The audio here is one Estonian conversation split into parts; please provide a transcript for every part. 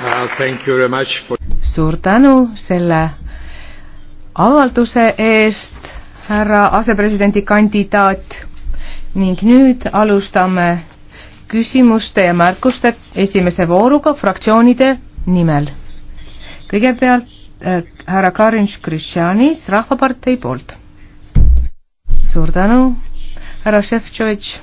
Uh, for... suur tänu selle avalduse eest, härra asepresidendi kandidaat ning nüüd alustame küsimuste ja märkuste esimese vooruga fraktsioonide nimel. kõigepealt äh, härra Karin Škristjanis Rahvapartei poolt. suur tänu, härra Šefčovitš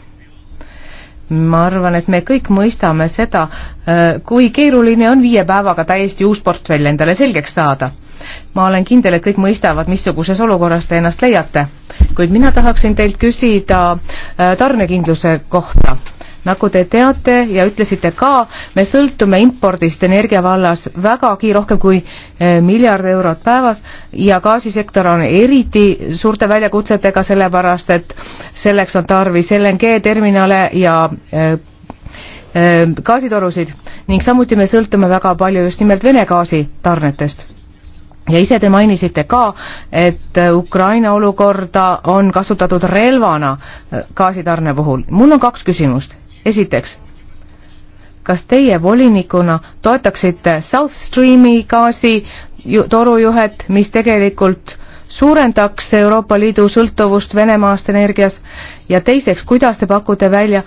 ma arvan, et me kõik mõistame seda, äh, kui keeruline on viie päevaga täiesti uus portfell endale selgeks saada. ma olen kindel, et kõik mõistavad, missuguses olukorras te ennast leiate, kuid mina tahaksin teilt küsida äh, tarnekindluse kohta nagu te teate ja ütlesite ka, me sõltume impordist energia vallas vägagi rohkem kui eh, miljard eurot päevas ja gaasisektor on eriti suurte väljakutsetega, sellepärast et selleks on tarvis LNG terminale ja eh, eh, gaasitorusid ning samuti me sõltume väga palju just nimelt Vene gaasitarnetest ja ise te mainisite ka, et Ukraina olukorda on kasutatud relvana gaasitarne puhul. mul on kaks küsimust esiteks, kas teie volinikuna toetaksite South Streami gaasi torujuhet, mis tegelikult suurendaks Euroopa Liidu sõltuvust Venemaast energias ja teiseks, kuidas te pakute välja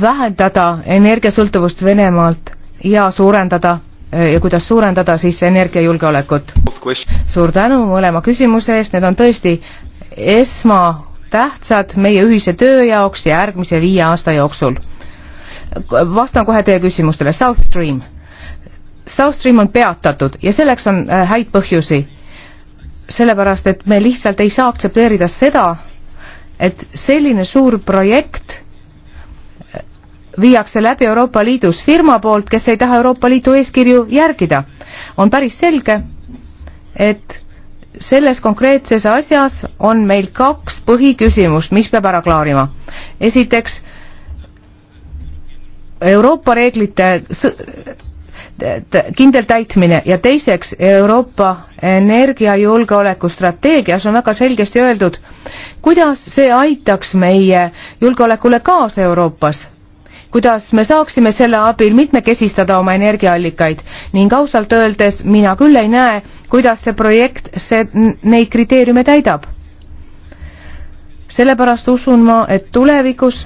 vähendada energiasõltuvust Venemaalt ja suurendada eh, ja kuidas suurendada siis energiajulgeolekut? suur tänu mõlema küsimuse eest, need on tõesti esmatähtsad meie ühise töö jaoks järgmise viie aasta jooksul vastan kohe teie küsimustele. South Stream. South Stream on peatatud ja selleks on äh, häid põhjusi. sellepärast, et me lihtsalt ei saa aktsepteerida seda, et selline suur projekt äh, viiakse läbi Euroopa Liidus firma poolt, kes ei taha Euroopa Liidu eeskirju järgida. on päris selge, et selles konkreetses asjas on meil kaks põhiküsimust, mis peab ära klaarima. esiteks äh, Euroopa reeglite kindel täitmine ja teiseks Euroopa energiajulgeoleku strateegias on väga selgesti öeldud, kuidas see aitaks meie julgeolekule kaasa Euroopas, kuidas me saaksime selle abil mitmekesistada oma energiaallikaid ning ausalt öeldes mina küll ei näe, kuidas see projekt see, neid kriteeriume täidab. sellepärast usun ma, et tulevikus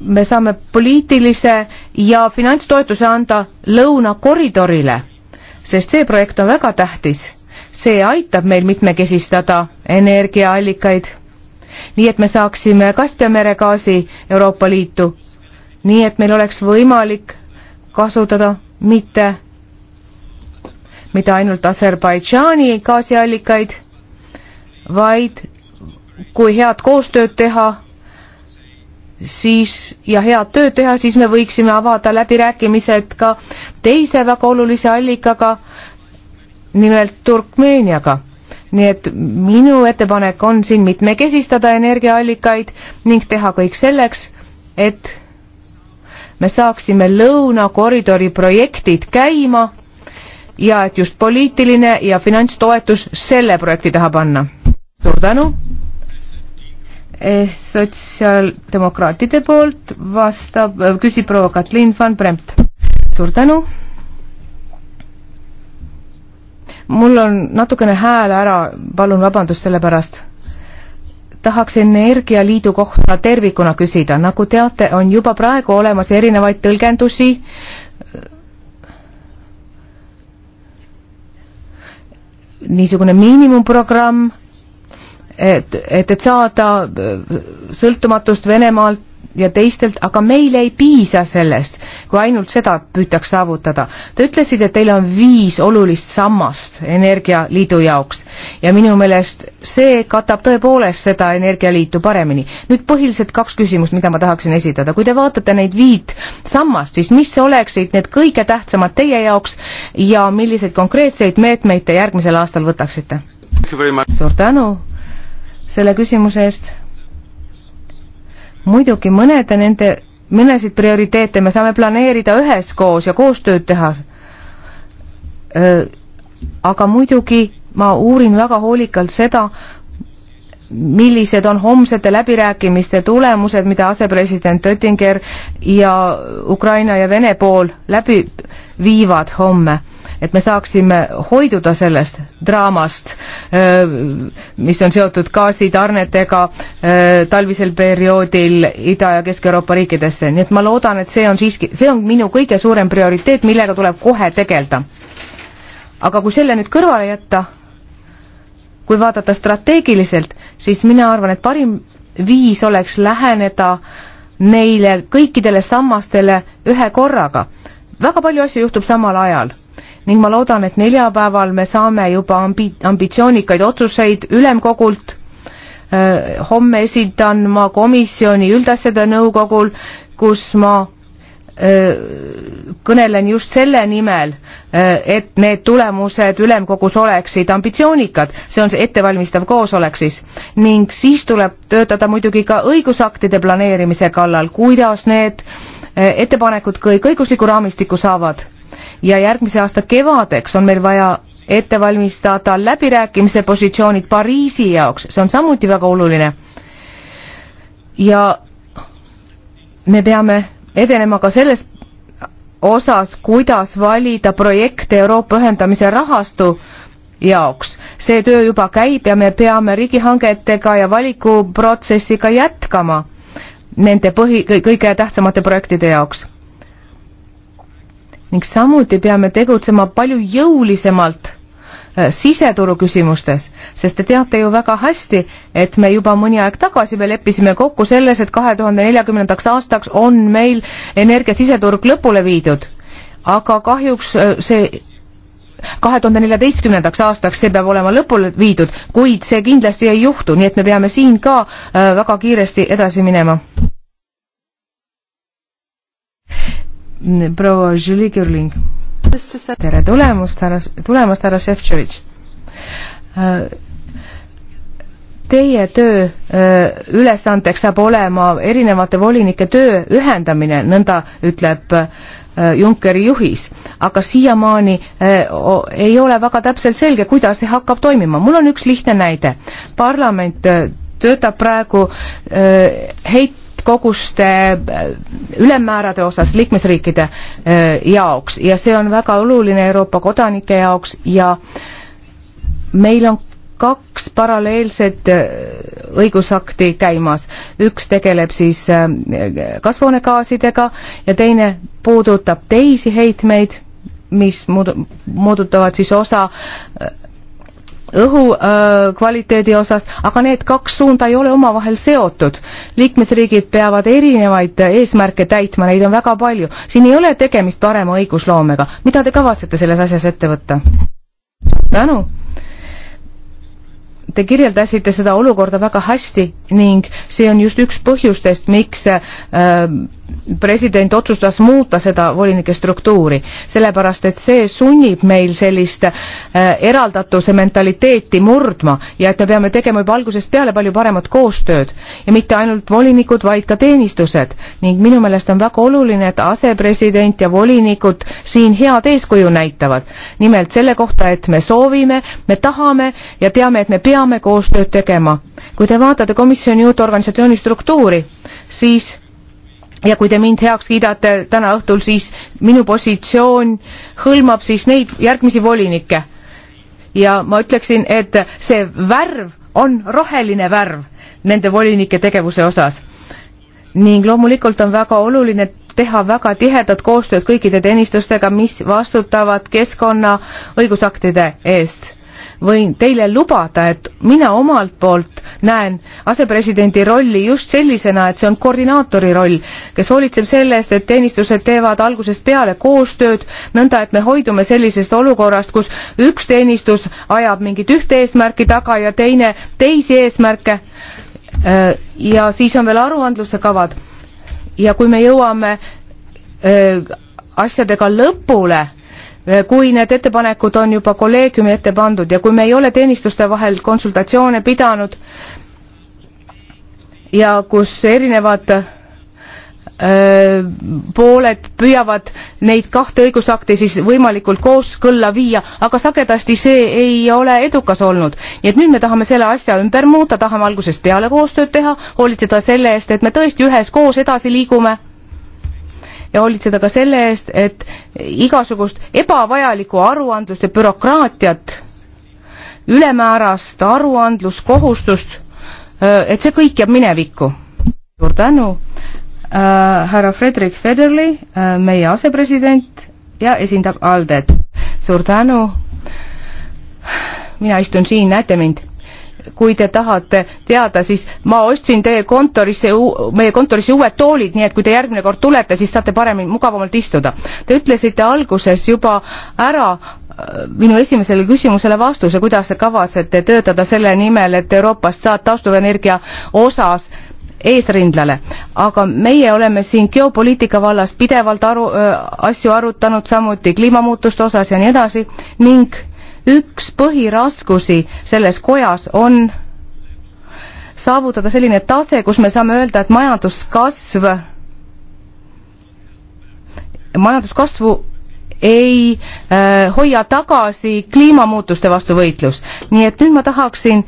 me saame poliitilise ja finantstoetuse anda lõunakoridorile, sest see projekt on väga tähtis. see aitab meil mitmekesistada energiaallikaid, nii et me saaksime Kaspiamere gaasi Euroopa Liitu, nii et meil oleks võimalik kasutada mitte, mitte ainult Aserbaidžaani gaasiallikaid, vaid kui head koostööd teha siis ja head tööd teha, siis me võiksime avada läbirääkimised ka teise väga olulise allikaga, nimelt Turkmeeniaga. nii et minu ettepanek on siin mitmekesistada energiaallikaid ning teha kõik selleks, et me saaksime lõunakoridori projektid käima ja et just poliitiline ja finantstoetus selle projekti taha panna. suur tänu! Eh, sotsiaaldemokraatide poolt vastab, eh, küsib proua Katlin van Bremt. suur tänu. mul on natukene hääl ära, palun vabandust selle pärast. tahaks Energialiidu kohta tervikuna küsida, nagu teate, on juba praegu olemas erinevaid tõlgendusi niisugune miinimumprogramm et, et, et saada äh, sõltumatust Venemaalt ja teistelt, aga meile ei piisa sellest, kui ainult seda püütaks saavutada. Te ütlesid, et teil on viis olulist sammast Energialiidu jaoks ja minu meelest see katab tõepoolest seda Energialiitu paremini. nüüd põhiliselt kaks küsimust, mida ma tahaksin esitada. kui te vaatate neid viit sammast, siis mis oleksid need kõige tähtsamad teie jaoks ja milliseid konkreetseid meetmeid te järgmisel aastal võtaksite? suur tänu selle küsimuse eest. muidugi mõnede nende, mõnesid prioriteete me saame planeerida üheskoos ja koostööd teha. aga muidugi ma uurin väga hoolikalt seda, millised on homsete läbirääkimiste tulemused, mida asepresident Oettinger ja Ukraina ja Vene pool läbi viivad homme et me saaksime hoiduda sellest draamast, mis on seotud gaasitarnetega talvisel perioodil Ida- ja Kesk-Euroopa riikidesse, nii et ma loodan, et see on siiski, see on minu kõige suurem prioriteet, millega tuleb kohe tegeleda. aga kui selle nüüd kõrvale jätta, kui vaadata strateegiliselt, siis mina arvan, et parim viis oleks läheneda neile kõikidele sammastele ühe korraga väga palju asju juhtub samal ajal ning ma loodan, et neljapäeval me saame juba ambi-, ambitsioonikaid otsuseid ülemkogult, homme esitan ma komisjoni üldasjade nõukogul, kus ma kõnelen just selle nimel, et need tulemused ülemkogus oleksid ambitsioonikad, see on see ettevalmistav koosolek siis, ning siis tuleb töötada muidugi ka õigusaktide planeerimise kallal, kuidas need ettepanekud kõik õigusliku raamistiku saavad ja järgmise aasta kevadeks on meil vaja ette valmistada läbirääkimise positsioonid Pariisi jaoks, see on samuti väga oluline. ja me peame edenema ka selles osas, kuidas valida projekte Euroopa ühendamise rahastu jaoks. see töö juba käib ja me peame riigihangetega ja valikuprotsessiga jätkama nende põhi, kõige tähtsamate projektide jaoks ning samuti peame tegutsema palju jõulisemalt äh, siseturu küsimustes, sest te teate ju väga hästi, et me juba mõni aeg tagasi me leppisime kokku selles, et kahe tuhande neljakümnendaks aastaks on meil energia siseturg lõpule viidud. aga kahjuks äh, see kahe tuhande neljateistkümnendaks aastaks see peab olema lõpule viidud, kuid see kindlasti ei juhtu, nii et me peame siin ka äh, väga kiiresti edasi minema. proua Julie Kirling. tere tulemast, härra, tulemast, härra Šefčovitš. Teie töö äh, ülesandeks saab olema erinevate volinike töö ühendamine, nõnda ütleb äh, Junckeri juhis, aga siiamaani äh, ei ole väga täpselt selge, kuidas see hakkab toimima. mul on üks lihtne näide. parlament töötab praegu heit-, koguste eh, ülemmäärade osas liikmesriikide eh, jaoks ja see on väga oluline Euroopa kodanike jaoks ja meil on kaks paralleelset eh, õigusakti käimas. üks tegeleb siis kasvuhoonegaasidega ja teine puudutab teisi heitmeid, mis muudutavad siis osa õhukvaliteedi äh, osas, aga need kaks suunda ei ole omavahel seotud. liikmesriigid peavad erinevaid äh, eesmärke täitma, neid on väga palju. siin ei ole tegemist parema õigusloomega. mida te kavatsete selles asjas ette võtta? tänu! Te kirjeldasite seda olukorda väga hästi ning see on just üks põhjustest, miks äh, president otsustas muuta seda volinike struktuuri, sellepärast et see sunnib meil sellist äh, eraldatuse mentaliteeti murdma ja et me peame tegema juba algusest peale palju paremat koostööd ja mitte ainult volinikud, vaid ka teenistused ning minu meelest on väga oluline, et asepresident ja volinikud siin head eeskuju näitavad. nimelt selle kohta, et me soovime, me tahame ja teame, et me peame koostööd tegema. kui te vaatate komisjoni uut organisatsiooni struktuuri, siis ja kui te mind heaks kiidate täna õhtul, siis minu positsioon hõlmab siis neid järgmisi volinikke. ja ma ütleksin, et see värv on roheline värv nende volinike tegevuse osas. ning loomulikult on väga oluline teha väga tihedat koostööd kõikide teenistustega, mis vastutavad keskkonna õigusaktide eest võin teile lubada, et mina omalt poolt näen asepresidendi rolli just sellisena, et see on koordinaatori roll, kes hoolitseb selle eest, et teenistused teevad algusest peale koostööd, nõnda et me hoidume sellisest olukorrast, kus üks teenistus ajab mingit ühte eesmärki taga ja teine teisi eesmärke. Äh, ja siis on veel aruandluse kavad. ja kui me jõuame äh, asjadega lõpule Eh, kui need ettepanekud on juba kolleegiumi ette pandud ja kui me ei ole teenistuste vahel konsultatsioone pidanud ja kus erinevad öö, eh, pooled püüavad neid kahte õigusakti siis võimalikult kooskõlla viia, aga sagedasti see ei ole edukas olnud. nii et nüüd me tahame selle asja ümber muuta, tahame algusest peale koostööd teha, hoolitseda selle eest, et me tõesti üheskoos edasi liigume ja hoolitseda ka selle eest, et igasugust ebavajalikku aruandlust ja bürokraatiat, ülemäärast aruandluskohustust, äh, et see kõik jääb minevikku. suur tänu äh,, härra Frederick Federley äh,, meie asepresident ja esindab ALDE-t. suur tänu, mina istun siin, näete mind kui te tahate teada, siis ma ostsin teie kontorisse, meie kontorisse uued toolid, nii et kui te järgmine kord tulete, siis saate paremini, mugavamalt istuda. Te ütlesite alguses juba ära äh, minu esimesele küsimusele vastuse, kuidas te kavatsete töötada selle nimel, et Euroopast saad taastuvenergia osas eesrindlale, aga meie oleme siin geopoliitika vallas pidevalt aru äh,, asju arutanud, samuti kliimamuutuste osas ja nii edasi ning üks põhiraskusi selles kojas on saavutada selline tase, kus me saame öelda, et majanduskasv, majanduskasvu ei äh, hoia tagasi kliimamuutuste vastu võitlus. nii et nüüd ma tahaksin,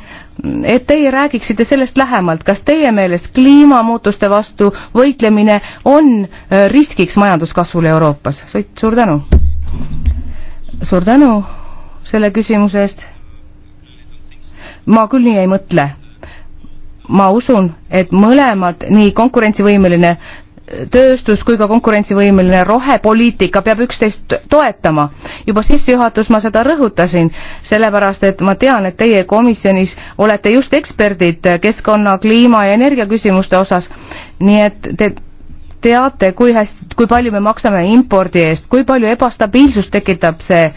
et teie räägiksite sellest lähemalt, kas teie meelest kliimamuutuste vastu võitlemine on äh, riskiks majanduskasvule Euroopas? suur tänu! suur tänu! selle küsimuse eest. ma küll nii ei mõtle. ma usun, et mõlemad, nii konkurentsivõimeline tööstus kui ka konkurentsivõimeline rohepoliitika peab üksteist toetama. juba sissejuhatus ma seda rõhutasin, sellepärast et ma tean, et teie komisjonis olete just eksperdid keskkonna, kliima ja energiaküsimuste osas, nii et te teate, kui hästi, kui palju me maksame impordi eest, kui palju ebastabiilsust tekitab see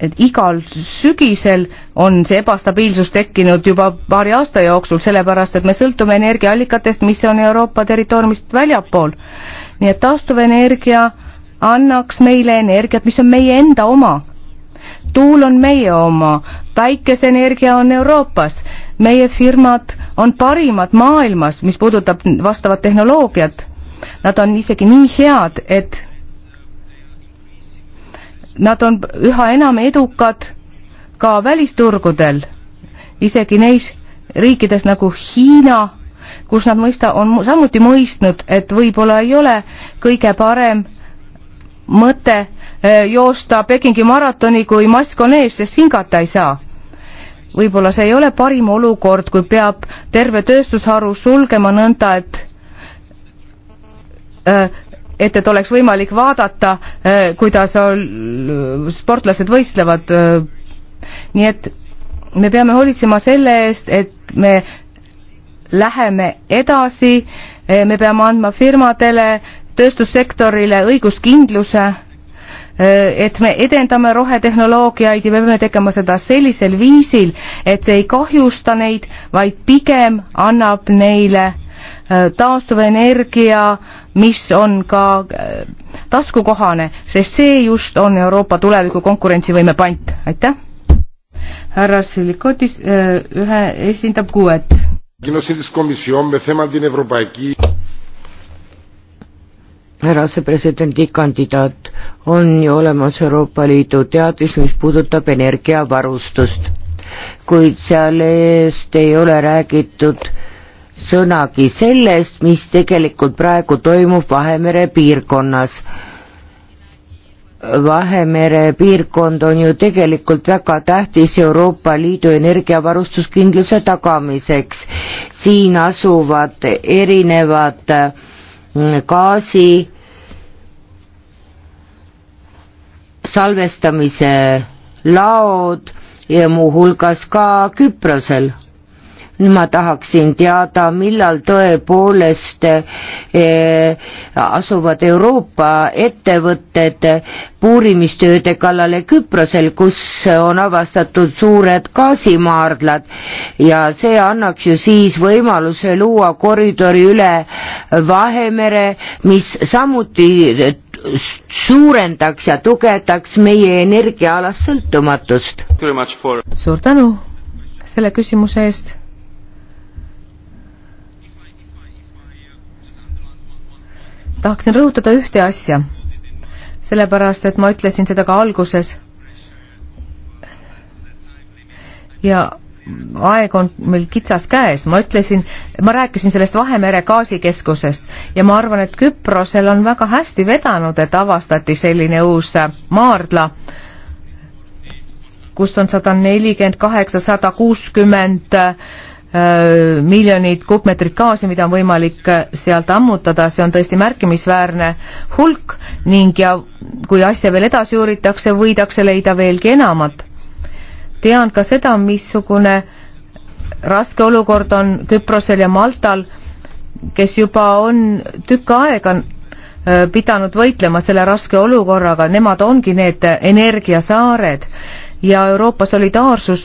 et igal sügisel on see ebastabiilsus tekkinud juba paari aasta jooksul, sellepärast et me sõltume energiaallikatest, mis on Euroopa territooriumist väljapool. nii et taastuvenergia annaks meile energiat, mis on meie enda oma. tuul on meie oma, päikeseenergia on Euroopas, meie firmad on parimad maailmas, mis puudutab vastavat tehnoloogiat. Nad on isegi nii head, et Nad on üha enam edukad ka välisturgudel, isegi neis riikides nagu Hiina, kus nad mõista, on samuti mõistnud, et võib-olla ei ole kõige parem mõte eh, joosta Pekingi maratoni, kui mask on ees, sest hingata ei saa võib-olla see ei ole parim olukord, kui peab terve tööstusharu sulgema nõnda, et eh, et, et oleks võimalik vaadata, äh, kuidas sportlased võistlevad. Äh. nii et me peame hoolitsema selle eest, et me läheme edasi, äh, me peame andma firmadele, tööstussektorile õiguskindluse, et me edendame rohetehnoloogiaid ja me peame tegema seda sellisel viisil, et see ei kahjusta neid, vaid pigem annab neile taastuvenergia äh, mis on ka äh, taskukohane, sest see just on Euroopa tuleviku konkurentsivõime pant, aitäh. härra Silikotis äh, ühe esindab kuuet. härra asepresidendi kandidaat, on ju olemas Euroopa Liidu teadis, mis puudutab energiavarustust, kuid seal eest ei ole räägitud äh, sõnagi sellest, mis tegelikult praegu toimub Vahemere piirkonnas. Vahemere piirkond on ju tegelikult väga tähtis Euroopa Liidu energiavarustuskindluse tagamiseks. siin asuvad erinevad mm, gaasi salvestamise laod ja muuhulgas ka Küprosel ma tahaksin teada, millal tõepoolest eh, asuvad Euroopa ettevõtted puurimistööde kallale Küprosel, kus on avastatud suured gaasimaardlad ja see annaks ju siis võimaluse luua koridori üle Vahemere, mis samuti suurendaks ja tugevdaks meie energiaalast sõltumatust. suur tänu selle küsimuse eest tahaksin rõhutada ühte asja, sellepärast et ma ütlesin seda ka alguses. ja aeg on meil kitsas käes, ma ütlesin, ma rääkisin sellest Vahemere gaasikeskusest ja ma arvan, et Küprosel on väga hästi vedanud, et avastati selline uus maardla, kus on sada nelikümmend kaheksa, sada kuuskümmend Äh, miljonit kuupmeetrit gaasi, mida on võimalik äh, sealt ammutada, see on tõesti märkimisväärne hulk ning ja kui asja veel edasi uuritakse, võidakse leida veelgi enamat. tean ka seda, missugune raske olukord on Küprosel ja Maltal, kes juba on tükk aega äh, pidanud võitlema selle raske olukorraga, nemad ongi need energiasaared ja Euroopa solidaarsus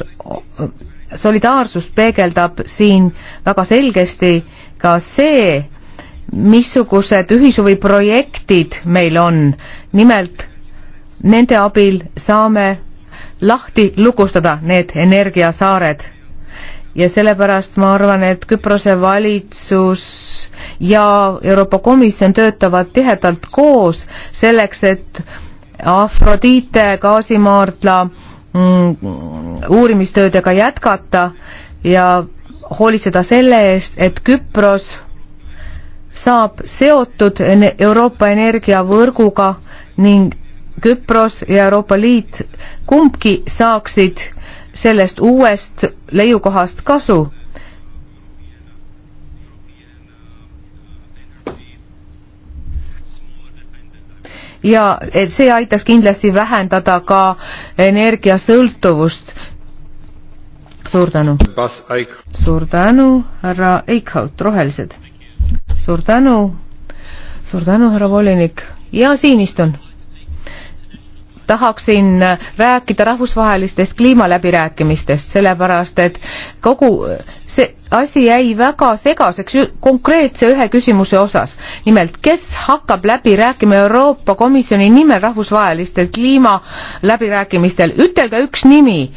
solidaarsus peegeldab siin väga selgesti ka see, missugused ühishuviprojektid meil on. nimelt nende abil saame lahti lukustada need energiasaared ja sellepärast ma arvan, et Küprose valitsus ja Euroopa Komisjon töötavad tihedalt koos selleks, et Afrodite gaasimaardla Mm. uurimistöödega jätkata ja hoolitseda selle eest, et Küpros saab seotud Euroopa energiavõrguga ning Küpros ja Euroopa Liit kumbki saaksid sellest uuest leiukohast kasu ja et see aitaks kindlasti vähendada ka energiasõltuvust. suur tänu. suur tänu, härra Eichhaut, Rohelised. suur tänu, suur tänu, härra volinik ja siin istun tahaksin rääkida rahvusvahelistest kliimaläbirääkimistest, sellepärast et kogu see asi jäi väga segaseks konkreetse ühe küsimuse osas. nimelt, kes hakkab läbi rääkima Euroopa Komisjoni nimel rahvusvahelistel kliimaläbirääkimistel, ütelge üks nimi.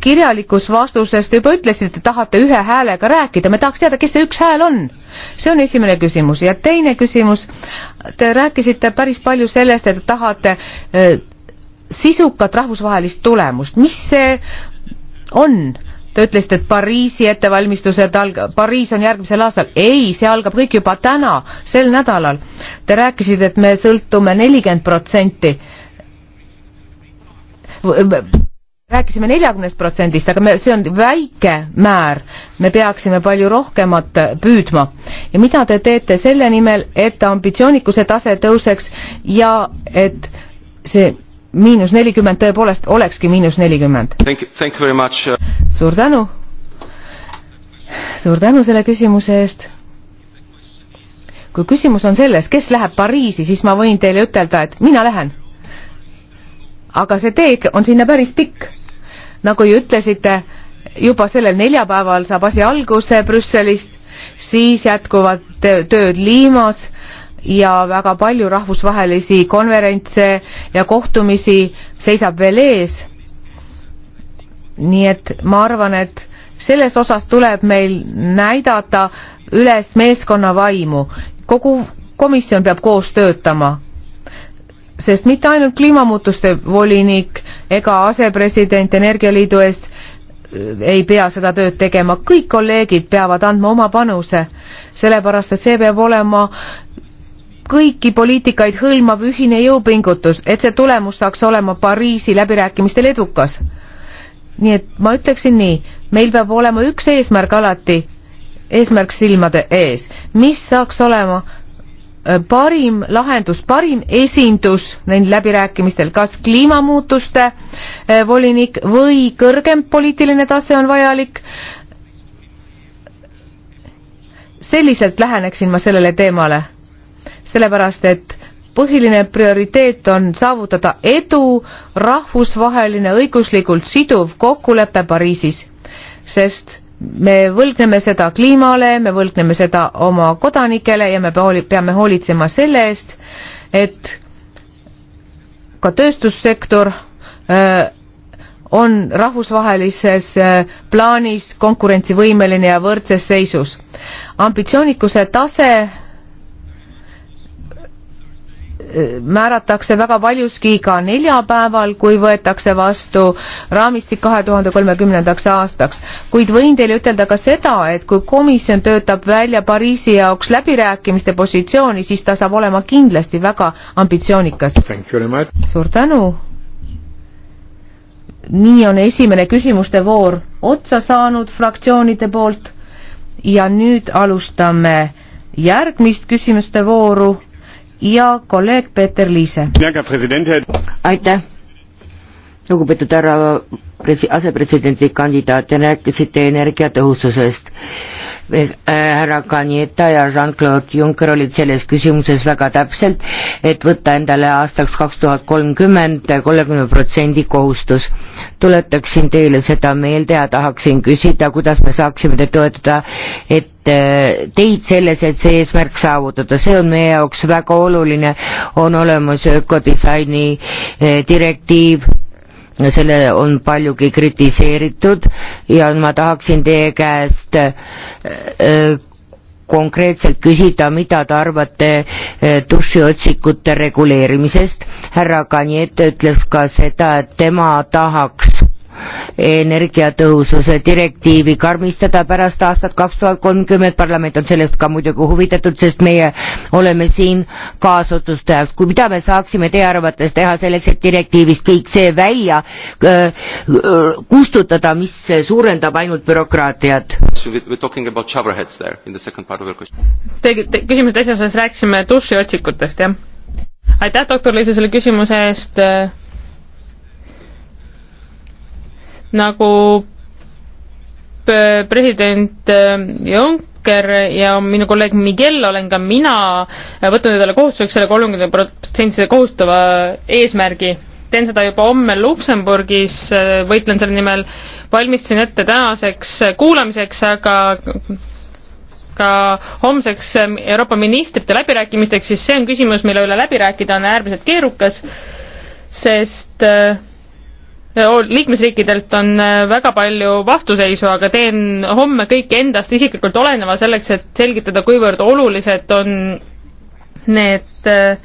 kirjalikus vastuses te juba ütlesite, tahate ühe häälega rääkida, me tahaks teada, kes see üks hääl on. see on esimene küsimus ja teine küsimus, te rääkisite päris palju sellest, et tahate äh, sisukat rahvusvahelist tulemust, mis see on? Te ütlesite, et Pariisi ettevalmistused alg-, Pariis on järgmisel aastal. ei, see algab kõik juba täna, sel nädalal. Te rääkisite, et me sõltume nelikümmend protsenti rääkisime neljakümnest protsendist, aga me, see on väike määr, me peaksime palju rohkemat püüdma. ja mida te teete selle nimel, et ambitsioonikuse tase tõuseks ja et see miinus nelikümmend tõepoolest olekski miinus nelikümmend. Uh, suur tänu. suur tänu selle küsimuse eest. kui küsimus on selles, kes läheb Pariisi, siis ma võin teile ütelda, et mina lähen. aga see tee on sinna päris pikk. nagu ju ütlesite, juba sellel neljapäeval saab asi alguse Brüsselist, siis jätkuvad tööd Liimas ja väga palju rahvusvahelisi konverentse ja kohtumisi seisab veel ees. nii et ma arvan, et selles osas tuleb meil näidata üles meeskonna vaimu. kogu komisjon peab koos töötama, sest mitte ainult kliimamuutuste volinik ega asepresident Energialiidu eest äh, ei pea seda tööd tegema, kõik kolleegid peavad andma oma panuse, sellepärast et see peab olema kõiki poliitikaid hõlmav ühine jõupingutus, et see tulemus saaks olema Pariisi läbirääkimistel edukas. nii et ma ütleksin nii, meil peab olema üks eesmärk alati, eesmärk silmade ees, mis saaks olema äh, parim lahendus, parim esindus neil läbirääkimistel, kas kliimamuutuste äh, volinik või kõrgem poliitiline tase on vajalik selliselt läheneksin ma sellele teemale sellepärast et põhiline prioriteet on saavutada edu rahvusvaheline õiguslikult siduv kokkulepe Pariisis, sest me võlgneme seda kliimale, me võlgneme seda oma kodanikele ja me peame hoolitsema selle eest, et ka tööstussektor öö, äh, on rahvusvahelises äh, plaanis konkurentsivõimeline ja võrdses seisus. ambitsioonikuse tase määratakse väga paljuski ka neljapäeval, kui võetakse vastu raamistik kahe tuhande kolmekümnendaks aastaks. kuid võin teile ütelda ka seda, et kui komisjon töötab välja Pariisi jaoks läbirääkimiste positsiooni, siis ta saab olema kindlasti väga ambitsioonikas. suur tänu! nii on esimene küsimuste voor otsa saanud fraktsioonide poolt ja nüüd alustame järgmist küsimuste vooru ja kolleeg Peeter Liise. aitäh, lugupeetud härra presi-, asepresidendi kandidaat, te rääkisite energiatõhususest. Äh, härra Kanieta ja Jean-Claude Juncker olid selles küsimuses väga täpselt, et võtta endale aastaks kaks tuhat kolmkümmend kolmekümne protsendi kohustus. tuletaksin teile seda meelde ja tahaksin küsida, kuidas me saaksime te toetada, et Äh, teid selles, et see eesmärk saavutada, see on meie jaoks väga oluline, on olemas ökodisaini äh, direktiiv, selle on paljugi kritiseeritud ja ma tahaksin teie käest äh, konkreetselt küsida, mida te arvate dušiotsikute reguleerimisest. härra Kaniet ütles ka seda, et tema tahaks energiatõhususe direktiivi karmistada pärast aastat kaks tuhat kolmkümmend, parlament on sellest ka muidugi huvitatud, sest meie oleme siin kaasotsustajaks. kui mida me saaksime teie arvates teha selleks, et direktiivist kõik see välja äh, äh, kustutada, mis suurendab ainult bürokraatiat? Te, te küsimuse teises osas rääkisime dušiotsikutest, jah? aitäh, doktor Liisa, selle küsimuse eest nagu president ähm, Juncker ja minu kolleeg Miguel olen ka mina äh, võtnud endale kohustuseks selle kolmekümne protsendise kohustava eesmärgi. teen seda juba homme Luksemburgis, äh, võitlen selle nimel, valmistasin ette tänaseks äh, kuulamiseks, aga ka homseks ähm, Euroopa ministrite läbirääkimisteks, siis see on küsimus, mille üle läbi rääkida on äärmiselt keerukas, sest äh, Äh, liikmesriikidelt on äh, väga palju vastuseisu, aga teen homme kõik endast isiklikult oleneva selleks, et selgitada, kuivõrd olulised on need äh,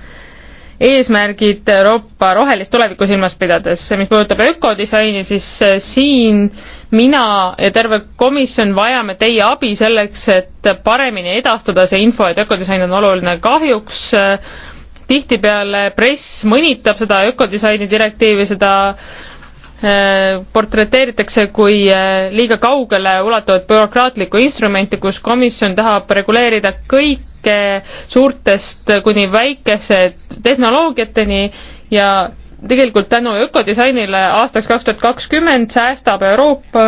eesmärgid Euroopa rohelist tulevikku silmas pidades. mis puudutab ökodisaini, siis siin mina ja terve komisjon vajame teie abi selleks, et paremini edastada see info, et ökodisain on oluline. kahjuks tihtipeale press mõnitab seda ökodisaini direktiivi, seda äh, Äh, portreteeritakse kui äh, liiga kaugele ulatuvat bürokraatlikku instrumenti, kus komisjon tahab reguleerida kõike suurtest kuni väikese tehnoloogiateni ja tegelikult tänu ökodisainile aastaks kaks tuhat kakskümmend säästab Euroopa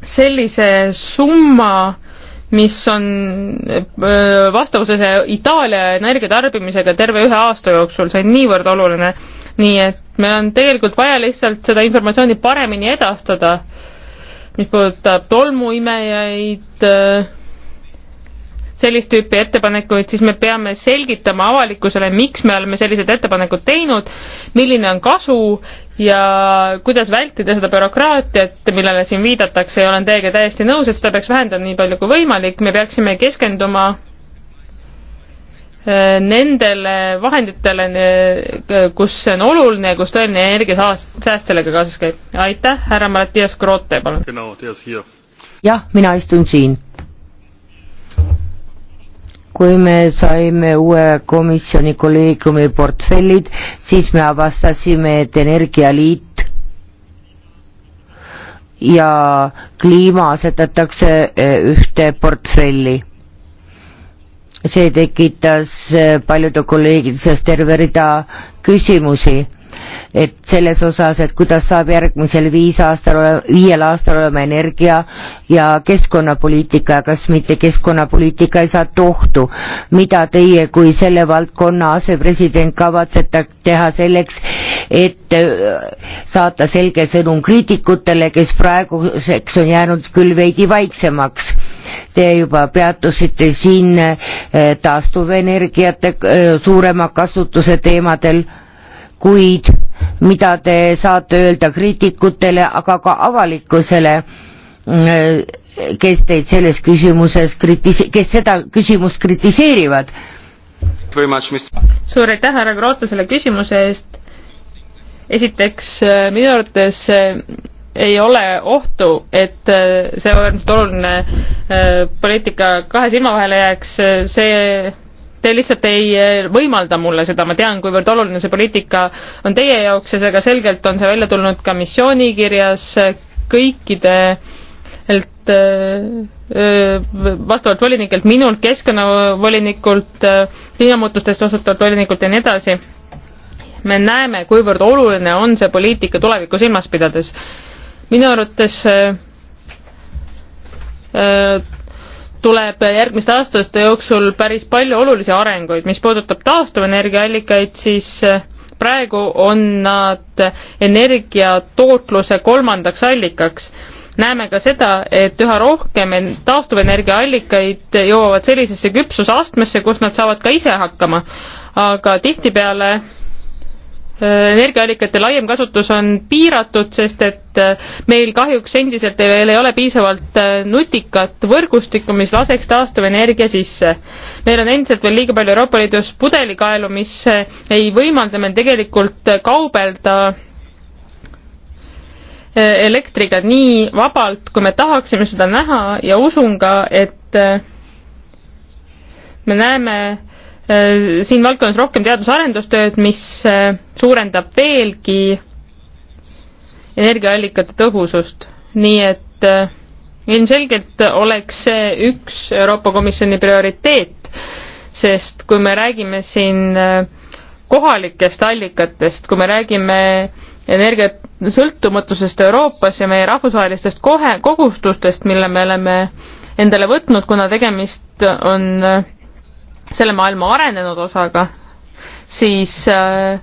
sellise summa, mis on äh, vastavuses Itaalia energiatarbimisega terve ühe aasta jooksul, see on niivõrd oluline nii et meil on tegelikult vaja lihtsalt seda informatsiooni paremini edastada, mis puudutab tolmuimejaid, äh, sellist tüüpi ettepanekuid, siis me peame selgitama avalikkusele, miks me oleme sellised ettepanekud teinud, milline on kasu ja kuidas vältida seda bürokraatiat, millele siin viidatakse ja olen teiega täiesti nõus, et seda peaks vähendama nii palju kui võimalik, me peaksime keskenduma nendele vahenditele, kus see on oluline, kus tõeline energiasääst sellega kaasas käib. aitäh, härra Mattias Grote, palun. jah, mina istun siin. kui me saime uue komisjoni kolleegiumi portfellid, siis me avastasime, et Energialiit ja kliima asetatakse eh, ühte portfelli see tekitas eh, paljude kolleegide seas terve rida küsimusi, et selles osas, et kuidas saab järgmisel viis aastal, viiel aastal olema energia ja keskkonnapoliitika ja kas mitte keskkonnapoliitika ei saatu ohtu. mida teie kui selle valdkonna asepresident kavatsete teha selleks, et eh, saata selge sõnum kriitikutele, kes praeguseks on jäänud küll veidi vaiksemaks Te juba peatusite siin eh, taastuvenergiate eh, suurema kasutuse teemadel, kuid mida te saate öelda kriitikutele, aga ka avalikkusele, eh, kes teid selles küsimuses kritis-, kes seda küsimust kritiseerivad? suur aitäh, härra Groota, selle küsimuse eest esiteks minu arvates ei ole ohtu, et äh, see äärmiselt oluline äh, poliitika kahe silma vahele jääks, äh, see te lihtsalt ei võimalda mulle seda, ma tean, kuivõrd oluline see poliitika on teie jaoks ja seega selgelt on see välja tulnud ka missioonikirjas kõikide et vastavalt volinikelt, minult, keskkonnavolinikult, kliimamuutustest vastutavalt volinikult ja nii edasi, me näeme, kuivõrd oluline on see poliitika tulevikku silmas pidades minu arvates äh, äh, tuleb järgmiste aastate jooksul päris palju olulisi arenguid, mis puudutab taastuvenergiaallikaid, siis äh, praegu on nad energiatootluse kolmandaks allikaks. näeme ka seda, et üha rohkem taastuvenergiaallikaid jõuavad sellisesse küpsusastmesse, kus nad saavad ka ise hakkama, aga tihtipeale Äh, energiaallikate laiem kasutus on piiratud, sest et äh, meil kahjuks endiselt veel ei ole piisavalt äh, nutikat võrgustikku, mis laseks taastuvenergia sisse. meil on endiselt veel liiga palju Euroopa Liidus pudelikaelu, mis ei võimalda meil tegelikult kaubelda elektriga nii vabalt, kui me tahaksime seda näha ja usun ka, et me näeme Äh, siin valdkonnas rohkem teadus-arendustööd, mis äh, suurendab veelgi energiaallikate tõhusust, nii et äh, ilmselgelt oleks see üks Euroopa Komisjoni prioriteet, sest kui me räägime siin kohalikest allikatest, kui me räägime energiasõltumatusest Euroopas ja meie rahvusvahelistest kohe, kogustustest, mille me oleme endale võtnud, kuna tegemist on selle maailma arenenud osaga, siis äh,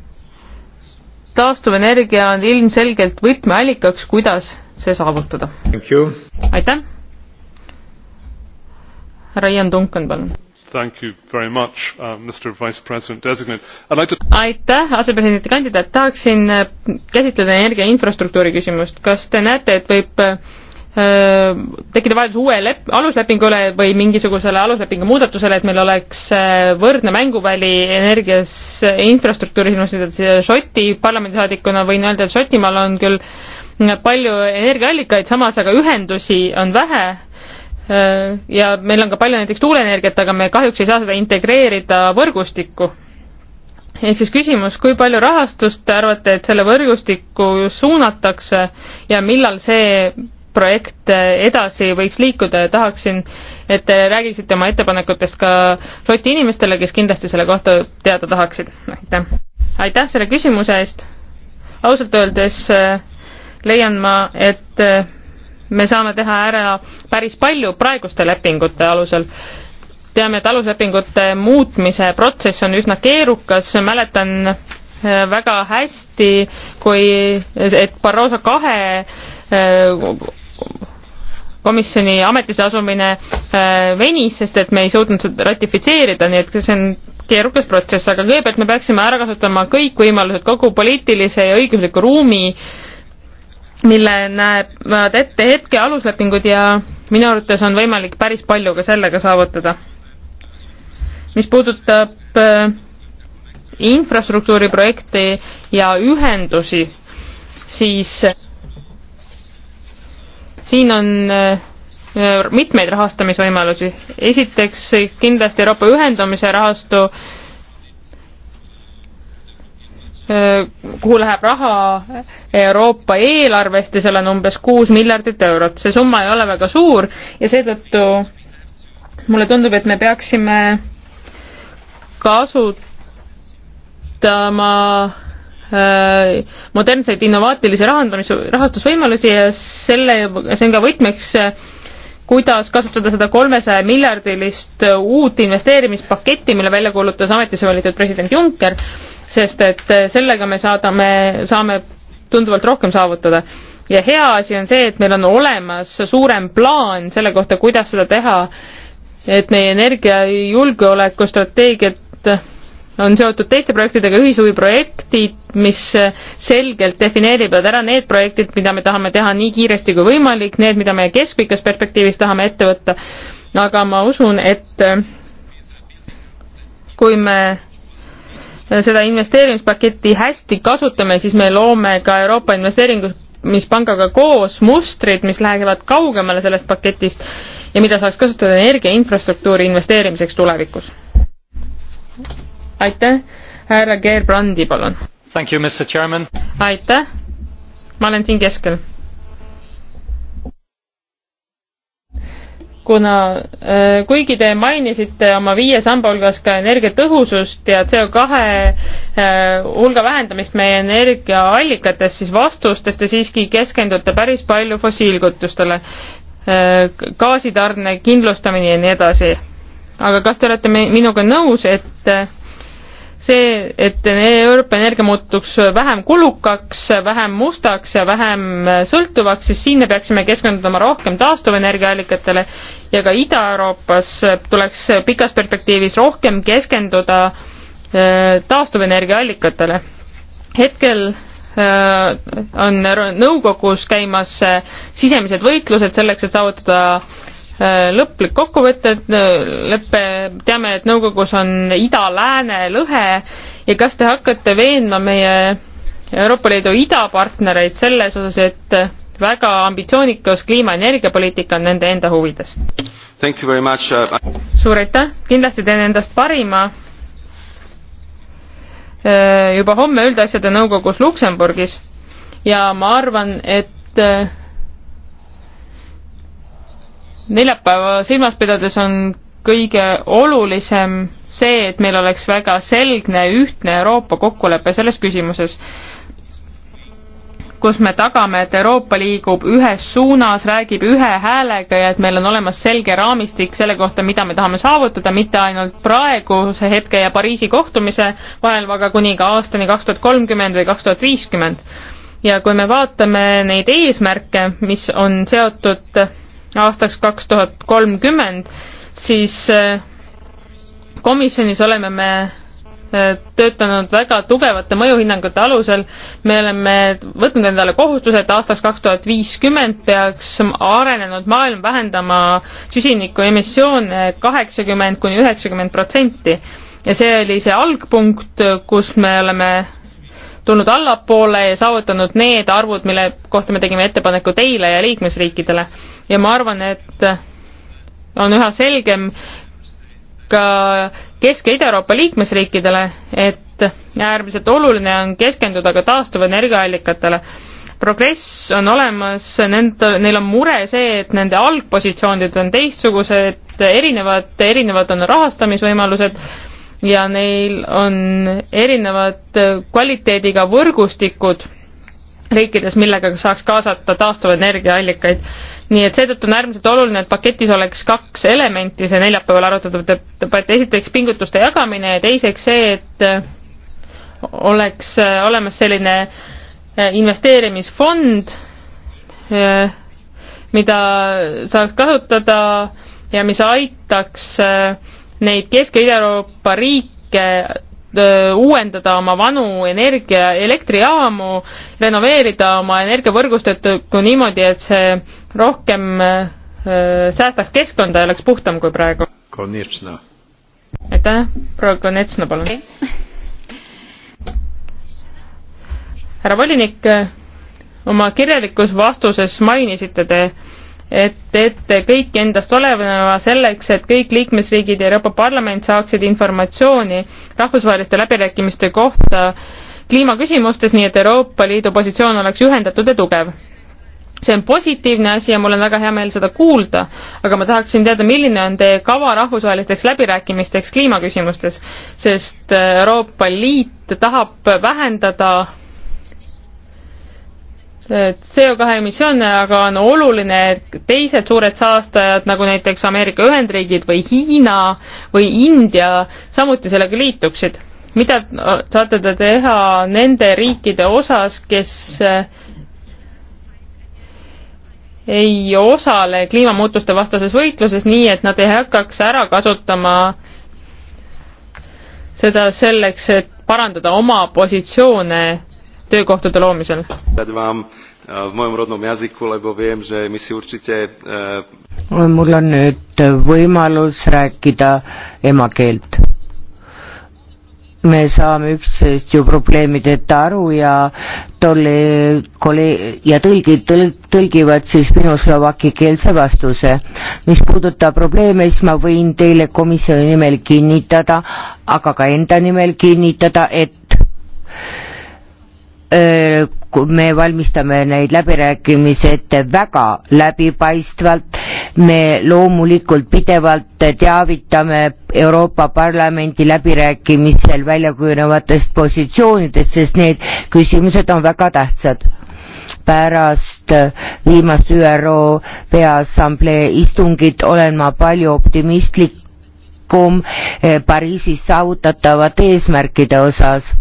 taastuvenergia on ilmselgelt võtmeallikaks, kuidas see saavutada. aitäh! härra Ian Duncan, palun! Uh, aitäh asepresidendi kandidaat tahaksin äh, käsitleda energia infrastruktuuri küsimust kas te näete et võib äh, tekkida vajadus uue lep-, aluslepingule või mingisugusele aluslepingu muudatusele, et meil oleks äh, võrdne mänguväli energias äh, infrastruktuuris, noh, Šoti parlamendisaadikuna võin öelda, et Šotimaal on küll palju energiaallikaid, samas aga ühendusi on vähe ja meil on ka palju näiteks tuuleenergiat, aga me kahjuks ei saa seda integreerida võrgustikku. ehk siis küsimus, kui palju rahastust te arvate, et selle võrgustikku suunatakse ja millal see projekt eh, edasi võiks liikuda ja tahaksin, et te räägiksite oma ettepanekutest ka floti inimestele, kes kindlasti selle kohta teada tahaksid. aitäh! aitäh selle küsimuse eest! ausalt öeldes eh, leian ma, et eh, me saame teha ära päris palju praeguste lepingute alusel. teame, et aluslepingute muutmise protsess on üsna keerukas, mäletan väga hästi, kui, et Barroso kahe komisjoni ametisse asumine äh, venis, sest et me ei suutnud seda ratifitseerida, nii et see on keerukas protsess, aga kõigepealt me peaksime ära kasutama kõik võimalused, kogu poliitilise ja õigusliku ruumi, mille näevad ette hetke aluslepingud ja minu arvates on võimalik päris palju ka sellega saavutada. mis puudutab äh, infrastruktuuriprojekti ja ühendusi, siis siin on äh, äh, mitmeid rahastamisvõimalusi. esiteks kindlasti Euroopa ühendamise rahastu, äh, kuhu läheb raha Euroopa eelarvest ja seal on umbes kuus miljardit eurot. see summa ei ole väga suur ja seetõttu mulle tundub, et me peaksime kasutama Äh, modernseid innovaatilisi rahandamis, rahastusvõimalusi ja selle, see on ka võtmeks, kuidas kasutada seda kolmesaja miljardilist uut investeerimispaketti, mille välja kuulutas ametisse valitud president Juncker, sest et sellega me saadame, saame tunduvalt rohkem saavutada. ja hea asi on see, et meil on olemas suurem plaan selle kohta, kuidas seda teha, et meie energiajulgeoleku strateegiat on seotud teiste projektidega, ühishuviprojektid, mis äh, selgelt defineerivad ära need projektid, mida me tahame teha nii kiiresti kui võimalik, need, mida me keskpikas perspektiivis tahame ette võtta. aga ma usun, et äh, kui me äh, seda investeerimispaketti hästi kasutame, siis me loome ka Euroopa Investeerimispangaga koos mustrid, mis lähevad kaugemale sellest paketist ja mida saaks kasutada energia infrastruktuuri investeerimiseks tulevikus aitäh, härra Gerbrandi, palun. aitäh, ma olen siin keskel. kuna äh,, kuigi te mainisite oma viie samba hulgas ka energiatõhusust ja CO2 äh, hulga vähendamist meie energiaallikates, siis vastustes te siiski keskendute päris palju fossiilkütustele äh,, gaasitarne kindlustamine ja nii edasi aga kas te olete minuga nõus, et äh, see, et Euroopa Energia muutuks vähem kulukaks, vähem mustaks ja vähem sõltuvaks, siis siin me peaksime keskenduma rohkem taastuvenergiaallikatele ja ka Ida-Euroopas tuleks pikas perspektiivis rohkem keskenduda äh, taastuvenergiaallikatele. hetkel äh, on nõukogus käimas äh, sisemised võitlused selleks, et saavutada Äh, lõplik kokkuvõte, äh, leppe, teame, et nõukogus on ida-lääne lõhe ja kas te hakkate veenma meie Euroopa Liidu idapartnereid selles osas, et väga ambitsioonikas kliima- ja energiapoliitika on nende enda huvides? Uh, suur aitäh, kindlasti teen endast parima. Äh, juba homme üldasjade nõukogus Luksemburgis ja ma arvan, et neljapäeva silmas pidades on kõige olulisem see, et meil oleks väga selgne ühtne Euroopa kokkulepe selles küsimuses, kus me tagame, et Euroopa liigub ühes suunas, räägib ühe häälega ja et meil on olemas selge raamistik selle kohta, mida me tahame saavutada, mitte ainult praeguse hetke ja Pariisi kohtumise vahel, aga kuni ka aastani kaks tuhat kolmkümmend või kaks tuhat viiskümmend. ja kui me vaatame neid eesmärke, mis on seotud aastaks kaks tuhat kolmkümmend, siis äh, komisjonis oleme me äh, töötanud väga tugevate mõjuhinnangute alusel. me oleme võtnud endale kohustuse, et aastaks kaks tuhat viiskümmend peaks arenenud maailm vähendama süsiniku emissioone kaheksakümmend kuni üheksakümmend protsenti. ja see oli see algpunkt, kus me oleme tulnud allapoole ja saavutanud need arvud, mille kohta me tegime ettepaneku teile ja liikmesriikidele ja ma arvan, et on üha selgem ka Kesk- ja Ida-Euroopa liikmesriikidele, et äärmiselt oluline on keskenduda ka taastuvenergiaallikatele. progress on olemas, nend-, neil on mure see, et nende algpositsioonid on teistsugused, erinevad, erinevad on rahastamisvõimalused ja neil on erinevad kvaliteediga võrgustikud riikides, millega saaks kaasata taastuvenergiaallikaid nii et seetõttu on äärmiselt oluline, et paketis oleks kaks elementi, see neljapäeval arutatav debatt, esiteks pingutuste jagamine ja teiseks see, et äh, oleks äh, olemas selline äh, investeerimisfond, mida saaks kasutada ja mis aitaks neid Kesk- ja Ida-Euroopa riike Äh, uuendada oma vanu energia, elektrijaamu, renoveerida oma energiavõrgustikku äh, niimoodi, et see rohkem äh, säästaks keskkonda ja oleks puhtam kui praegu. aitäh, proua Konetsna, palun okay.. härra volinik, äh, oma kirjalikus vastuses mainisite te äh, et teete kõik endast oleneva selleks, et kõik liikmesriigid ja Euroopa Parlament saaksid informatsiooni rahvusvaheliste läbirääkimiste kohta kliimaküsimustes, nii et Euroopa Liidu positsioon oleks ühendatud ja tugev. see on positiivne asi ja mul on väga hea meel seda kuulda, aga ma tahaksin teada, milline on teie kava rahvusvahelisteks läbirääkimisteks kliimaküsimustes, sest Euroopa Liit tahab vähendada CO2 emissioone, aga on oluline, et teised suured saastajad, nagu näiteks Ameerika Ühendriigid või Hiina või India, samuti sellega liituksid. mida saate te teha nende riikide osas, kes eh, ei osale kliimamuutuste vastases võitluses nii, et nad ei hakkaks ära kasutama seda selleks, et parandada oma positsioone töökohtade loomisel? Eh, v mojom rodnom jazyku, lebo viem, že my si určite eh, mul on nüüd võimalus rääkida emakeelt. me saame üksteist ju probleemideta aru ja tolle kole- ja tõlgid tõl-, tõlgivad siis minu slovakikeelse vastuse. mis puudutab probleeme, siis ma võin teile komisjoni nimel kinnitada, aga ka enda nimel kinnitada, et me valmistame neid läbirääkimisi ette väga läbipaistvalt, me loomulikult pidevalt teavitame Euroopa Parlamendi läbirääkimistel välja kujunevatest positsioonidest, sest need küsimused on väga tähtsad. pärast viimast ÜRO Peaassamblee istungit olen ma palju optimistlikum eh, Pariisis saavutatavate eesmärkide osas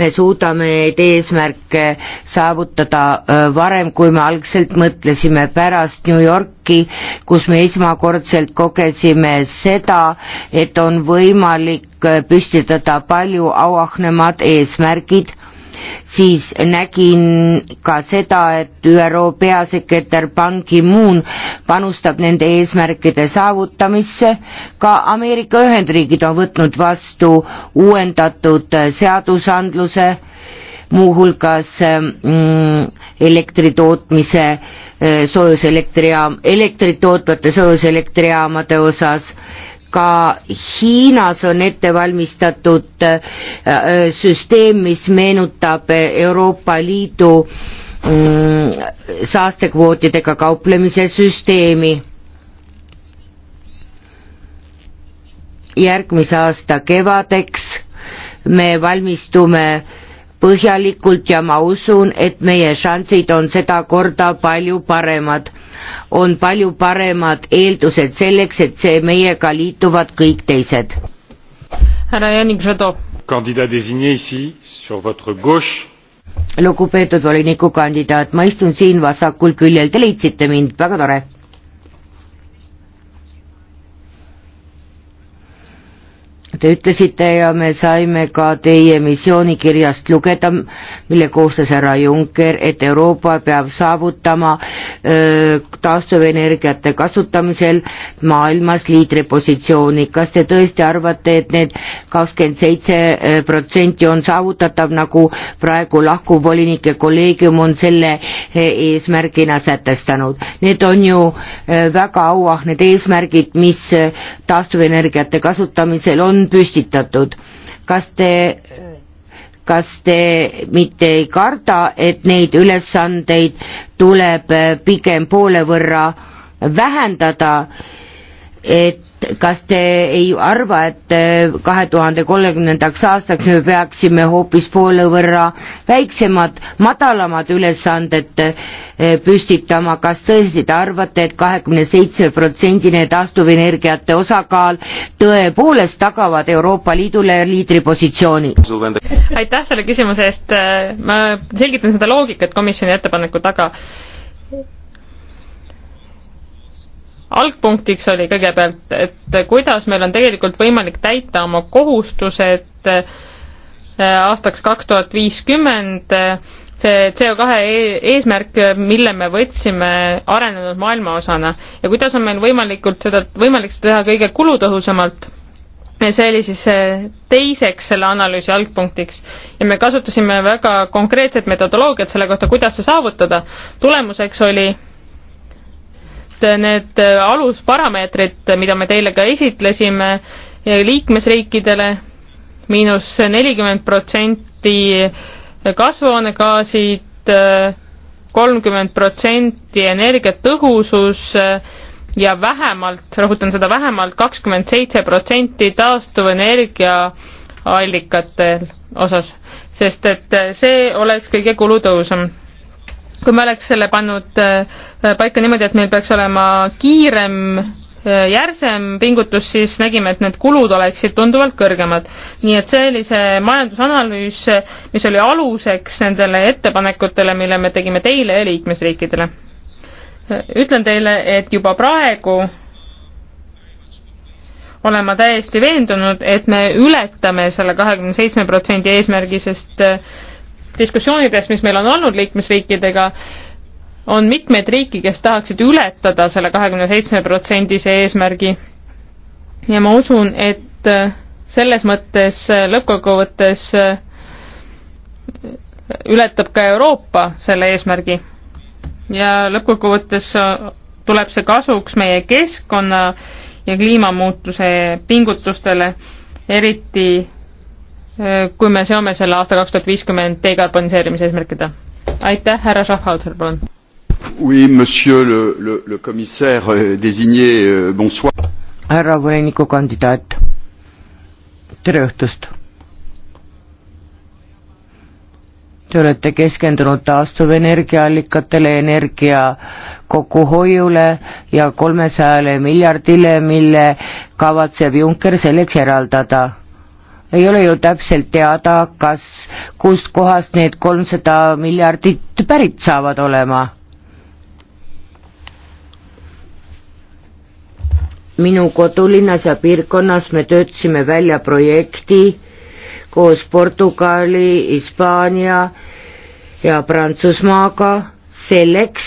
me suudame neid eesmärke saavutada äh, varem, kui me algselt mõtlesime, pärast New Yorki, kus me esmakordselt kogesime seda, et on võimalik äh, püstitada palju auahnemad eesmärgid siis nägin ka seda, et ÜRO peasekretär Ban Ki-moon panustab nende eesmärkide saavutamisse, ka Ameerika Ühendriigid on võtnud vastu uuendatud seadusandluse, muuhulgas mm, elektritootmise, soojuselektrijaam, elektrit tootvate soojuselektrijaamade osas äh, ka Hiinas on ette valmistatud äh, äh, süsteem, mis meenutab äh, Euroopa Liidu mm, saastekvootidega kauplemise süsteemi. järgmise aasta kevadeks me valmistume põhjalikult ja ma usun, et meie šansid on sedakorda palju paremad on palju paremad eeldused selleks, et see meiega liituvad kõik teised. härra Janik Žado. kandidaat designé ici sur votre gauche lugupeetud volinikukandidaat, ma istun siin vasakul küljel, te leidsite mind, väga tore Te ütlesite ja me saime ka teie missioonikirjast lugeda, mille koostas härra Juncker, et Euroopa peab saavutama taastuvenergiate kasutamisel maailmas liidripositsiooni. kas te tõesti arvate, et need kakskümmend seitse protsenti on saavutatav, nagu praegu lahkuv volinike kolleegium on selle e, eesmärgina sätestanud? Need on ju väga auahned eesmärgid, mis taastuvenergiate kasutamisel on on püstitatud. kas te, kas te mitte ei karda, et neid ülesandeid tuleb pigem poole võrra vähendada, et kas te ei arva, et äh, kahe tuhande kolmekümnendaks aastaks me peaksime hoopis poole võrra väiksemad, madalamad ülesanded äh, püstitama, kas tõesti te arvate et, et kahekümne seitsme protsendine taastuvenergiate osakaal tõepoolest tagavad Euroopa Liidule liidripositsiooni? aitäh selle küsimuse eest, äh, ma selgitan seda loogikat komisjoni ettepaneku taga algpunktiks oli kõigepealt, et kuidas meil on tegelikult võimalik täita oma kohustused äh, aastaks kaks tuhat viiskümmend, see CO2 e-, eesmärk, mille me võtsime arenenud maailma osana ja kuidas on meil võimalikult seda, võimalik seda teha kõige kulutõhusamalt. see oli siis äh, teiseks selle analüüsi algpunktiks ja me kasutasime väga konkreetset metodoloogiat selle kohta, kuidas see saavutada. tulemuseks oli et need alusparameetrid, mida me teile ka esitlesime eh, liikmesriikidele, miinus nelikümmend protsenti kasvuhoonegaasid, kolmkümmend protsenti energiatõhusus ja vähemalt, rõhutan seda vähemalt, kakskümmend seitse protsenti taastuvenergia allikate osas, sest et see oleks kõige kulutõhusam kui me oleks selle pannud äh, paika niimoodi, et meil peaks olema kiirem äh, järsem pingutus, siis nägime, et need kulud oleksid tunduvalt kõrgemad. nii et see oli see majandusanalüüs, mis oli aluseks nendele ettepanekutele, mille me tegime teile ja liikmesriikidele. Äh, ütlen teile, et juba praegu olen ma täiesti veendunud, et me ületame selle kahekümne seitsme protsendi eesmärgi, sest äh, diskussioonides, mis meil on olnud liikmesriikidega, on mitmeid riiki, kes tahaksid ületada selle kahekümne seitsme protsendise eesmärgi. ja ma usun, et äh, selles mõttes äh, lõppkokkuvõttes äh, ületab ka Euroopa selle eesmärgi. ja lõppkokkuvõttes tuleb see kasuks meie keskkonna ja kliimamuutuse pingutustele, eriti kui me seome selle aasta kaks tuhat viiskümmend dekarboniseerimise eesmärkida. aitäh, härra Schaffhauser, palun. Oui, monsieur le, le, le commissaire euh, désigné, euh, bonsoir. härra volinikukandidaat, tere õhtust. Te olete keskendunud taastuvenergiaallikatele, energia kokkuhoiule ja kolmesajale miljardile, mille kavatseb Juncker selleks eraldada ei ole ju täpselt teada, kas, kustkohast need kolmsada miljardit pärit saavad olema. minu kodulinnas ja piirkonnas me töötasime välja projekti koos Portugali, Hispaania ja Prantsusmaaga selleks,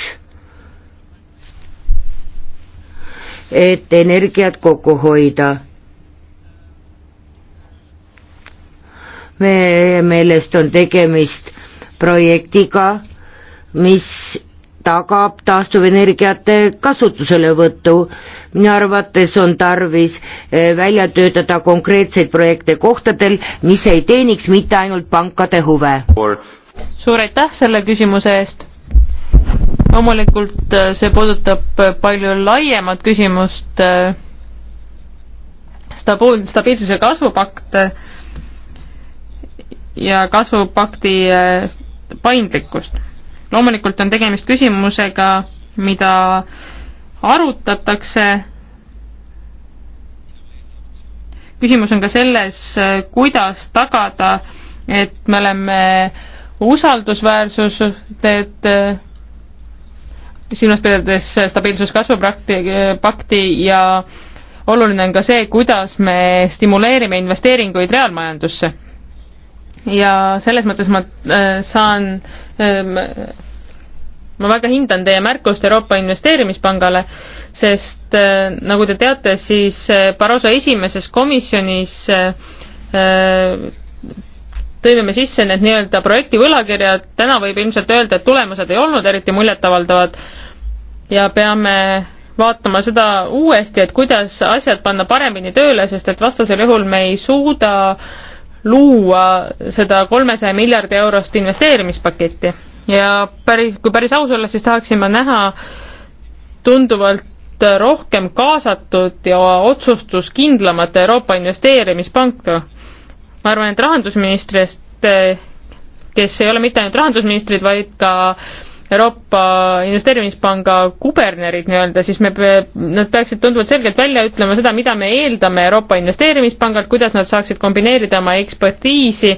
et energiat kokku hoida meie meelest on tegemist projektiga, mis tagab taastuvenergiate kasutuselevõttu. minu arvates on tarvis eh, välja töötada konkreetseid projekte kohtadel, mis ei teeniks mitte ainult pankade huve. suur aitäh selle küsimuse eest. loomulikult eh, see puudutab palju laiemat küsimust, eh, stabiilsuse kasvupakt ja kasvupakti eh, paindlikkust. loomulikult on tegemist küsimusega, mida arutatakse, küsimus on ka selles, eh, kuidas tagada, et me oleme usaldusväärsus, et eh, silmas pidades stabiilsuskasvu pakti ja oluline on ka see, kuidas me stimuleerime investeeringuid reaalmajandusse ja selles mõttes ma äh, saan äh, ma väga hindan teie märkust Euroopa Investeerimispangale, sest äh, nagu te teate, siis äh, Barroso esimeses komisjonis äh, äh, tõime me sisse need nii-öelda projekti võlakirjad, täna võib ilmselt öelda, et tulemused ei olnud eriti muljetavaldavad ja peame vaatama seda uuesti, et kuidas asjad panna paremini tööle, sest et vastasel juhul me ei suuda äh, luua seda kolmesaja miljardi eurost investeerimispaketti. ja päris, kui päris aus olla, siis tahaksin ma näha tunduvalt rohkem kaasatud ja otsustuskindlamat Euroopa Investeerimispanka. ma arvan, et rahandusministrist, kes ei ole mitte ainult rahandusministrid, vaid ka Euroopa Investeerimispanga kubernerid nii-öelda, siis me, nad peaksid tunduvalt selgelt välja ütlema seda, mida me eeldame Euroopa Investeerimispangalt, kuidas nad saaksid kombineerida oma ekspertiisi,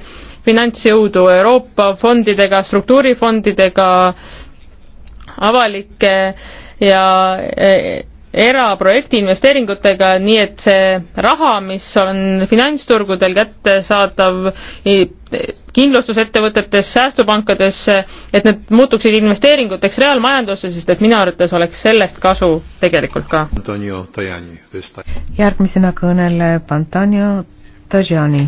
finantsjõudu Euroopa fondidega, struktuurifondidega, avalike ja eraprojekti investeeringutega, nii et see raha, mis on finantsturgudel kättesaadav kindlustusettevõtetes, säästupankadesse, et need muutuksid investeeringuteks reaalmajandusse, sest et minu arvates oleks sellest kasu tegelikult ka. järgmisena kõneleb Antonio Tajani.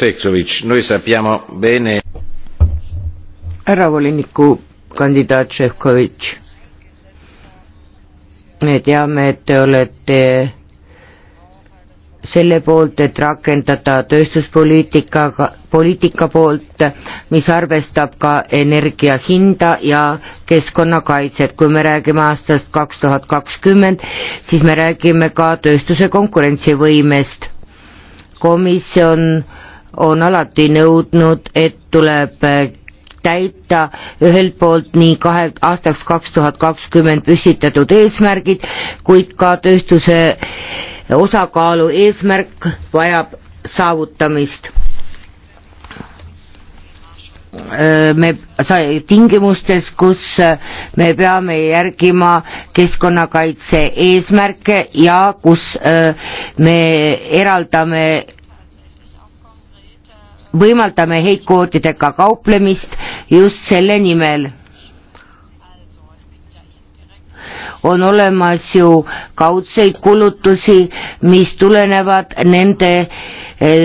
Sefcovic, noi sappiamo bene härra volinikukandidaat Šefkovitš me teame, et te olete selle poolt, et rakendada tööstuspoliitikaga, poliitika poolt, mis arvestab ka energia hinda ja keskkonnakaitset. kui me räägime aastast kaks tuhat kakskümmend, siis me räägime ka tööstuse konkurentsivõimest. komisjon on alati nõudnud, et tuleb täita ühelt poolt nii kahe, aastaks kaks tuhat kakskümmend püstitatud eesmärgid, kuid ka tööstuse osakaalu eesmärk vajab saavutamist. me sai tingimustes, kus me peame järgima keskkonnakaitse eesmärke ja kus me eraldame võimaldame heitkvootidega kauplemist just selle nimel. on olemas ju kaudseid kulutusi, mis tulenevad nende eh,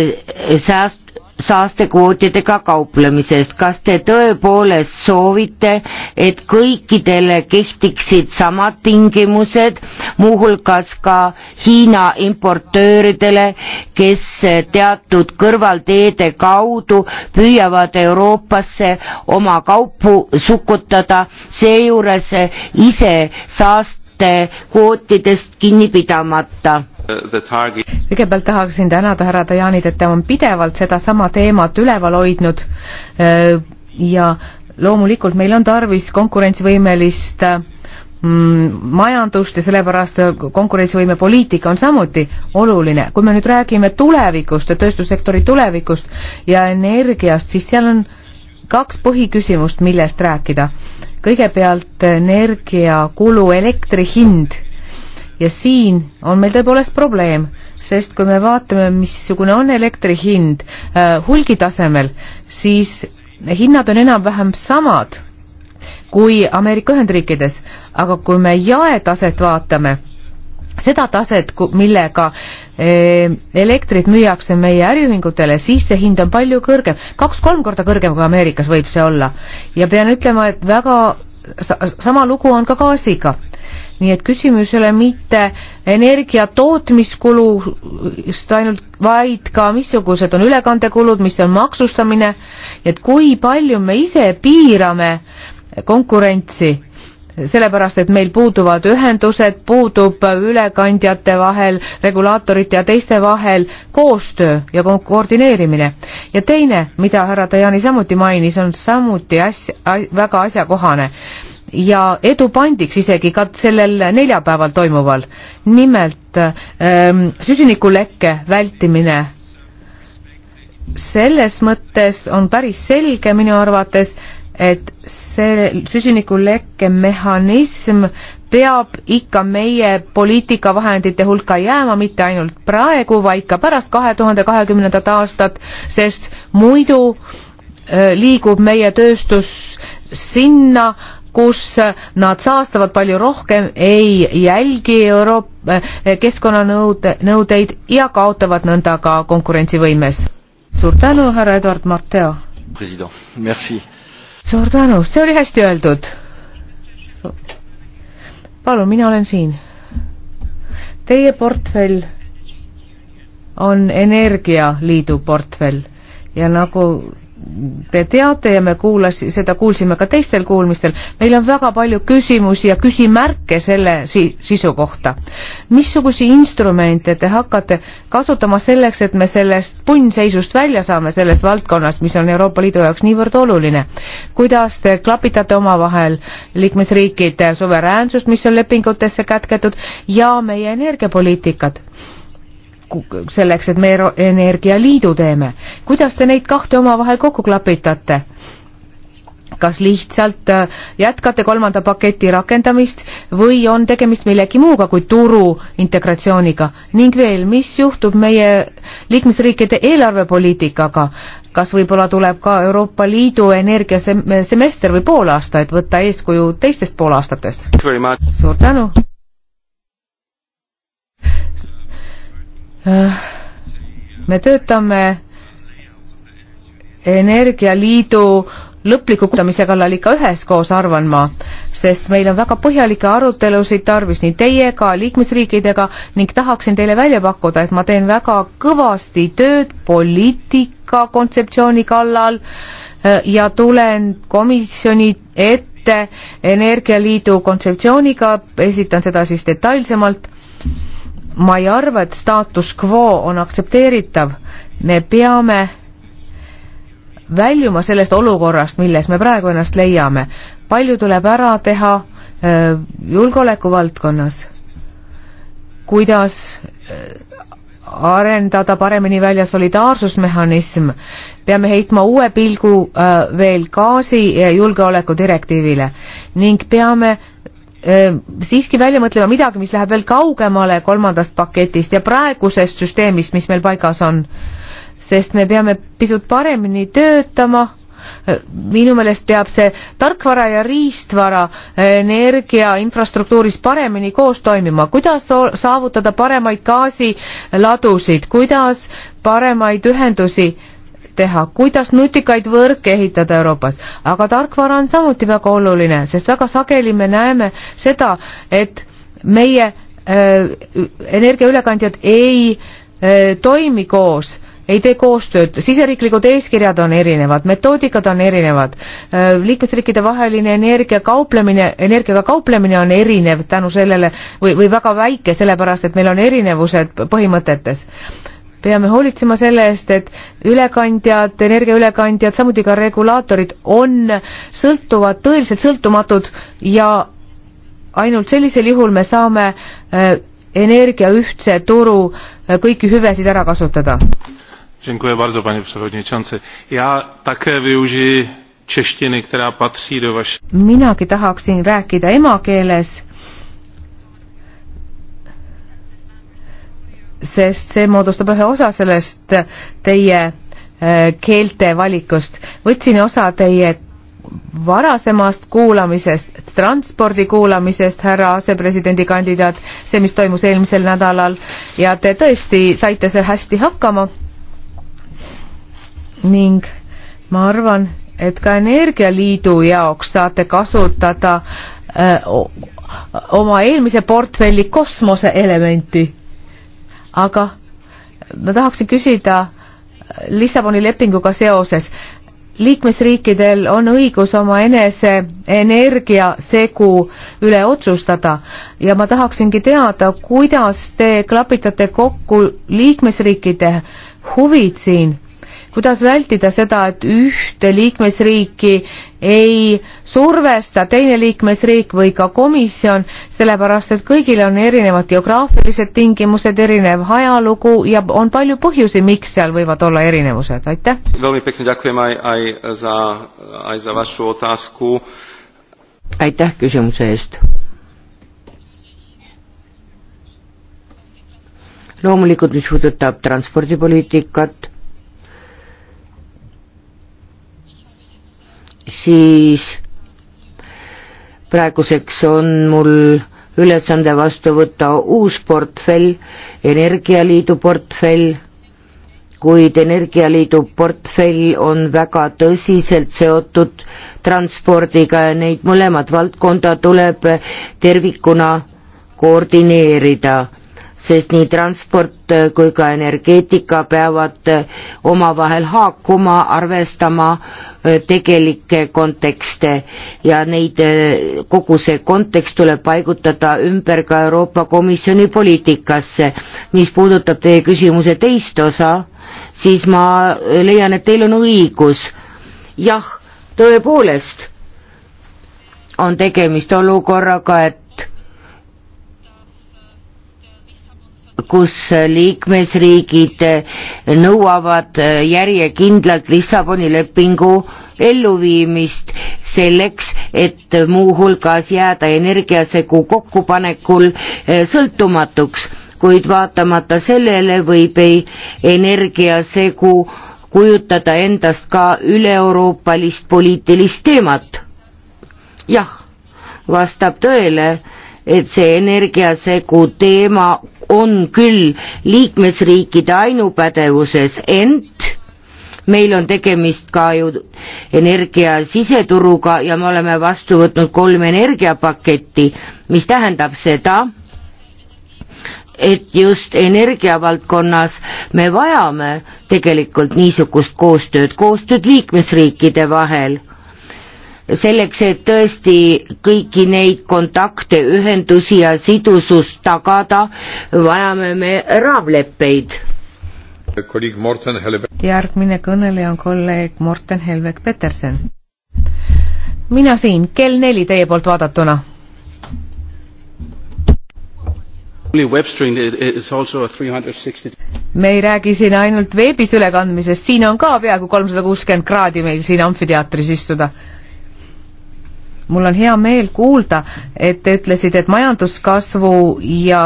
sääst-, saastekvootidega kauplemisest. kas te tõepoolest soovite, et kõikidele kehtiksid samad tingimused, muuhulgas ka Hiina importööridele, kes teatud kõrvalteede kaudu püüavad Euroopasse oma kaupu sukutada, seejuures ise saastekvootidest kinni pidamata? Uh, kõigepealt tahaksin tänada härra Dajanit, et ta on pidevalt sedasama teemat üleval hoidnud uh, ja loomulikult meil on tarvis konkurentsivõimelist uh, mm, majandust ja sellepärast konkurentsivõime poliitika on samuti oluline. kui me nüüd räägime tulevikust ja tööstussektori tulevikust ja energiast, siis seal on kaks põhiküsimust, millest rääkida. kõigepealt energiakulu, elektri hind ja siin on meil tõepoolest probleem, sest kui me vaatame, missugune on elektri hind äh, hulgitasemel, siis hinnad on enam-vähem samad kui Ameerika Ühendriikides, aga kui me jaetaset vaatame, seda taset, millega äh, elektrit müüakse meie äriühingutele, siis see hind on palju kõrgem, kaks-kolm korda kõrgem kui Ameerikas võib see olla. ja pean ütlema, et väga sa sama lugu on ka gaasiga nii et küsimus ei ole mitte energia tootmiskulust ainult, vaid ka missugused on ülekandekulud, mis on maksustamine, et kui palju me ise piirame konkurentsi, sellepärast et meil puuduvad ühendused, puudub ülekandjate vahel, regulaatorite ja teiste vahel koostöö ja ko koordineerimine. ja teine, mida härra Tajani samuti mainis, on samuti asja, väga asjakohane ja edu pandiks isegi ka sellel neljapäeval toimuval. nimelt ähm, süsinikulekke vältimine. selles mõttes on päris selge minu arvates, et see süsinikulekke mehhanism peab ikka meie poliitikavahendite hulka jääma mitte ainult praegu, vaid ka pärast kahe tuhande kahekümnendat aastat, sest muidu äh, liigub meie tööstus sinna, kus nad saastavad palju rohkem, ei jälgi Euroopa eh, keskkonnanõudeid ja kaotavad nõnda ka konkurentsivõimes. suur tänu, härra Eduard Marteo. president, merci. suur tänu, see oli hästi öeldud. palun, mina olen siin. Teie portfell on Energialiidu portfell ja nagu te teate ja me kuulas, seda kuulsime ka teistel kuulmistel, meil on väga palju küsimusi ja küsimärke selle si sisu kohta. missugusi instrumente te hakkate kasutama selleks, et me sellest punnseisust välja saame, sellest valdkonnast, mis on Euroopa Liidu jaoks niivõrd oluline? kuidas te klapitate omavahel liikmesriikide suveräänsust, mis on lepingutesse kätketud, ja meie energiapoliitikat? selleks, et me energialiidu teeme. kuidas te neid kahte omavahel kokku klapitate? kas lihtsalt äh, jätkate kolmanda paketi rakendamist või on tegemist millegi muuga kui turu integratsiooniga ning veel, mis juhtub meie liikmesriikide eelarvepoliitikaga, kas võib-olla tuleb ka Euroopa Liidu energiasemester või poolaasta, et võtta eeskuju teistest poolaastatest? suur tänu! Äh, me töötame energialiidu lõpliku kuulamise kallal ikka üheskoos, arvan ma, sest meil on väga põhjalikke arutelusid tarvis nii teiega, liikmesriikidega ning tahaksin teile välja pakkuda, et ma teen väga kõvasti tööd poliitika kontseptsiooni kallal äh, ja tulen komisjoni ette Energialiidu kontseptsiooniga, esitan seda siis detailsemalt ma ei arva, et staatus quo on aktsepteeritav, me peame väljuma sellest olukorrast, milles me praegu ennast leiame. palju tuleb ära teha äh, julgeoleku valdkonnas, kuidas äh, arendada paremini välja solidaarsusmehhanism, peame heitma uue pilgu äh, veel gaasi julgeoleku direktiivile ning peame siiski välja mõtlema midagi, mis läheb veel kaugemale kolmandast paketist ja praegusest süsteemist, mis meil paigas on. sest me peame pisut paremini töötama, minu meelest peab see tarkvara ja riistvara energia infrastruktuuris paremini koos toimima, kuidas saavutada paremaid gaasiladusid, kuidas paremaid ühendusi äh, teha, kuidas nutikaid võrke ehitada Euroopas. aga tarkvara on samuti väga oluline, sest väga sageli me näeme seda, et meie äh, energiaülekandjad ei äh, toimi koos ei tee koostööd, siseriiklikud eeskirjad on erinevad, metoodikad on erinevad, äh, liikmesriikide vaheline energia kauplemine, energiaga kauplemine on erinev tänu sellele või, või väga väike, sellepärast et meil on erinevused põhimõtetes peame hoolitsema selle eest, et ülekandjad, energiaülekandjad, samuti ka regulaatorid on sõltuvad, tõeliselt sõltumatud ja ainult sellisel juhul me saame äh, energia ühtse turu äh, kõiki hüvesid ära kasutada. Dziękuję bardzo panie przewodniczący. Ja také využiji češtiny, která patří do vaše... Minagi tahaksin rääkida emakeeles sest see moodustab ühe osa sellest äh, teie äh, keelte valikust. võtsin osa teie varasemast kuulamisest, transpordi kuulamisest, härra asepresidendi kandidaat, see, mis toimus eelmisel nädalal ja te tõesti saite seal hästi hakkama. ning ma arvan, et ka Energialiidu jaoks saate kasutada öö, äh, oma eelmise portfelli kosmoseelementi aga ma tahaksin küsida Lissaboni lepinguga seoses. liikmesriikidel on õigus omaenese energiasegu üle otsustada ja ma tahaksingi teada, kuidas te klapitate kokku liikmesriikide huvid siin kuidas vältida seda, et ühte liikmesriiki ei survesta teine liikmesriik või ka komisjon, sellepärast et kõigil on erinevad geograafilised tingimused, erinev ajalugu ja on palju põhjusi, miks seal võivad olla erinevused, aitäh. aitäh küsimuse eest. loomulikult, mis puudutab transpordipoliitikat siis praeguseks on mul ülesande vastu võtta uus portfell, Energialiidu portfell, kuid Energialiidu portfell on väga tõsiselt seotud transpordiga ja neid mõlemat valdkonda tuleb tervikuna koordineerida sest nii transport äh, kui ka energeetika peavad äh, omavahel haakuma, arvestama äh, tegelikke kontekste ja neid, kogu see kontekst tuleb paigutada ümber ka Euroopa Komisjoni poliitikasse. mis puudutab teie küsimuse teist osa, siis ma leian, et teil on õigus. jah, tõepoolest on tegemist olukorraga, et kus liikmesriigid eh, nõuavad eh, järjekindlalt Lissaboni lepingu elluviimist selleks, et muuhulgas jääda energiasegu kokkupanekul eh, sõltumatuks, kuid vaatamata sellele võib ei energiasegu kujutada endast ka üle-euroopalist poliitilist teemat. jah, vastab tõele et see energiasegu teema on küll liikmesriikide ainupädevuses, ent meil on tegemist ka ju energia siseturuga ja me oleme vastu võtnud kolm energiapaketti, mis tähendab seda, et just energiavaldkonnas me vajame tegelikult niisugust koostööd, koostööd liikmesriikide vahel selleks, et tõesti kõiki neid kontakte, ühendusi ja sidusust tagada, vajame me raamleppeid. järgmine kõneleja on kolleeg Morten Helvek Peterson. mina siin, kell neli teie poolt vaadatuna. me ei räägi siin ainult veebis ülekandmisest, siin on ka peaaegu kolmsada kuuskümmend kraadi meil siin amfiteatris istuda mul on hea meel kuulda, et te ütlesite, et majanduskasvu ja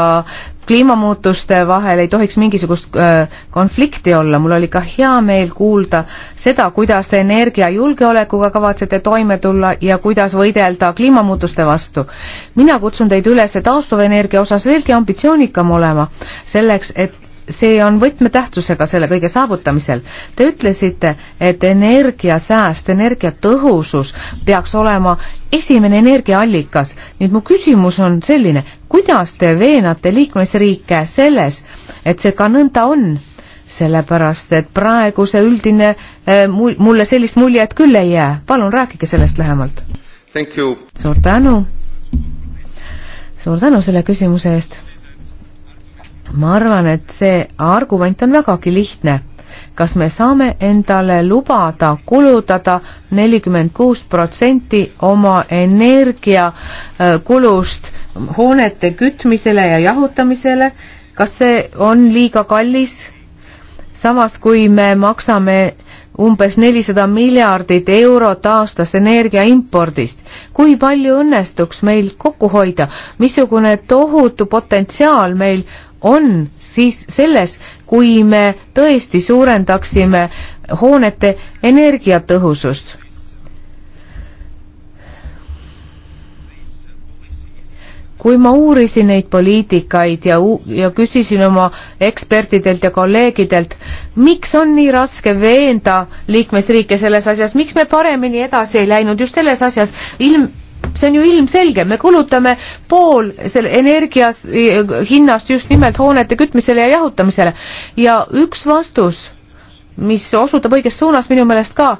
kliimamuutuste vahel ei tohiks mingisugust äh, konflikti olla, mul oli ka hea meel kuulda seda, kuidas te energiajulgeolekuga kavatsete toime tulla ja kuidas võidelda kliimamuutuste vastu. mina kutsun teid üles taastuvenergia osas veelgi ambitsioonikam olema, selleks et see on võtmetähtsusega selle kõige saavutamisel. Te ütlesite, et energiasääst, energiatõhusus peaks olema esimene energiaallikas. nüüd mu küsimus on selline, kuidas te veenate liikmesriike selles, et see ka nõnda on? sellepärast, et praegu see üldine, eh, mulle sellist muljet küll ei jää. palun rääkige sellest lähemalt. suur tänu. suur tänu selle küsimuse eest ma arvan, et see argument on vägagi lihtne. kas me saame endale lubada kulutada nelikümmend kuus protsenti oma energiakulust äh, hoonete kütmisele ja jahutamisele, kas see on liiga kallis? samas, kui me maksame umbes nelisada miljardit eurot aastas energia impordist. kui palju õnnestuks meil kokku hoida, missugune tohutu potentsiaal meil on siis selles, kui me tõesti suurendaksime hoonete energiatõhusust. kui ma uurisin neid poliitikaid ja, ja küsisin oma ekspertidelt ja kolleegidelt, miks on nii raske veenda liikmesriike selles asjas, miks me paremini edasi ei läinud just selles asjas, ilm, see on ju ilmselge, me kulutame pool selle energias, hinnast just nimelt hoonete kütmisele ja jahutamisele. ja üks vastus, mis osutab õiges suunas minu meelest ka,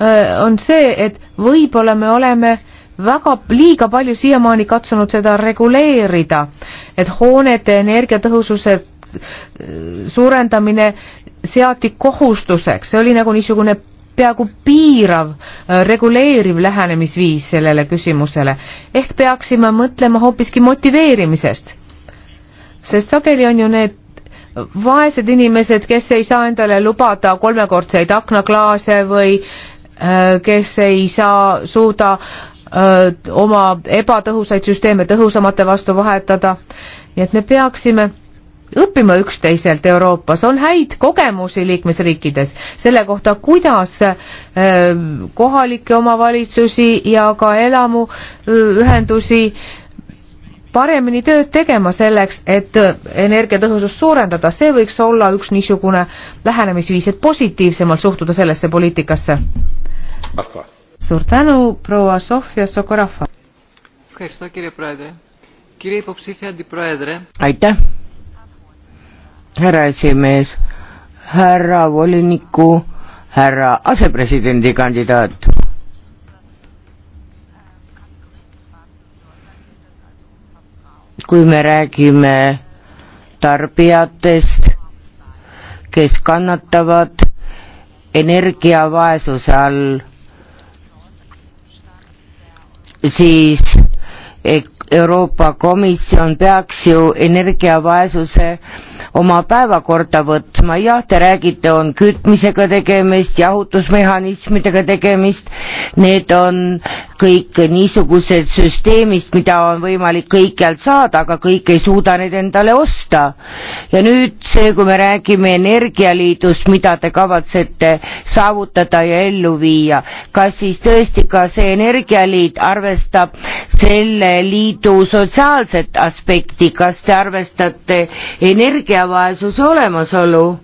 äh, on see, et võib-olla me oleme väga liiga palju siiamaani katsunud seda reguleerida, et hoonete energiatõhususe äh, suurendamine seati kohustuseks, see oli nagu niisugune peaaegu piirav, äh, reguleeriv lähenemisviis sellele küsimusele. ehk peaksime mõtlema hoopiski motiveerimisest. sest sageli on ju need vaesed inimesed, kes ei saa endale lubada kolmekordseid aknaklaase või äh, kes ei saa, suuda öö, äh, oma ebatõhusaid süsteeme tõhusamate vastu vahetada. nii et me peaksime õppima üksteiselt Euroopas, on häid kogemusi liikmesriikides selle kohta, kuidas äh, kohalikke omavalitsusi ja ka elamuühendusi äh, paremini tööd tegema selleks, et äh, energiatõhusust suurendada, see võiks olla üks niisugune lähenemisviis, et positiivsemalt suhtuda sellesse poliitikasse. suur tänu, proua Sofia Sokorafa. aitäh härra esimees, härra voliniku, härra asepresidendi kandidaat. kui me räägime tarbijatest, kes kannatavad energiavaesuse all, siis Euroopa Komisjon peaks ju energiavaesuse oma päevakorda võtma, jah, te räägite, on kütmisega tegemist, jahutusmehhanismidega tegemist, need on kõik niisugused süsteemist, mida on võimalik kõikjalt saada, aga kõik ei suuda neid endale osta. ja nüüd see, kui me räägime Energialiidust, mida te kavatsete saavutada ja ellu viia, kas siis tõesti ka see Energialiit arvestab selle liidu sotsiaalset aspekti, kas te arvestate energia väljavaesuse olemasolu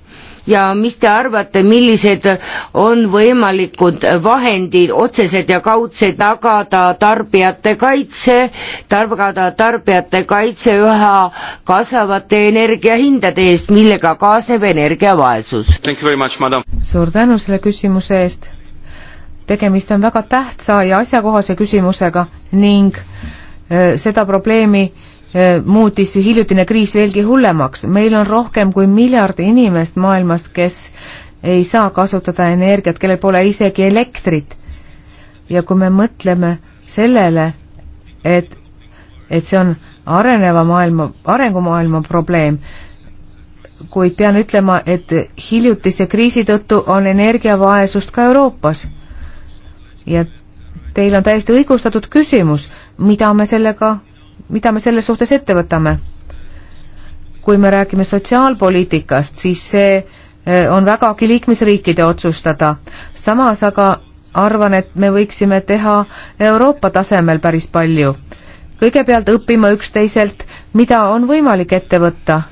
ja mis te arvate, millised on võimalikud vahendid, otsesed ja kaudsed, tagada tarbijate kaitse, tagada tarbijate kaitse üha kasvavate energiahindade eest, millega kaasneb energiavaesus? suur tänu selle küsimuse eest. tegemist on väga tähtsa ja asjakohase küsimusega ning äh, seda probleemi äh, Äh, muutis hiljutine kriis veelgi hullemaks. meil on rohkem kui miljard inimest maailmas, kes ei saa kasutada energiat, kellel pole isegi elektrit. ja kui me mõtleme sellele, et, et see on areneva maailma, arengumaailma probleem, kuid pean ütlema, et hiljutise kriisi tõttu on energiavaesust ka Euroopas. ja teil on täiesti õigustatud küsimus, mida me sellega mida me selles suhtes ette võtame? kui me räägime sotsiaalpoliitikast, siis see eh, on vägagi liikmesriikide otsustada. samas aga arvan, et me võiksime teha Euroopa tasemel päris palju. kõigepealt õppima üksteiselt, mida on võimalik ette võtta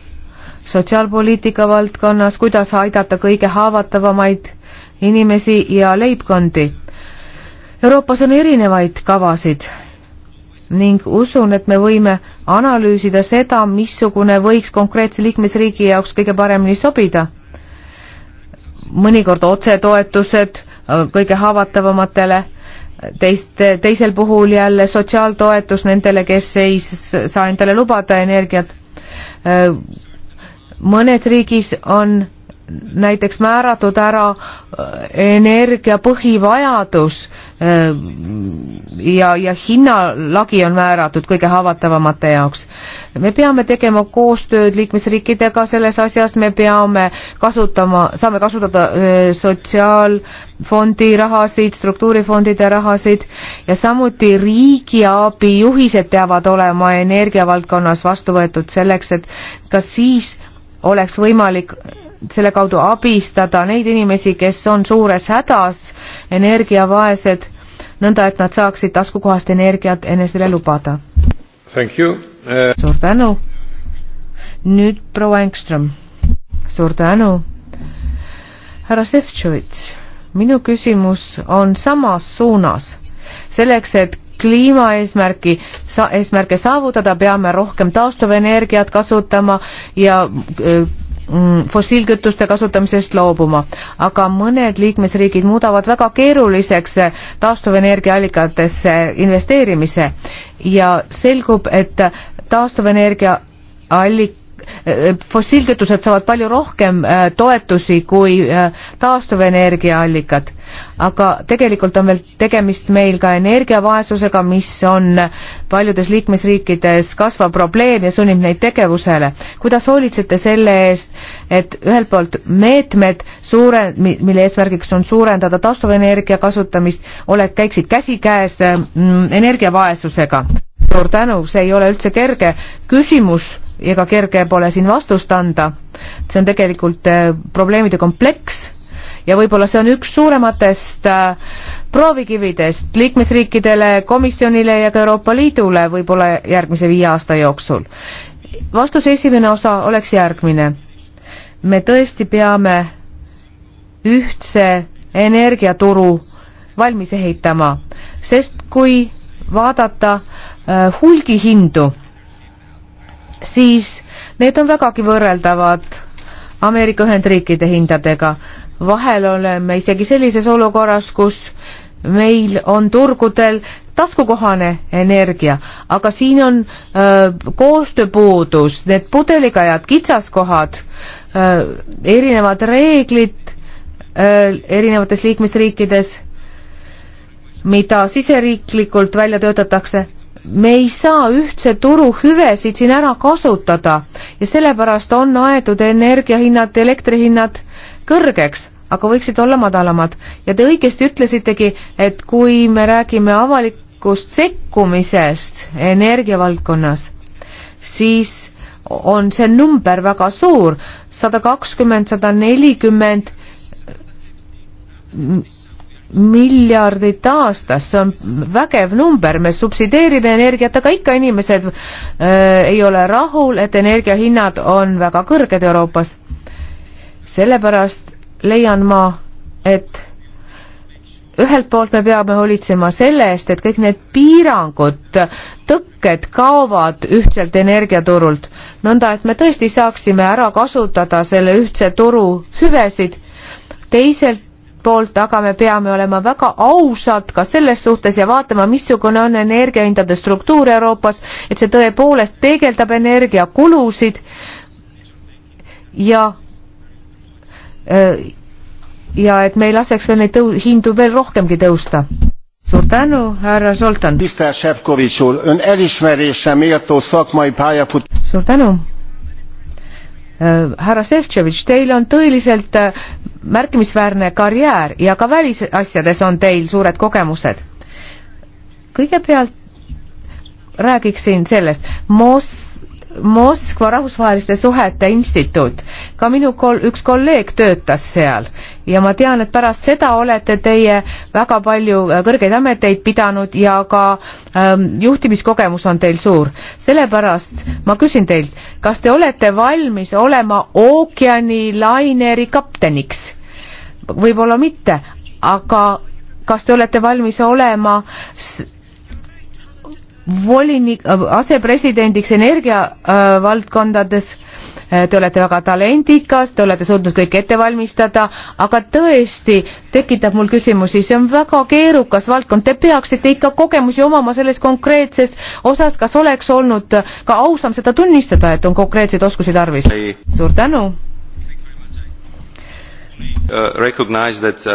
sotsiaalpoliitika valdkonnas, kuidas aidata kõige haavatavamaid inimesi ja leibkondi. Euroopas on erinevaid kavasid ning usun, et me võime analüüsida seda, missugune võiks konkreetse liikmesriigi jaoks kõige paremini sobida. mõnikord otsetoetused äh, kõige haavatavamatele, teist, teisel puhul jälle sotsiaaltoetus nendele, kes ei saa endale lubada energiat. Äh, mõnes riigis on näiteks määratud ära äh, energia põhivajadus äh, ja, ja hinnalagi on määratud kõige haavatavamate jaoks. me peame tegema koostööd liikmesriikidega selles asjas, me peame kasutama, saame kasutada äh, sotsiaalfondi rahasid, struktuurifondide rahasid ja samuti riigiabi juhised peavad olema energiavaldkonnas vastu võetud selleks, et ka siis oleks võimalik selle kaudu abistada neid inimesi, kes on suures hädas, energiavaesed, nõnda et nad saaksid taskukohast energiat enesele lubada. Uh... suur tänu. nüüd proua Engström. suur tänu. härra Šefčovitš, minu küsimus on samas suunas. selleks, et kliimaeesmärki sa,, eesmärke saavutada, peame rohkem taastuvenergiat kasutama ja eh, Mm, fossiilkütuste kasutamisest loobuma, aga mõned liikmesriigid muudavad väga keeruliseks taastuvenergiaallikatesse investeerimise ja selgub, et taastuvenergia allik-, fossiilkütused saavad palju rohkem äh, toetusi kui äh, taastuvenergiaallikad, aga tegelikult on veel tegemist meil ka energiavaesusega, mis on paljudes liikmesriikides kasvav probleem ja sunnib neid tegevusele. kuidas hoolitsete selle eest, et ühelt poolt meetmed suure, mille eesmärgiks on suurendada taastuvenergia kasutamist, oled, käiksid käsikäes mm, energiavaesusega? suur tänu, see ei ole üldse kerge küsimus ega kerge pole siin vastust anda. see on tegelikult äh, probleemide kompleks ja võib-olla see on üks suurematest äh, proovikividest liikmesriikidele, komisjonile ja ka Euroopa Liidule võib-olla järgmise viie aasta jooksul. vastuse esimene osa oleks järgmine. me tõesti peame ühtse energiaturu valmis ehitama, sest kui vaadata äh, hulgihindu siis need on vägagi võrreldavad Ameerika Ühendriikide hindadega. vahel oleme isegi sellises olukorras, kus meil on turgudel taskukohane energia, aga siin on öö, koostööpuudus, need pudelikajad, kitsaskohad, erinevad reeglid öö, erinevates liikmesriikides, mida siseriiklikult välja töötatakse me ei saa ühtse turu hüvesid siin ära kasutada ja sellepärast on aetud energiahinnad, elektrihinnad kõrgeks, aga võiksid olla madalamad. ja te õigesti ütlesitegi, et kui me räägime avalikust sekkumisest energiavaldkonnas, siis on see number väga suur, sada kakskümmend, sada nelikümmend miljardit aastas, see on vägev number, me subsideerime energiat, aga ikka inimesed öö, äh, ei ole rahul, et energiahinnad on väga kõrged Euroopas. sellepärast leian ma, et ühelt poolt me peame hoolitsema selle eest, et kõik need piirangud, tõkked kaovad ühtselt energiaturult, nõnda et me tõesti saaksime ära kasutada selle ühtse turu hüvesid, teiselt poolt, aga me peame olema väga ausad ka selles suhtes ja vaatama, missugune on energiahindade struktuur Euroopas, et see tõepoolest peegeldab energiakulusid ja äh, ja et me ei laseks veel neid tõu-, hindu veel rohkemgi tõusta. suur tänu, härra Zoltan. suur tänu äh, härra Šefčovič, teil on tõeliselt äh, märkimisväärne karjäär ja ka välisasjades on teil suured kogemused. kõigepealt räägiksin sellest, Moss Moskva rahvusvaheliste suhete instituut, ka minu kol üks kolleeg töötas seal ja ma tean, et pärast seda olete teie väga palju äh, kõrgeid ameteid pidanud ja ka ähm, juhtimiskogemus on teil suur. sellepärast ma küsin teilt, kas te olete valmis olema ookeanilaineri kapteniks? võib-olla mitte, aga kas te olete valmis olema volinik, äh, asepresidendiks energiavaldkondades äh, äh,, te olete väga talendikas, te olete suutnud kõik ette valmistada, aga tõesti tekitab mul küsimusi, see on väga keerukas valdkond, te peaksite ikka kogemusi omama selles konkreetses osas, kas oleks olnud ka ausam seda tunnistada, et on konkreetseid oskusi tarvis? Uh, suur tänu! Uh,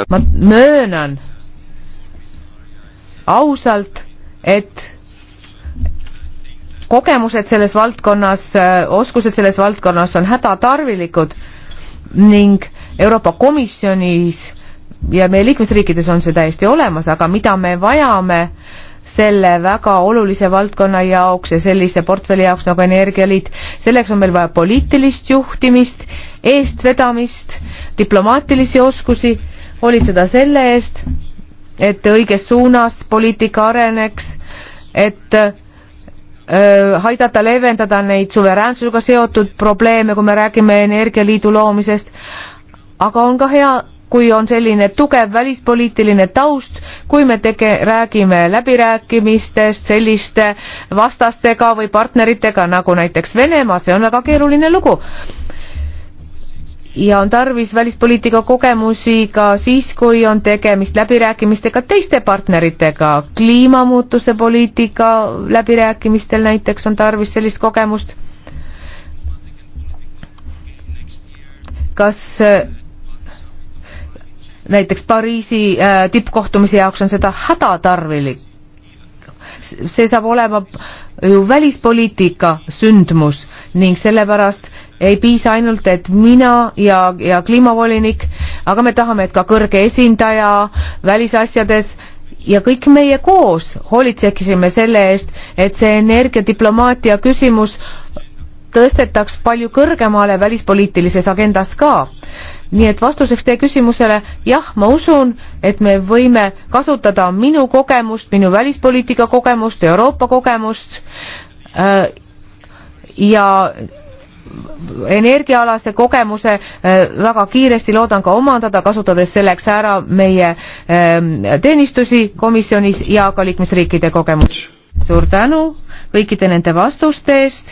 ma möönan ausalt, et kogemused selles valdkonnas, oskused selles valdkonnas on hädatarvilikud ning Euroopa Komisjonis ja meie liikmesriikides on see täiesti olemas, aga mida me vajame selle väga olulise valdkonna jaoks ja sellise portfelli jaoks nagu Energialiit, selleks on meil vaja poliitilist juhtimist, eestvedamist, diplomaatilisi oskusi, hoolitseda selle eest, et õiges suunas poliitika areneks, et aidata leevendada neid suveräänsusega seotud probleeme, kui me räägime energialiidu loomisest, aga on ka hea, kui on selline tugev välispoliitiline taust, kui me tege-, räägime läbirääkimistest selliste vastastega või partneritega nagu näiteks Venemaa, see on väga keeruline lugu ja on tarvis välispoliitika kogemusi ka siis, kui on tegemist läbirääkimistega teiste partneritega. kliimamuutuse poliitika läbirääkimistel näiteks on tarvis sellist kogemust. kas äh, näiteks Pariisi äh, tippkohtumise jaoks on seda hädatarvilik? see saab olema ju välispoliitika sündmus ning sellepärast ei piisa ainult, et mina ja, ja kliimavolinik, aga me tahame, et ka kõrge esindaja välisasjades ja kõik meie koos hoolitseksime selle eest, et see energiadiplomaatia küsimus tõstetaks palju kõrgemale välispoliitilises agendas ka nii et vastuseks teie küsimusele, jah, ma usun, et me võime kasutada minu kogemust, minu välispoliitika kogemust, Euroopa kogemust äh, ja energiaalase kogemuse äh, väga kiiresti loodan ka omandada, kasutades selleks ära meie äh, teenistusi komisjonis ja ka liikmesriikide kogemust. suur tänu kõikide nende vastuste eest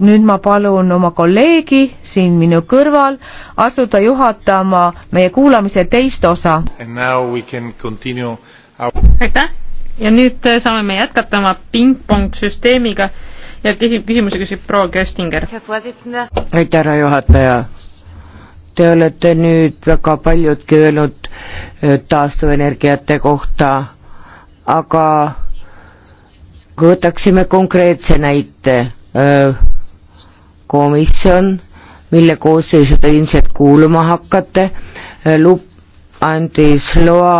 nüüd ma palun oma kolleegi siin minu kõrval asuda juhatama meie kuulamise teist osa. aitäh ja nüüd äh, saame me jätkata oma pingpong süsteemiga ja küsib küsimuse küsib proua Köstinger. aitäh, härra juhataja. Te olete nüüd väga paljudki öelnud äh, taastuvenergiate kohta, aga kui võtaksime konkreetse näite öö, äh, komisjon, mille koosseisu te ilmselt kuuluma hakkate, lub-, andis loa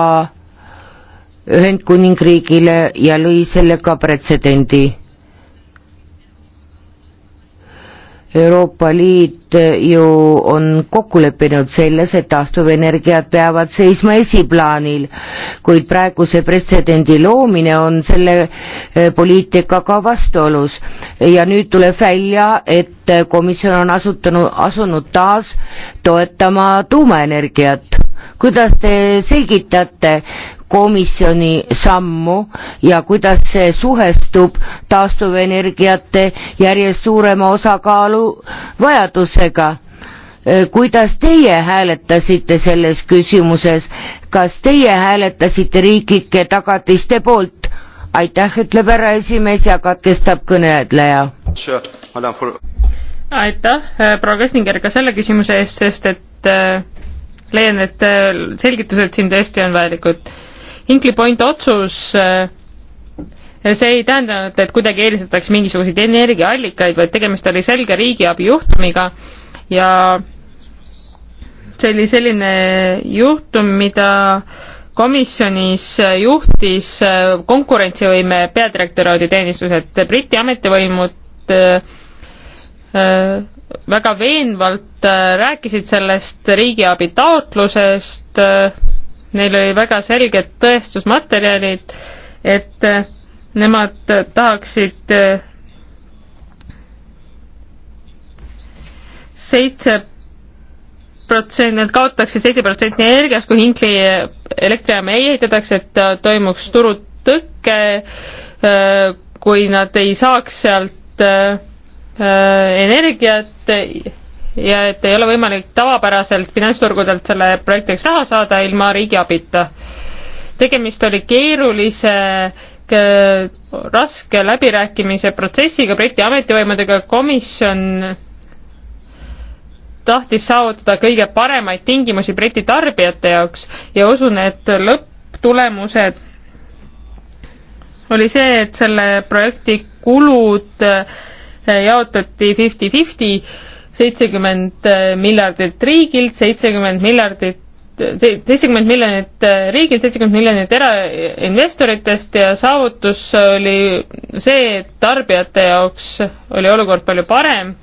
Ühendkuningriigile ja lõi sellega pretsedendi. Euroopa Liit ju on kokku leppinud selles, et taastuvenergiad peavad seisma esiplaanil, kuid praeguse pretsedendi loomine on selle poliitikaga vastuolus ja nüüd tuleb välja, et komisjon on asutanud, asunud taas toetama tuumaenergiat. kuidas te selgitate komisjoni sammu ja kuidas see suhestub taastuvenergiate järjest suurema osakaalu vajadusega? kuidas teie hääletasite selles küsimuses, kas teie hääletasite riiklike tagatiste poolt? aitäh, ütleb härra esimees ja katkestab kõneleja. aitäh, äh, proua Köstinger, ka selle küsimuse eest, sest et äh, leian, et äh, selgitused siin tõesti on vajalikud. Inkli Point otsus äh, see ei tähendanud, et kuidagi eelistatakse mingisuguseid energiaallikaid, vaid tegemist oli selge riigiabi juhtumiga ja see oli selline juhtum, mida äh, komisjonis äh, juhtis äh, konkurentsivõime peadirektoraadi teenistus, et Briti ametivõimud äh, väga veenvalt rääkisid sellest riigiabi taotlusest, neil oli väga selged tõestusmaterjalid, et nemad tahaksid seitse protsent, nad kaotaksid seitse protsenti energiast, kui Hinkli elektrijaama ei ehitataks, et toimuks turutõkke, äh, kui nad ei saaks sealt äh, äh, energiat ja et ei ole võimalik tavapäraselt finantsturgudelt selle projektiks raha saada ilma riigi abita. tegemist oli keerulise raske läbirääkimise protsessiga Briti ametivõimudega, komisjon tahtis saavutada kõige paremaid tingimusi Briti tarbijate jaoks ja usun, et lõpptulemused oli see, et selle projekti kulud eh, jaotati fifty-fifty, seitsekümmend eh, miljardit riigilt, seitsekümmend miljardit seitsekümmend miljonit eh, riigilt, seitsekümmend miljonit erainvestoritest ja saavutus oli see, et tarbijate jaoks oli olukord palju parem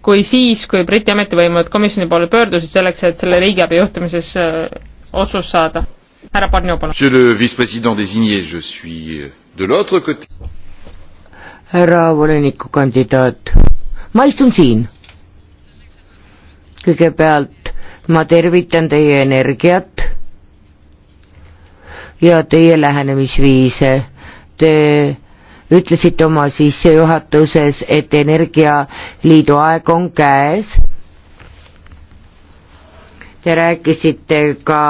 kui siis, kui Briti ametivõimud komisjoni poole pöördusid selleks, et selle riigiabi juhtimises äh, otsus saada. härra Parnio, palun. Monsieur le vice-president désigné, je suis euh, de l'autre côté. härra volinikukandidaat, ma istun siin. kõigepealt ma tervitan teie energiat ja teie lähenemisviise. Te ütlesite oma sissejuhatuses, et Energialiidu aeg on käes. Te rääkisite ka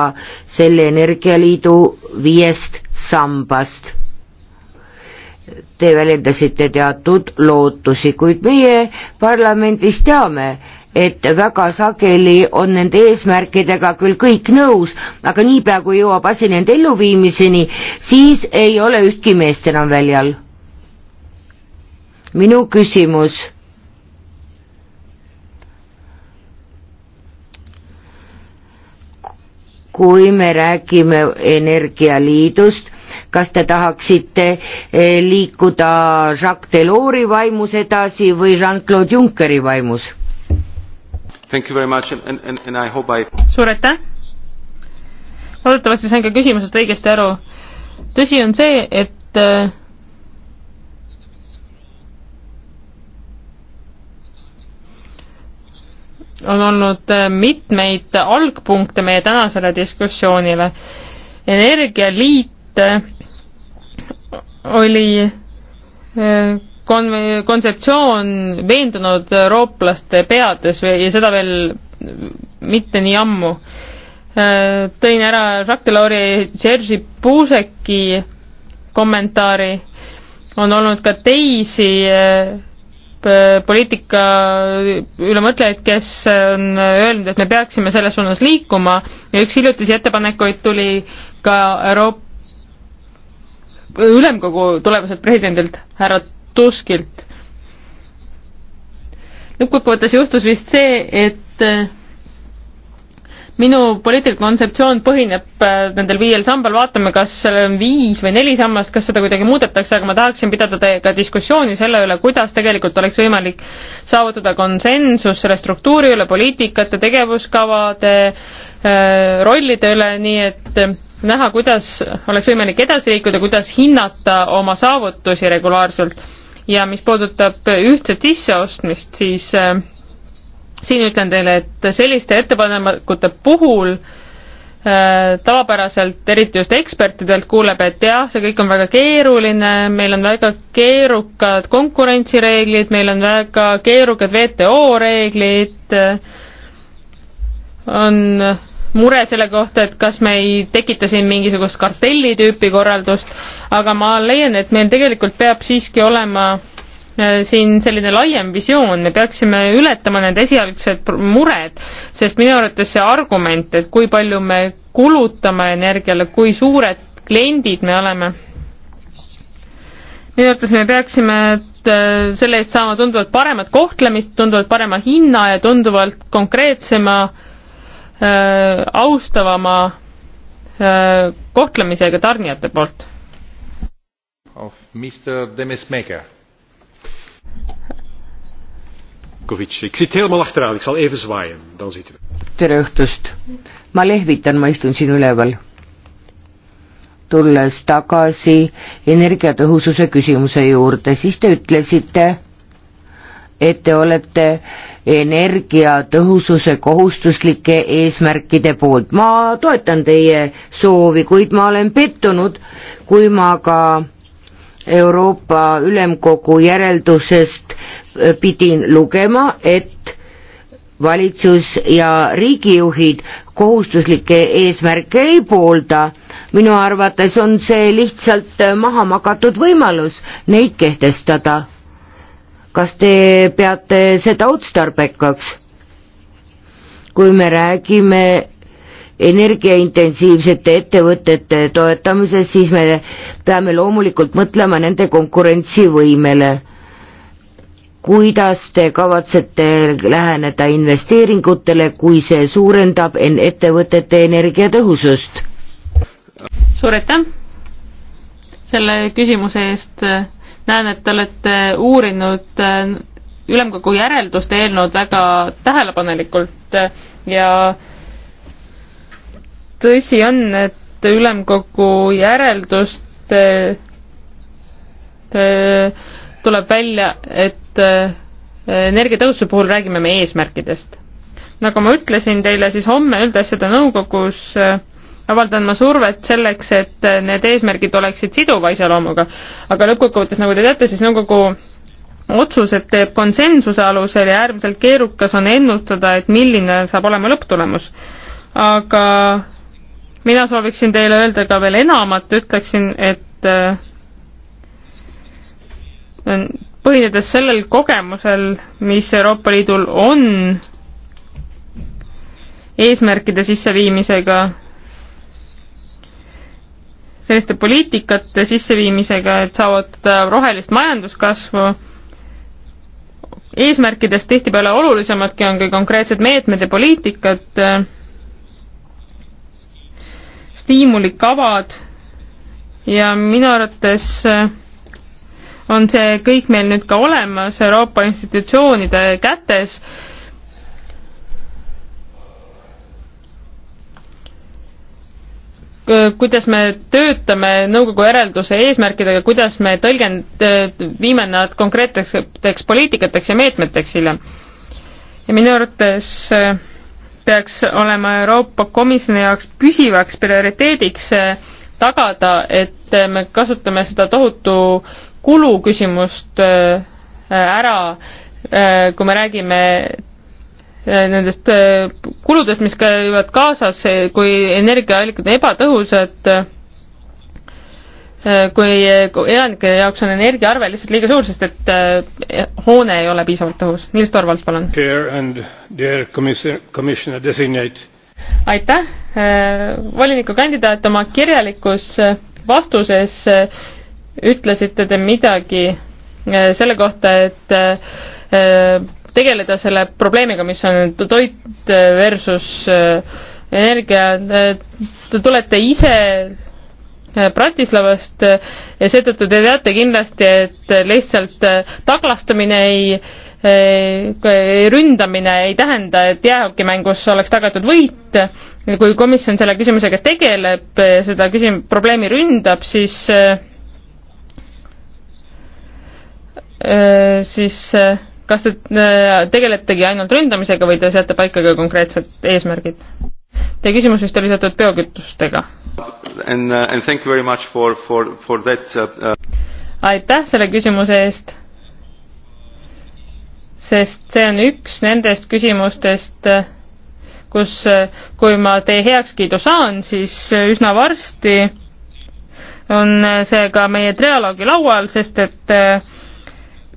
selle Energialiidu viiest sambast. Te väljendasite teatud lootusi, kuid meie parlamendis teame, et väga sageli on nende eesmärkidega küll kõik nõus, aga niipea, kui jõuab asi nende elluviimiseni, siis ei ole ühtki meest enam väljal minu küsimus kui me räägime energialiidust, kas te tahaksite eh, liikuda Jacques Delors'i vaimus edasi või Jean-Claude Junckeri vaimus? I... suur aitäh! loodetavasti sain ka küsimusest õigesti aru. tõsi on see, et eh, on olnud äh, mitmeid algpunkte meie tänasele diskussioonile. energialiit äh, oli äh, kon-, kontseptsioon veendunud eurooplaste peades ja seda veel mitte nii ammu. tõin ära Jacques Delors'i, Jerzy Buzeki kommentaari, on olnud ka teisi Äh, poliitika ülemõtlejaid, kes on äh, öelnud, et me peaksime selles suunas liikuma ja üks hiljutisi ettepanekuid tuli ka Euroopa ülemkogu tulevaselt presidendilt, härra Tuskilt. lõppkokkuvõttes juhtus vist see, et äh, minu poliitiline kontseptsioon põhineb äh, nendel viiel sambal, vaatame, kas seal on viis või neli sammast, kas seda kuidagi muudetakse, aga ma tahaksin pidada teiega diskussiooni selle üle, kuidas tegelikult oleks võimalik saavutada konsensus selle struktuuri üle, poliitikate, tegevuskavade, äh, rollide üle, nii et äh, näha, kuidas oleks võimalik edasi liikuda, kuidas hinnata oma saavutusi regulaarselt. ja mis puudutab ühtset sisseostmist, siis äh, siin ütlen teile, et selliste ettepanekute puhul äh, tavapäraselt, eriti just ekspertidelt, kuuleb, et jah, see kõik on väga keeruline, meil on väga keerukad konkurentsireeglid, meil on väga keerukad WTO reeglid, on mure selle kohta, et kas me ei tekita siin mingisugust kartelli tüüpi korraldust, aga ma leian, et meil tegelikult peab siiski olema Äh, siin selline laiem visioon, me peaksime ületama need esialgsed mured, sest minu arvates see argument, et kui palju me kulutame energiale, kui suured kliendid me oleme, minu arvates me peaksime äh, selle eest saama tunduvalt paremat kohtlemist, tunduvalt parema hinna ja tunduvalt konkreetsema äh,, austavama äh, kohtlemisega tarnijate poolt. of Mr Demesmaker Ik zit helemaal achteraan, ik zal even zwaaien, dan zitten we. tere õhtust, ma lehvitan, ma istun siin üleval. tulles tagasi energiatõhususe küsimuse juurde, siis te ütlesite, et te olete energiatõhususe kohustuslike eesmärkide poolt. ma toetan teie soovi, kuid ma olen pettunud, kui ma ka Euroopa Ülemkogu järeldusest Äh, pidin lugema, et valitsus ja riigijuhid kohustuslikke eesmärke ei poolda. minu arvates on see lihtsalt äh, maha magatud võimalus neid kehtestada. kas te peate seda otstarbekaks? kui me räägime energiaintensiivsete ettevõtete toetamisest, siis me peame loomulikult mõtlema nende konkurentsivõimele kuidas te kavatsete läheneda investeeringutele, kui see suurendab en ettevõtete energiatõhusust? suur aitäh selle küsimuse eest. näen, et te olete uurinud äh, ülemkogu järelduste eelnõud väga tähelepanelikult ja tõsi on, et ülemkogu järeldust äh, tuleb välja, et äh, energiatõusu puhul räägime me eesmärkidest. nagu ma ütlesin teile, siis homme üldasjade nõukogus äh, avaldan ma survet selleks, et äh, need eesmärgid oleksid siduva iseloomuga. aga lõppkokkuvõttes, nagu te teate, siis nõukogu otsused teeb konsensuse alusel ja äärmiselt keerukas on ennustada, et milline saab olema lõpptulemus. aga mina sooviksin teile öelda ka veel enamat, ütleksin, et põhinedes sellel kogemusel, mis Euroopa Liidul on eesmärkide sisseviimisega, selliste poliitikate sisseviimisega, et saavutada rohelist majanduskasvu, eesmärkidest tihtipeale olulisemadki on kui konkreetsed meetmed ja poliitikad, stiimulid, kavad ja minu arvates äh, on see kõik meil nüüd ka olemas Euroopa institutsioonide kätes. kuidas me töötame nõukogu järelduse eesmärkidega, kuidas me tõlgend-, viime nad konkreetseteks poliitikateks ja meetmeteks hiljem. ja minu arvates äh, peaks olema Euroopa Komisjoni jaoks püsivaks prioriteediks äh, tagada, et äh, me kasutame seda tohutu kuluküsimust äh, äh, ära, äh, kui me räägime nendest kuludest, mis käivad kaasas, kui energiaallikad on ebatõhusad, kui elanike jaoks on energiaarve lihtsalt liiga suur, sest et hoone ei ole piisavalt tõhus. Niels Torvalds, palun. aitäh, volinikukandidaat oma kirjalikus vastuses ütlesite te midagi äh, selle kohta, et äh, tegeleda selle probleemiga, mis on toit äh, versus energia, te tulete ise Bratislavast ja seetõttu te teate kindlasti, et lihtsalt taklastamine ei ründamine ei tähenda, et jäähokimängus oleks tagatud võit. kui komisjon selle küsimusega tegeleb, seda küsim-, probleemi ründab, siis äh, siis kas te tegeletegi ainult ründamisega või te seate paika ka konkreetsed eesmärgid? Teie küsimus vist oli seotud biokütustega. Uh, uh, uh, aitäh selle küsimuse eest, sest see on üks nendest küsimustest, äh, kus, äh, kui ma teie heakskiidu saan, siis äh, üsna varsti on see ka meie trialoogi laual, sest et äh,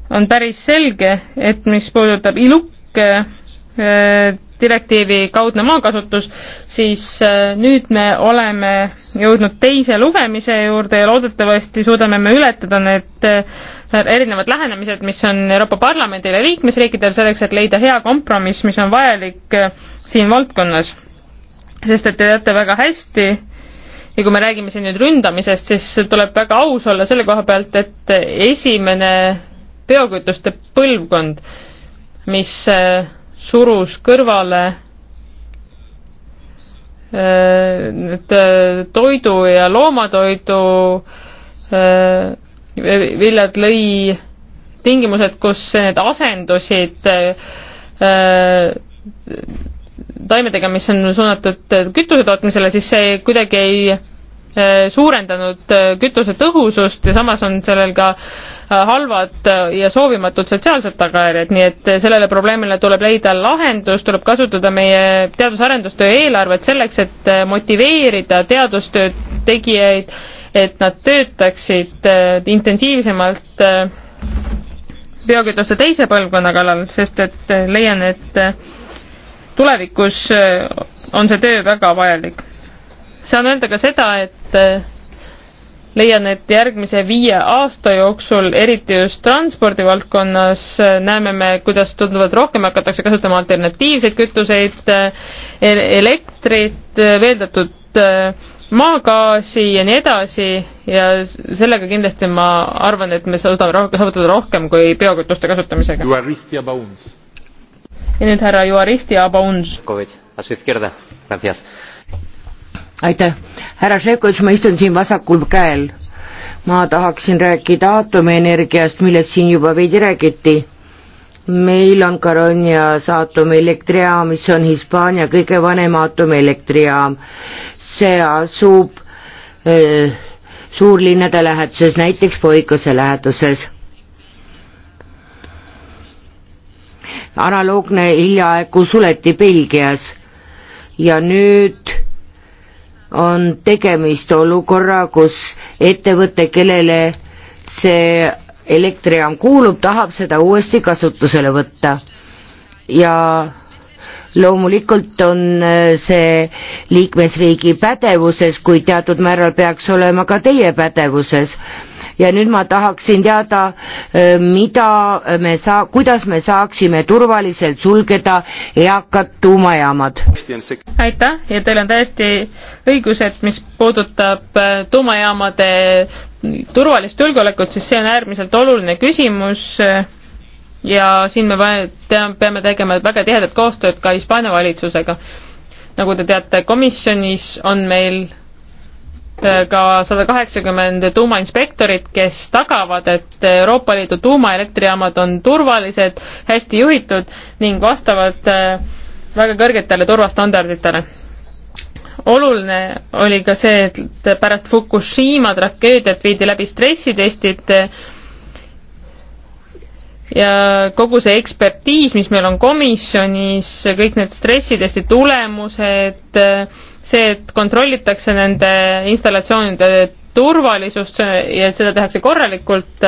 on päris selge, et mis puudutab ILUK äh, direktiivi kaudne maakasutus, siis äh, nüüd me oleme jõudnud teise lugemise juurde ja loodetavasti suudame me ületada need äh, erinevad lähenemised, mis on Euroopa Parlamendil ja liikmesriikidel selleks, et leida hea kompromiss, mis on vajalik siin valdkonnas. sest et te teate väga hästi, ja kui me räägime siin nüüd ründamisest, siis tuleb väga aus olla selle koha pealt, et esimene biokütuste põlvkond, mis äh, surus kõrvale need äh, äh, toidu ja loomatoidu viljad lõi tingimused, kus need asendusid taimedega, mis on suunatud kütuse tootmisele, siis see kuidagi ei Äh, suurendanud äh, kütuse tõhusust ja samas on sellel ka äh, halvad ja soovimatud sotsiaalsed tagajärjed, nii et sellele probleemile tuleb leida lahendus, tuleb kasutada meie teadus-arendustöö eelarvet selleks, et motiveerida teadustöö tegijaid, et nad töötaksid intensiivsemalt biokütuste teise põlvkonna kallal, sest et leian, et tulevikus on see töö väga vajalik saan öelda ka seda, et äh, leian, et järgmise viie aasta jooksul, eriti just transpordivaldkonnas, äh, näeme me, kuidas tunduvalt rohkem hakatakse kasutama alternatiivseid kütuseid, äh, e-, elektrit, veeldatud maagaasi ja nii edasi ja sellega kindlasti ma arvan, et me suudame rohkem, saavutada rohkem kui biokütuste kasutamisega. ja nüüd härra Juaristi Abauns aitäh, härra Šekovitš, ma istun siin vasakul käel. ma tahaksin rääkida aatomienergiast, millest siin juba veidi räägiti. meil on Caronias aatomieelektrijaam, mis on Hispaania kõige vanem aatomieelektrijaam. see asub öö, eh, suurlinnade läheduses, näiteks Poikose läheduses analoogne hiljaaegu suleti Belgias ja nüüd on tegemist olukorra, kus ettevõte, kellele see elektrijaam kuulub, tahab seda uuesti kasutusele võtta. ja loomulikult on äh, see liikmesriigi pädevuses, kuid teatud määral peaks olema ka teie pädevuses ja nüüd ma tahaksin teada, äh, mida me saa-, kuidas me saaksime turvaliselt sulgeda eakad tuumajaamad. aitäh ja teil on täiesti õigus, et mis puudutab äh, tuumajaamade turvalist julgeolekut, siis see on äärmiselt oluline küsimus äh, ja siin me peame tegema väga tihedat koostööd ka Hispaania valitsusega. nagu te teate, komisjonis on meil ka sada kaheksakümmend tuumainspektorit, kes tagavad, et Euroopa Liidu tuumaelektrijaamad on turvalised, hästi juhitud ning vastavad äh, väga kõrgetele turvastandarditele. oluline oli ka see, et pärast Fukushima tragöödiat viidi läbi stressitestid äh, ja kogu see ekspertiis, mis meil on komisjonis, kõik need stressitesti tulemused, äh, see, et kontrollitakse nende installatsioonide turvalisust ja et seda tehakse korralikult,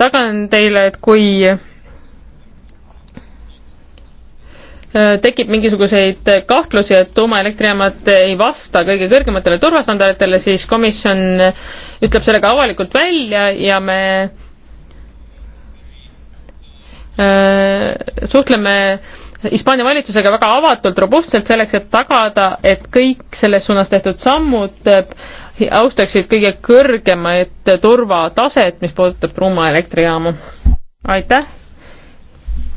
tagan teile, et kui äh, tekib mingisuguseid kahtlusi, et tuumaelektrijaamad ei vasta kõige kõrgematele turvastandarditele, siis komisjon ütleb selle ka avalikult välja ja me äh, suhtleme Hispaania valitsusega väga avatult, robustselt, selleks et tagada, et kõik selles suunas tehtud sammud eh, austaksid kõige kõrgemat turvataset, mis puudutab Ruuma elektrijaamu. aitäh!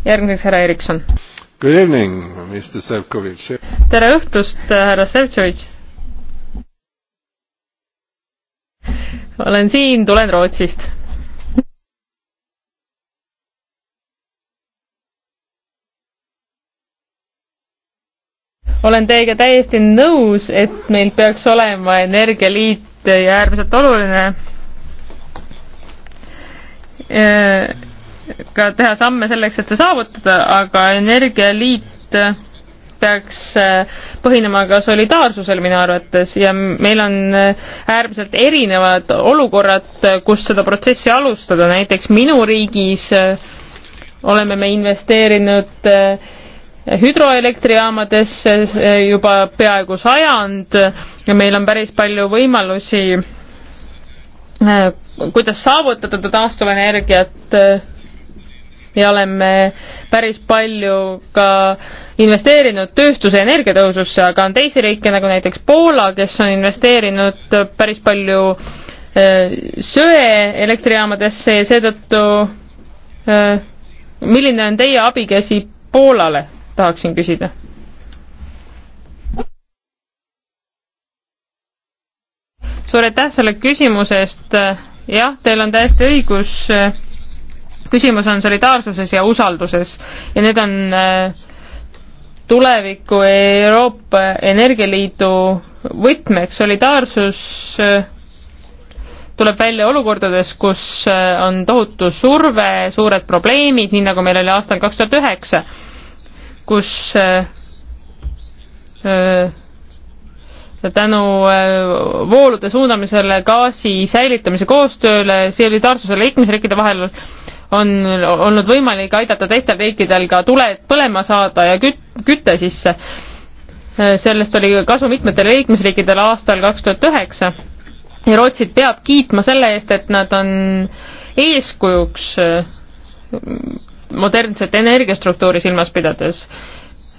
järgmiseks härra Erikson. Good evening, Mr Sevkovitš. tere õhtust, eh, härra Sevtšovitš. olen siin, tulen Rootsist olen teiega täiesti nõus, et meil peaks olema energialiit ja äärmiselt oluline eh, ka teha samme selleks, et see saavutada, aga energialiit peaks eh, põhinema ka solidaarsusel minu arvates ja meil on eh, äärmiselt erinevad olukorrad, kus seda protsessi alustada, näiteks minu riigis oleme me investeerinud äh, hüdroelektrijaamadesse eh, juba peaaegu sajand ja meil on päris palju võimalusi, eh, kuidas saavutada taastuvenergiat eh, ja oleme päris palju ka investeerinud tööstuse energiatõususse, aga on teisi riike nagu näiteks Poola, kes on investeerinud päris palju söeelektrijaamadesse ja seetõttu milline on teie abikäsi Poolale? tahaksin küsida. suur aitäh selle küsimuse eest, jah, teil on täiesti õigus, küsimus on solidaarsuses ja usalduses ja need on äh, tuleviku Euroopa Energialiidu võtmeks, solidaarsus äh, tuleb välja olukordades, kus äh, on tohutu surve, suured probleemid, nii nagu meil oli aastal kaks tuhat üheksa kus äh, äh, tänu äh, voolude suunamisele gaasi säilitamise koostööle, solidaarsusele liikmesriikide vahel on olnud võimalik aidata teistel riikidel ka tule põlema saada ja küt-, küte sisse. sellest oli kasu mitmetele liikmesriikidele aastal kaks tuhat üheksa ja Rootsit peab kiitma selle eest, et nad on eeskujuks modernset energiastruktuuri silmas pidades,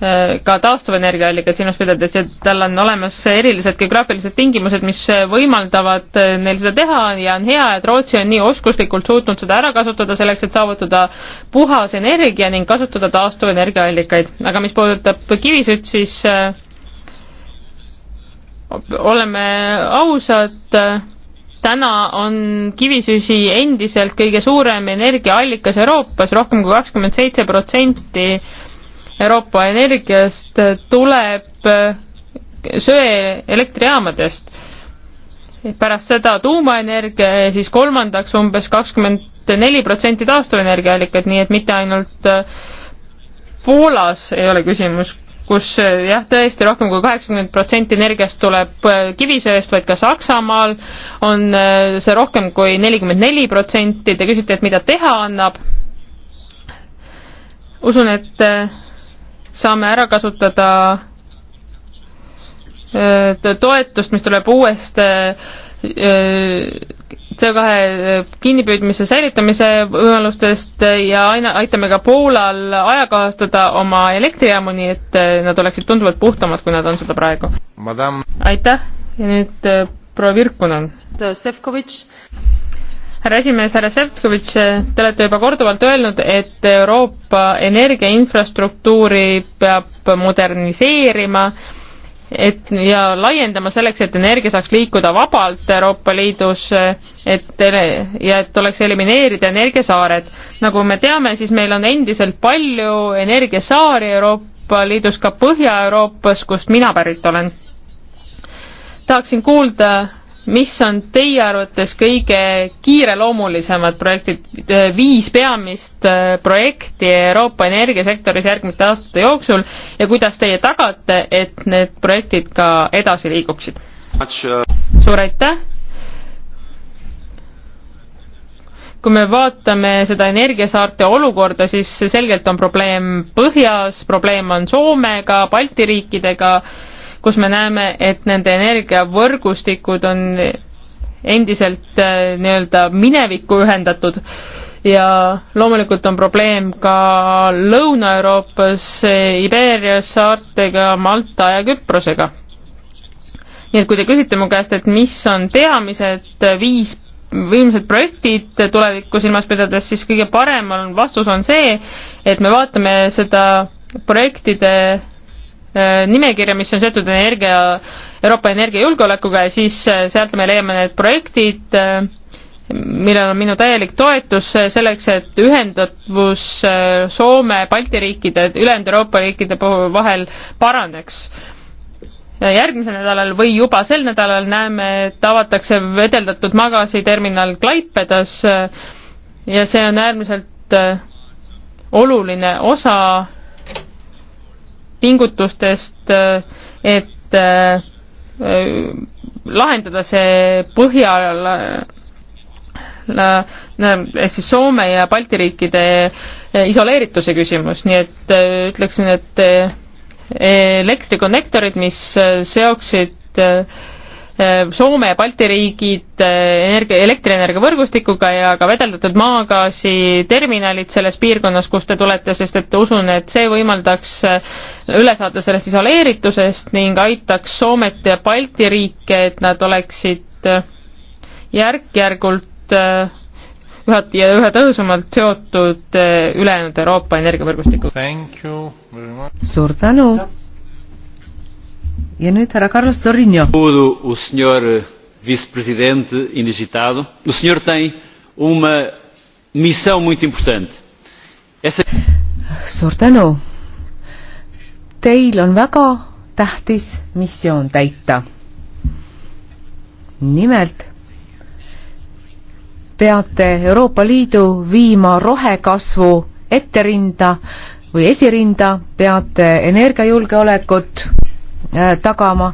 äh, ka taastuvenergiaallikaid silmas pidades, et tal on olemas erilised geograafilised tingimused, mis võimaldavad äh, neil seda teha ja on hea, et Rootsi on nii oskuslikult suutnud seda ära kasutada selleks, et saavutada puhas energia ning kasutada taastuvenergiaallikaid. aga mis puudutab kivisütt, siis äh, oleme ausad täna on kivisüsi endiselt kõige suurem energiaallikas Euroopas rohkem, rohkem kui kakskümmend seitse protsenti Euroopa energiast tuleb söeelektrijaamadest. pärast seda tuumaenergia ja siis kolmandaks umbes kakskümmend neli protsenti taastuvenergiaallikad, nii et mitte ainult Poolas ei ole küsimus, kus eh, jah, tõesti rohkem kui kaheksakümmend protsenti energiast tuleb eh, kivisöest, vaid ka Saksamaal on eh, see rohkem kui nelikümmend neli protsenti. Te küsite, et mida teha annab. usun, et saame ära kasutada toetust, mis tuleb uuest CO2 eh, kinnipüüdmise säilitamise võimalustest eh, ja aina aitame ka Poolal ajakohastada oma elektrijaamu, nii et eh, nad oleksid tunduvalt puhtamad, kui nad on seda praegu. aitäh ja nüüd proua Virkunen. härra esimees, härra Sefkovitš, te olete juba korduvalt öelnud, et Euroopa energiainfrastruktuuri peab moderniseerima et ja laiendama selleks, et energia saaks liikuda vabalt Euroopa Liidus, et ja et oleks elimineerida energiasaared. nagu me teame, siis meil on endiselt palju energiasaari Euroopa Liidus, ka Põhja-Euroopas, kust mina pärit olen. tahaksin kuulda mis on teie arvates kõige kiireloomulisemad projektid, äh, viis peamist äh, projekti Euroopa energiasektoris järgmiste aastate jooksul ja kuidas teie tagate, et need projektid ka edasi liiguksid? suur aitäh! kui me vaatame seda energiasaarte olukorda, siis selgelt on probleem põhjas, probleem on Soomega, Balti riikidega äh,, kus me näeme, et nende energiavõrgustikud on endiselt äh, nii-öelda minevikku ühendatud ja loomulikult on probleem ka Lõuna-Euroopas, Iberias, saartega, Malta ja Küprosega. nii et kui te küsite mu käest, et mis on teamised viis viimased projektid tulevikku silmas pidades, siis kõige parem on, vastus on see, et me vaatame seda projektide Äh, nimekirja, mis on seotud energia, Euroopa energiajulgeolekuga ja siis äh, sealt me leiame need projektid, äh, millel on minu täielik toetus selleks, et ühendatus Soome, Balti riikide, ülejäänud Euroopa riikide vahel paraneks. järgmisel nädalal või juba sel nädalal näeme, et avatakse vedeldatud magasiterminal Klaipedas ja see on äärmiselt oluline osa pingutustest, et äh, lahendada see Põhjala ehk siis Soome ja Balti riikide äh, isoleerituse küsimus, nii et äh, ütleksin, et elektrikonnektorid, mis seoksid äh, Äh, Soome ja Balti riigid äh, energia, elektrienergia võrgustikuga ja ka vedeldatud maagaasi terminalid selles piirkonnas, kust te tulete, sest et usun, et see võimaldaks äh, üle saada sellest isoleeritusest ning aitaks Soomet ja Balti riike, et nad oleksid järk-järgult üha, ja üha tõhusamalt seotud ülejäänud Euroopa energiavõrgustikuga. suur tänu! ja nüüd härra Carlos Sorinio. o senhor vice-presidente indigitado, o senhor tem uma missão muito importante Esse.... suur tänu. Teil on väga tähtis missioon täita. nimelt peate Euroopa Liidu viima rohekasvu etterinda või esirinda, peate energiajulgeolekut Äh, tagama,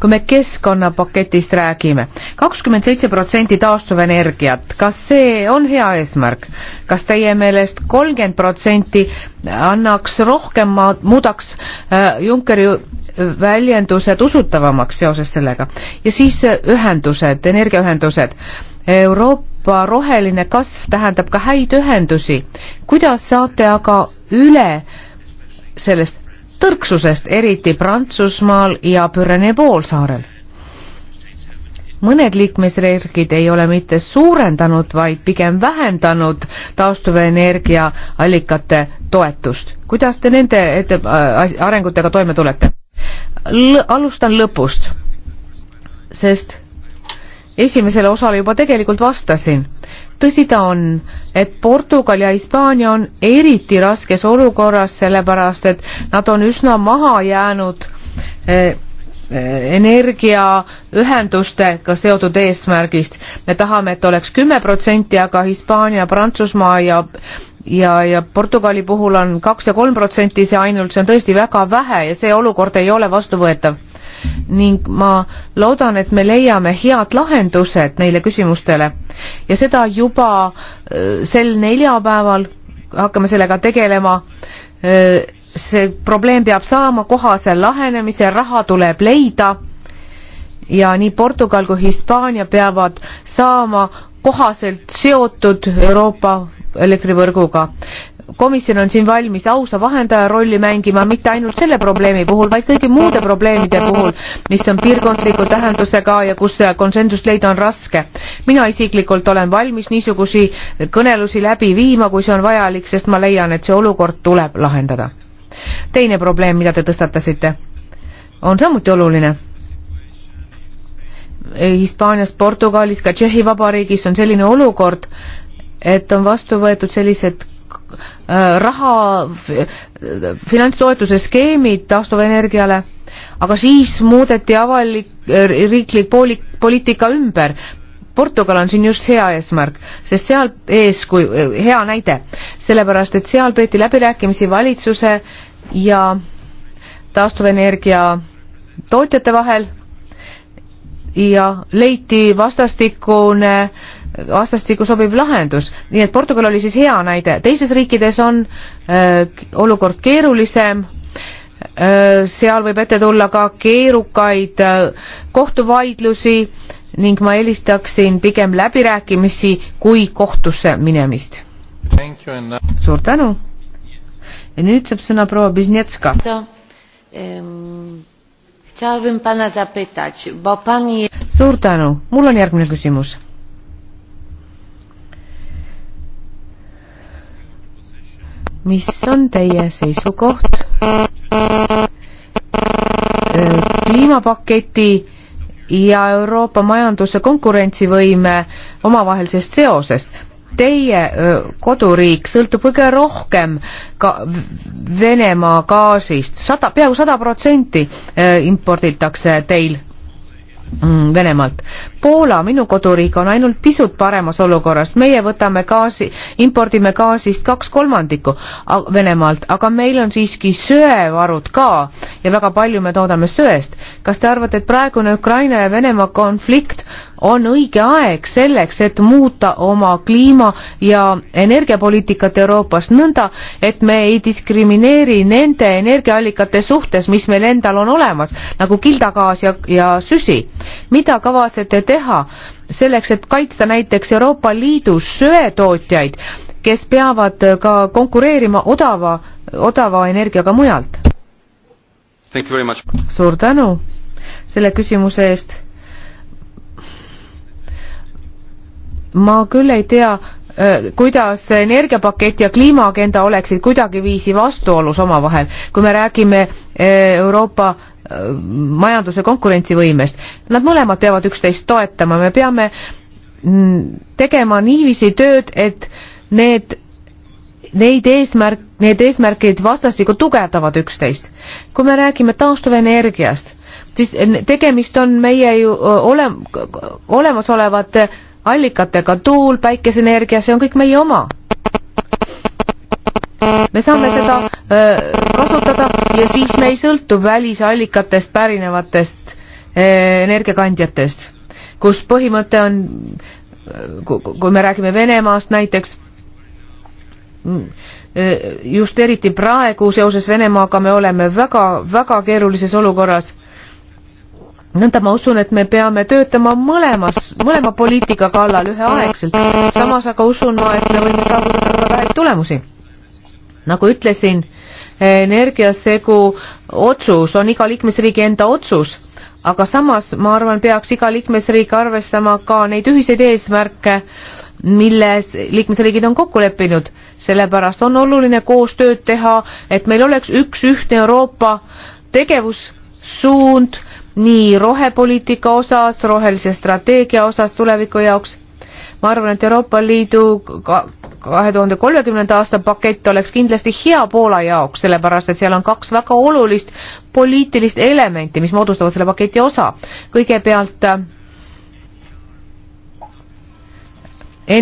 kui me keskkonnapaketist räägime. kakskümmend seitse protsenti taastuvenergiat, kas see on hea eesmärk? kas teie meelest kolmkümmend protsenti annaks rohkem, muudaks äh, Junckeri väljendused usutavamaks seoses sellega? ja siis äh, ühendused, energiaühendused. Euroopa roheline kasv tähendab ka häid ühendusi. kuidas saate aga üle sellest tõrksusest, eriti Prantsusmaal ja Pürenee poolsaarel. mõned liikmesriigid ei ole mitte suurendanud, vaid pigem vähendanud taastuvenergia allikate toetust. kuidas te nende ette, äh, arengutega toime tulete L? alustan lõpust, sest esimesele osale juba tegelikult vastasin tõsi ta on, et Portugal ja Hispaania on eriti raskes olukorras, sellepärast et nad on üsna maha jäänud eh, eh, energiaühendustega seotud eesmärgist. me tahame, et oleks kümme protsenti, aga Hispaania, Prantsusmaa ja ja, ja Portugali puhul on kaks ja kolm protsenti see ainult, see on tõesti väga vähe ja see olukord ei ole vastuvõetav ning ma loodan, et me leiame head lahendused neile küsimustele ja seda juba äh, sel neljapäeval hakkame sellega tegelema. Äh, see probleem peab saama kohase lahenemise, raha tuleb leida ja nii Portugal kui Hispaania peavad saama kohaselt seotud Euroopa elektrivõrguga komisjon on siin valmis ausa vahendaja rolli mängima mitte ainult selle probleemi puhul, vaid kõigi muude probleemide puhul, mis on piirkondliku tähendusega ja kus konsensust leida on raske. mina isiklikult olen valmis niisugusi kõnelusi läbi viima, kui see on vajalik, sest ma leian, et see olukord tuleb lahendada. teine probleem, mida te tõstatasite, on samuti oluline Hispaanias, Portugalis, ka Tšehhi Vabariigis on selline olukord, et on vastu võetud sellised Äh, raha, finantstoetuse skeemid taastuvenergiale, aga siis muudeti avalik, äh, riiklik pooli, poliitika ümber. Portugal on siin just hea eesmärk, sest seal eeskuju, äh, hea näide, sellepärast et seal peeti läbirääkimisi valitsuse ja taastuvenergia tootjate vahel ja leiti vastastikune äh, vastastikku sobiv lahendus, nii et Portugal oli siis hea näide, teistes riikides on öö, äh, olukord keerulisem, äh, seal võib ette tulla ka keerukaid äh, kohtuvaidlusi ning ma eelistaksin pigem läbirääkimisi kui kohtusse minemist. Uh, suur tänu ja nüüd saab sõna proua Biznetska. suur tänu, mul on järgmine küsimus mis on teie seisukoht kliimapaketi ja Euroopa majanduse konkurentsivõime omavahelisest seosest? Teie koduriik sõltub kõige rohkem ka Venemaa gaasist, sada, peaaegu sada protsenti imporditakse teil mm, Venemaalt. Poola, minu koduriik, on ainult pisut paremas olukorras, meie võtame gaasi, impordime gaasist kaks kolmandikku Venemaalt, aga meil on siiski söevarud ka ja väga palju me toodame söest. kas te arvate, et praegune Ukraina ja Venemaa konflikt on õige aeg selleks, et muuta oma kliima ja energiapoliitikat Euroopas nõnda, et me ei diskrimineeri nende energiaallikate suhtes, mis meil endal on olemas, nagu kildagaas ja, ja süsi mida kavatsete teha selleks, et kaitsta näiteks Euroopa Liidu söetootjaid, kes peavad ka konkureerima odava, odava energiaga mujalt? suur tänu selle küsimuse eest. ma küll ei tea, äh, kuidas energiapakett ja kliimaagenda oleksid kuidagiviisi vastuolus omavahel. kui me räägime äh, Euroopa majanduse konkurentsivõimest. Nad mõlemad peavad üksteist toetama, me peame mm, tegema niiviisi tööd, et need, neid eesmärk, need eesmärgid vastastikku tugevdavad üksteist. kui me räägime taastuvenergiast, siis tegemist on meie ju ole, olemasolevate allikatega, tuul, päikeseenergia, see on kõik meie oma me saame seda äh, kasutada ja siis me ei sõltu välisallikatest pärinevatest äh, energiakandjatest, kus põhimõte on, äh, kui me räägime Venemaast näiteks, mm, just eriti praegu seoses Venemaaga me oleme väga, väga keerulises olukorras nõnda ma usun, et me peame töötama mõlemas, mõlema poliitika kallal üheaegselt. samas aga usun ma, et me võime saavutada väga häid tulemusi nagu ütlesin, energiasegu otsus on iga liikmesriigi enda otsus, aga samas ma arvan, peaks iga liikmesriik arvestama ka neid ühiseid eesmärke, milles liikmesriigid on kokku leppinud. sellepärast on oluline koostööd teha, et meil oleks üks ühtne Euroopa tegevussuund nii rohepoliitika osas, rohelise strateegia osas tuleviku jaoks ma arvan, et Euroopa Liidu kahe tuhande kolmekümnenda aasta pakett oleks kindlasti hea Poola jaoks, sellepärast et seal on kaks väga olulist poliitilist elementi, mis moodustavad selle paketi osa. kõigepealt äh,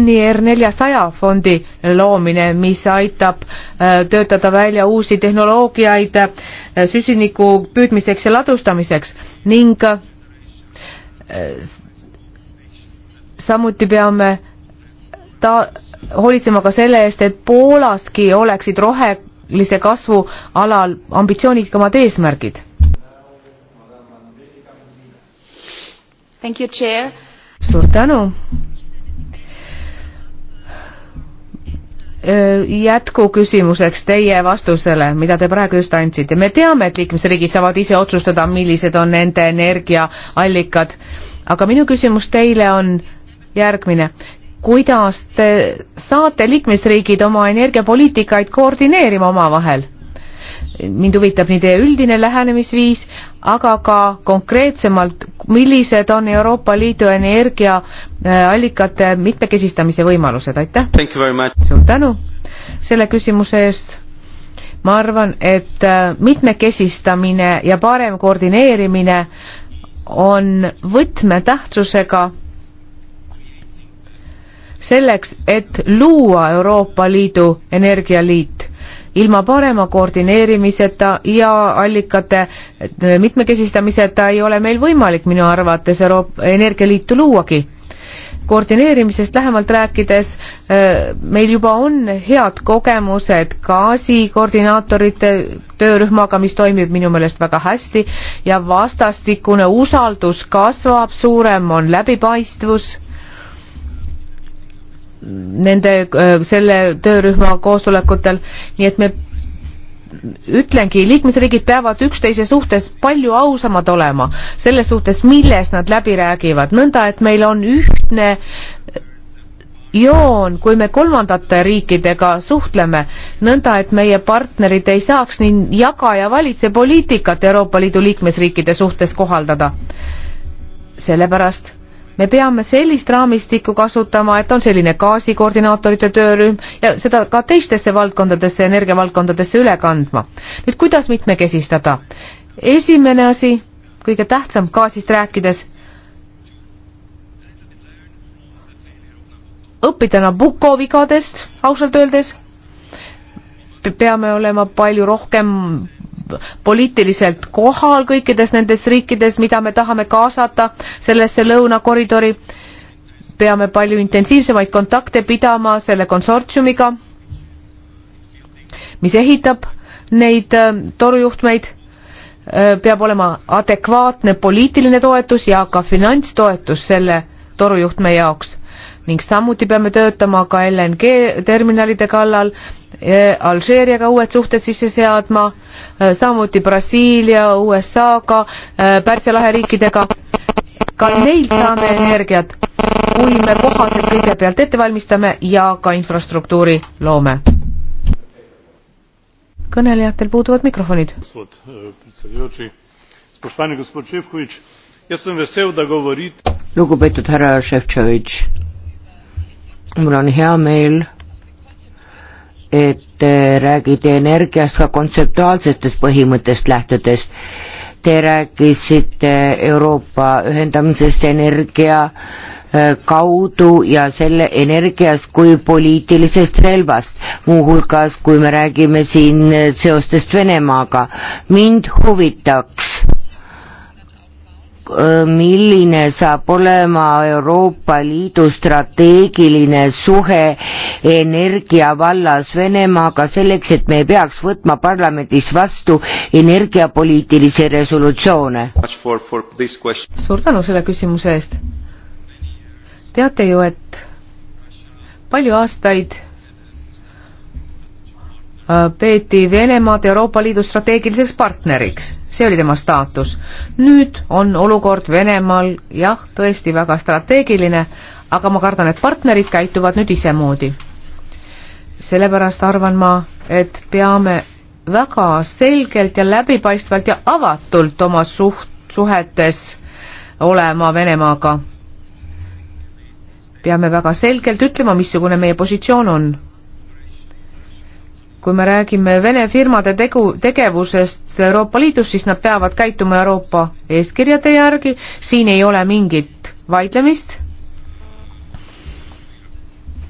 NIR neljasaja fondi loomine, mis aitab äh, töötada välja uusi tehnoloogiaid äh, süsiniku püüdmiseks ja ladustamiseks ning samuti peame ta hoolitsema ka selle eest, et Poolaski oleksid rohelise kasvu alal ambitsioonikamad eesmärgid. suur tänu. jätkuküsimuseks teie vastusele, mida te praegu just andsite. me teame, et liikmesriigid saavad ise otsustada, millised on nende energiaallikad, aga minu küsimus teile on järgmine kuidas te saate liikmesriigid oma energiapoliitikaid koordineerima omavahel? mind huvitab nii teie üldine lähenemisviis, aga ka konkreetsemalt, millised on Euroopa Liidu energiaallikate mitmekesistamise võimalused, aitäh! suur tänu selle küsimuse eest, ma arvan, et äh, mitmekesistamine ja parem koordineerimine on võtmetähtsusega selleks, et luua Euroopa Liidu energialiit ilma parema koordineerimiseta ja allikate äh, mitmekesistamiseta ei ole meil võimalik minu arvates Euroopa Energialiitu luuagi. koordineerimisest lähemalt rääkides, äh, meil juba on head kogemused gaasikoordinaatorite töörühmaga, mis toimib minu meelest väga hästi ja vastastikune usaldus kasvab, suurem on läbipaistvus nende, selle töörühma koosolekutel, nii et me ütlengi, liikmesriigid peavad üksteise suhtes palju ausamad olema, selles suhtes, milles nad läbi räägivad, nõnda et meil on ühtne joon, kui me kolmandate riikidega suhtleme, nõnda et meie partnerid ei saaks nii jaga ja valitse poliitikat Euroopa Liidu liikmesriikide suhtes kohaldada. sellepärast me peame sellist raamistikku kasutama, et on selline gaasikoordinaatorite töörühm ja seda ka teistesse valdkondadesse, energiavaldkondadesse üle kandma. nüüd kuidas mitmekesistada? esimene asi, kõige tähtsam gaasist rääkides, õppida Nabucco vigadest, ausalt öeldes, peame olema palju rohkem poliitiliselt kohal kõikides nendes riikides, mida me tahame kaasata sellesse lõunakoridori. peame palju intensiivsemaid kontakte pidama selle konsortsiumiga, mis ehitab neid äh, torujuhtmeid äh, peab olema adekvaatne poliitiline toetus ja ka finantstoetus selle torujuhtme jaoks ning samuti peame töötama ka LNG terminalide kallal, e, Alžeeriaga uued suhted sisse seadma, e, samuti Brasiilia, USA-ga, e, Pärsia lahe riikidega. ka neilt saame energiat, kui me kohased kõigepealt ette valmistame ja ka infrastruktuuri loome. kõnelejatel puuduvad mikrofonid lugupeetud härra šefčovič mul on hea meel, et räägite energiast ka kontseptuaalsetest põhimõttest lähtudes. Te rääkisite Euroopa ühendamisest energia äh, kaudu ja selle energiast kui poliitilisest relvast, muuhulgas kui me räägime siin äh, seostest Venemaaga. mind huvitaks Äh, milline saab olema Euroopa Liidu strateegiline suhe energia vallas Venemaaga selleks, et me ei peaks võtma parlamendis vastu energiapoliitilisi resolutsioone? suur tänu selle küsimuse eest. teate ju, et palju aastaid Äh, peeti Venemaad Euroopa Liidu strateegiliseks partneriks, see oli tema staatus. nüüd on olukord Venemaal jah, tõesti väga strateegiline, aga ma kardan, et partnerid käituvad nüüd isemoodi. sellepärast arvan ma, et peame väga selgelt ja läbipaistvalt ja avatult oma suht-, suhetes olema Venemaaga. peame väga selgelt ütlema, missugune meie positsioon on kui me räägime Vene firmade tegu, tegevusest Euroopa Liidus, siis nad peavad käituma Euroopa eeskirjade järgi, siin ei ole mingit vaidlemist.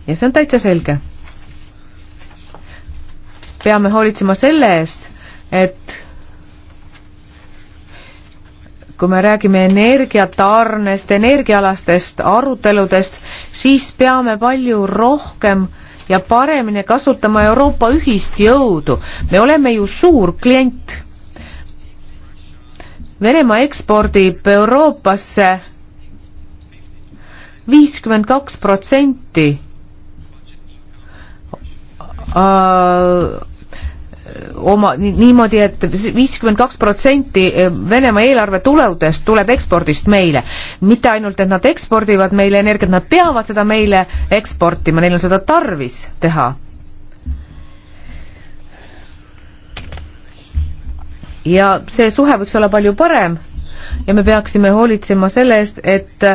ja see on täitsa selge. peame hoolitsema selle eest, et kui me räägime energiatarnest, energiaalastest aruteludest, siis peame palju rohkem äh, ja paremini kasutama Euroopa ühist jõudu. me oleme ju suur klient. Venemaa ekspordib Euroopasse viiskümmend kaks protsenti äh, oma niimoodi et, et viiskümmend kaks protsenti eh, Venemaa eelarve tuludest tuleb ekspordist meile. mitte ainult, et nad ekspordivad meile energiat, nad peavad seda meile eksportima, neil on seda tarvis teha. ja see suhe võiks olla palju parem ja me peaksime hoolitsema selle eest, et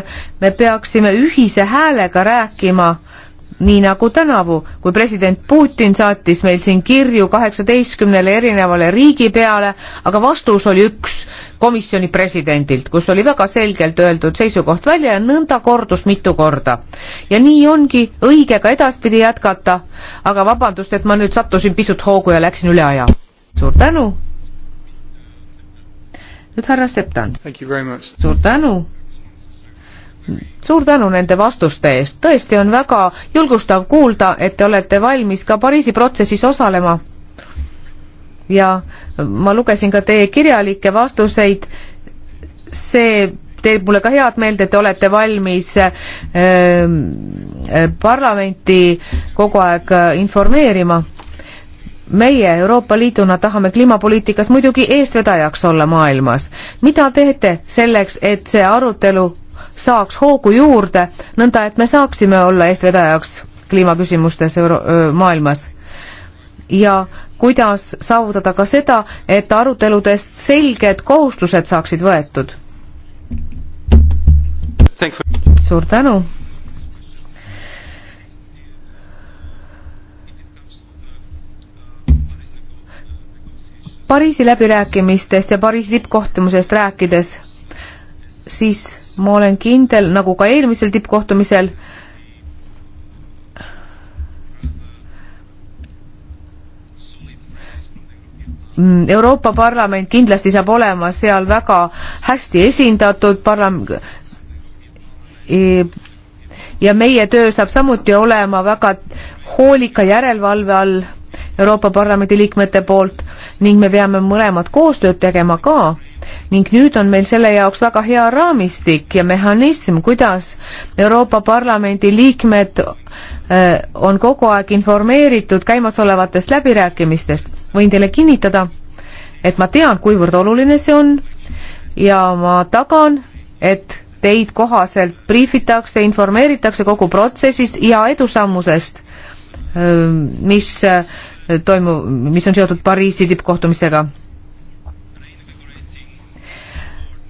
me peaksime ühise häälega rääkima äh, nii nagu tänavu, kui president Putin saatis meil siin kirju kaheksateistkümnele erinevale riigi peale, aga vastus oli üks komisjoni presidendilt, kus oli väga selgelt öeldud seisukoht välja ja nõnda kordus mitu korda. ja nii ongi õige ka edaspidi jätkata, aga vabandust, et ma nüüd sattusin pisut hoogu ja läksin üle aja. suur tänu. nüüd härra Septan. suur tänu suur tänu nende vastuste eest, tõesti on väga julgustav kuulda, et te olete valmis ka Pariisi protsessis osalema. ja ma lugesin ka teie kirjalikke vastuseid, see teeb mulle ka head meelt, et te olete valmis äh, parlamenti kogu aeg äh, informeerima. meie Euroopa Liiduna tahame kliimapoliitikas muidugi eestvedajaks olla maailmas. mida teete selleks, et see arutelu saaks hoogu juurde, nõnda et me saaksime olla eestvedajaks kliimaküsimustes euro-, maailmas. ja kuidas saavutada ka seda, et aruteludest selged kohustused saaksid võetud. suur tänu. Pariisi läbirääkimistest ja Pariisi tippkohtumisest rääkides, siis ma olen kindel, nagu ka eelmisel tippkohtumisel, mm, Euroopa Parlament kindlasti saab olema seal väga hästi esindatud parlam- e, ja meie töö saab samuti olema väga hoolika järelevalve all Euroopa Parlamendi liikmete poolt ning me peame mõlemad koostööd tegema ka ning nüüd on meil selle jaoks väga hea raamistik ja mehhanism, kuidas Euroopa Parlamendi liikmed äh, on kogu aeg informeeritud käimasolevatest läbirääkimistest. võin teile kinnitada, et ma tean, kuivõrd oluline see on ja ma tagan, et teid kohaselt briifitakse, informeeritakse kogu protsessist ja edusammusest, äh, mis äh, toimub, mis on seotud Pariisi tippkohtumisega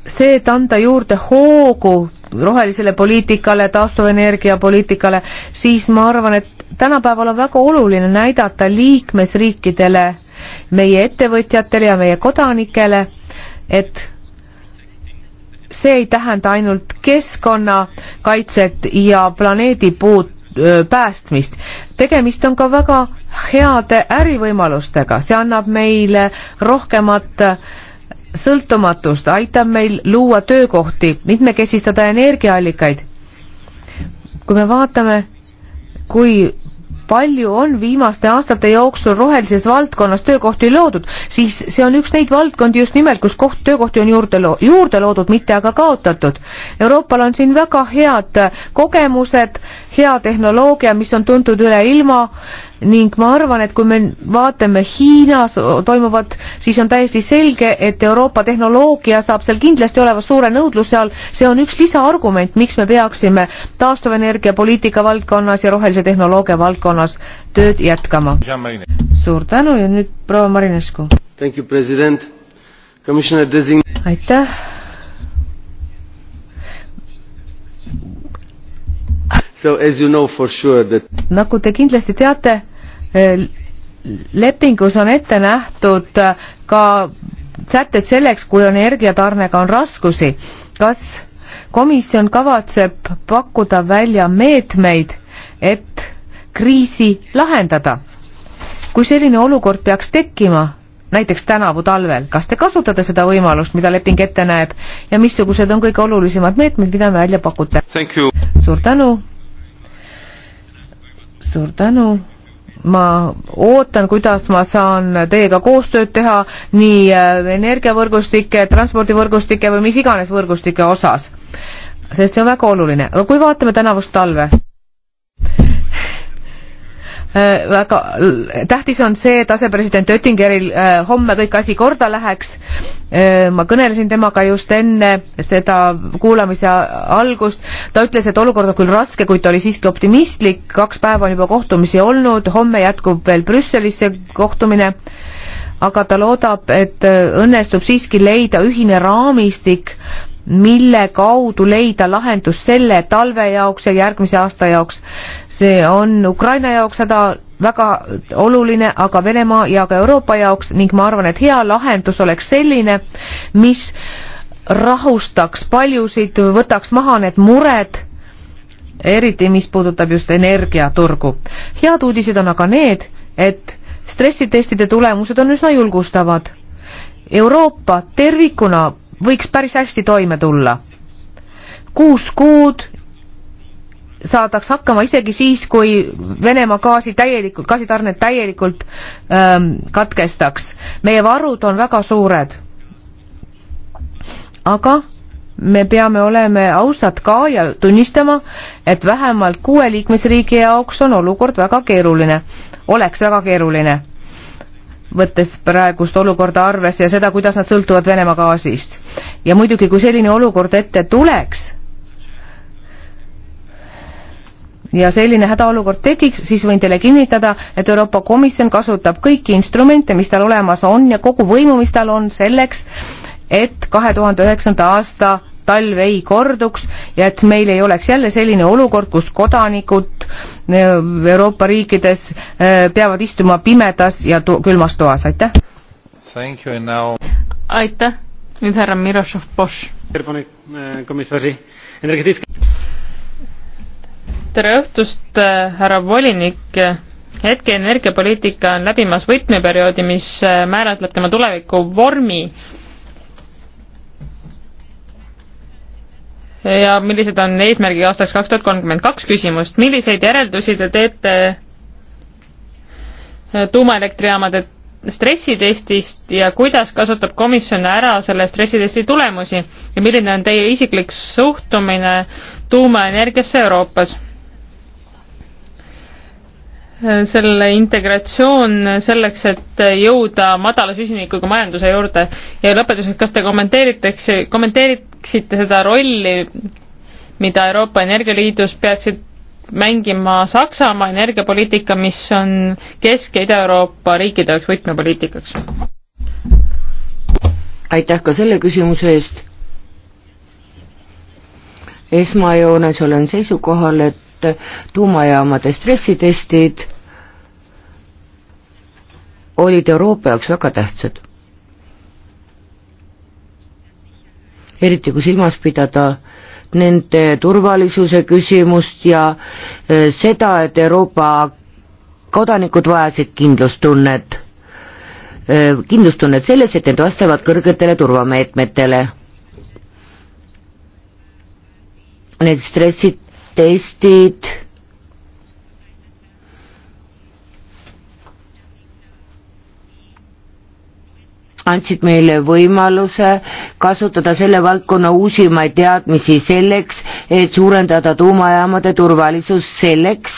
see, et anda juurde hoogu rohelisele poliitikale, taastuvenergia poliitikale, siis ma arvan, et tänapäeval on väga oluline näidata liikmesriikidele, meie ettevõtjatele ja meie kodanikele, et see ei tähenda ainult keskkonnakaitset ja planeedi puut, päästmist. tegemist on ka väga heade ärivõimalustega, see annab meile rohkemat äh, sõltumatust, aitab meil luua töökohti, mitmekesistada energiaallikaid. kui me vaatame, kui palju on viimaste aastate jooksul rohelises valdkonnas töökohti loodud, siis see on üks neid valdkondi just nimelt, kus koht, töökohti on juurde, lo juurde loodud, mitte aga kaotatud. Euroopal on siin väga head kogemused, hea tehnoloogia, mis on tuntud üle ilma ning ma arvan, et kui me vaatame Hiinas toimuvat, siis on täiesti selge, et Euroopa tehnoloogia saab seal kindlasti olema suure nõudluse all, see on üks lisaargument, miks me peaksime taastuvenergia poliitika valdkonnas ja rohelise tehnoloogia valdkonnas tööd jätkama. suur tänu ja nüüd proua Marinescu. aitäh You know sure that... nagu te kindlasti teate, eh, lepingus on ette nähtud eh, ka sätted selleks, kui energiatarnega on raskusi. kas komisjon kavatseb pakkuda välja meetmeid, et kriisi lahendada? kui selline olukord peaks tekkima, näiteks tänavu talvel, kas te kasutate seda võimalust, mida leping ette näeb ja missugused on kõige olulisemad meetmed, mida me välja pakute? suur tänu! suur tänu ma ootan, kuidas ma saan teiega koostööd teha nii äh, energiavõrgustike, transpordivõrgustike või mis iganes võrgustike osas. sest see on väga oluline. aga kui vaatame tänavust talve väga äh, tähtis on see, et asepresident Oettingeril äh, homme kõik asi korda läheks. Äh, ma kõnelesin temaga just enne seda kuulamise algust, ta ütles, et olukord on küll raske, kuid ta oli siiski optimistlik, kaks päeva on juba kohtumisi olnud, homme jätkub veel Brüsselis see kohtumine aga ta loodab, et õnnestub siiski leida ühine raamistik mille kaudu leida lahendus selle talve jaoks ja järgmise aasta jaoks. see on Ukraina jaoks häda väga oluline, aga Venemaa ja ka Euroopa jaoks ning ma arvan, et hea lahendus oleks selline, mis rahustaks paljusid, võtaks maha need mured, eriti mis puudutab just energiaturgu. head uudised on aga need, et stressitestide tulemused on üsna julgustavad. Euroopa tervikuna võiks päris hästi toime tulla. kuus kuud saadaks hakkama isegi siis, kui Venemaa gaasi täielikult, gaasitarned täielikult ähm, katkestaks. meie varud on väga suured. aga me peame olema ausad ka ja tunnistama, et vähemalt kuue liikmesriigi jaoks on olukord väga keeruline, oleks väga keeruline võttes praegust olukorda arvesse ja seda, kuidas nad sõltuvad Venemaa gaasist. ja muidugi, kui selline olukord ette tuleks ja selline hädaolukord tekiks, siis võin teile kinnitada, et Euroopa Komisjon kasutab kõiki instrumente, mis tal olemas on ja kogu võimu, mis tal on selleks, et kahe tuhande üheksanda aasta talv ei korduks ja et meil ei oleks jälle selline olukord, kus kodanikud eh, Euroopa riikides eh, peavad istuma pimedas ja to külmas toas, aitäh! Now... aitäh, nüüd härra Mirošov Bosch. Eh, tere õhtust, härra volinik hetke energiapoliitika on läbimas võtmeperioodi, mis määratleb tema tuleviku vormi ja millised on eesmärgid aastaks kaks tuhat kolmkümmend kaks küsimust, milliseid järeldusi te teete äh, tuumaelektrijaamade stressitestist ja kuidas kasutab komisjon ära selle stressitesti tulemusi ja milline on teie isiklik suhtumine tuumaenergiasse Euroopas? selle integratsioon selleks, et jõuda madala süsinikuga majanduse juurde ja lõpetuseks, kas te kommenteeritakse, kommenteeriksite seda rolli, mida Euroopa Energialiidus peaksid mängima Saksamaa energiapoliitika, mis on Kesk- ja Ida-Euroopa riikide jaoks võtmepoliitikaks? aitäh ka selle küsimuse eest. esmajoones olen seisukohal, et just tuumajaamade stressitestid olid Euroopa jaoks väga tähtsad. eriti kui silmas pidada nende turvalisuse küsimust ja e, seda, et Euroopa kodanikud vajasid kindlustunnet, e, kindlustunnet selles, et need vastavad kõrgetele turvameetmetele need stressid testid, andsid meile võimaluse kasutada selle valdkonna uusimaid teadmisi selleks, et suurendada tuumajaamade turvalisust selleks,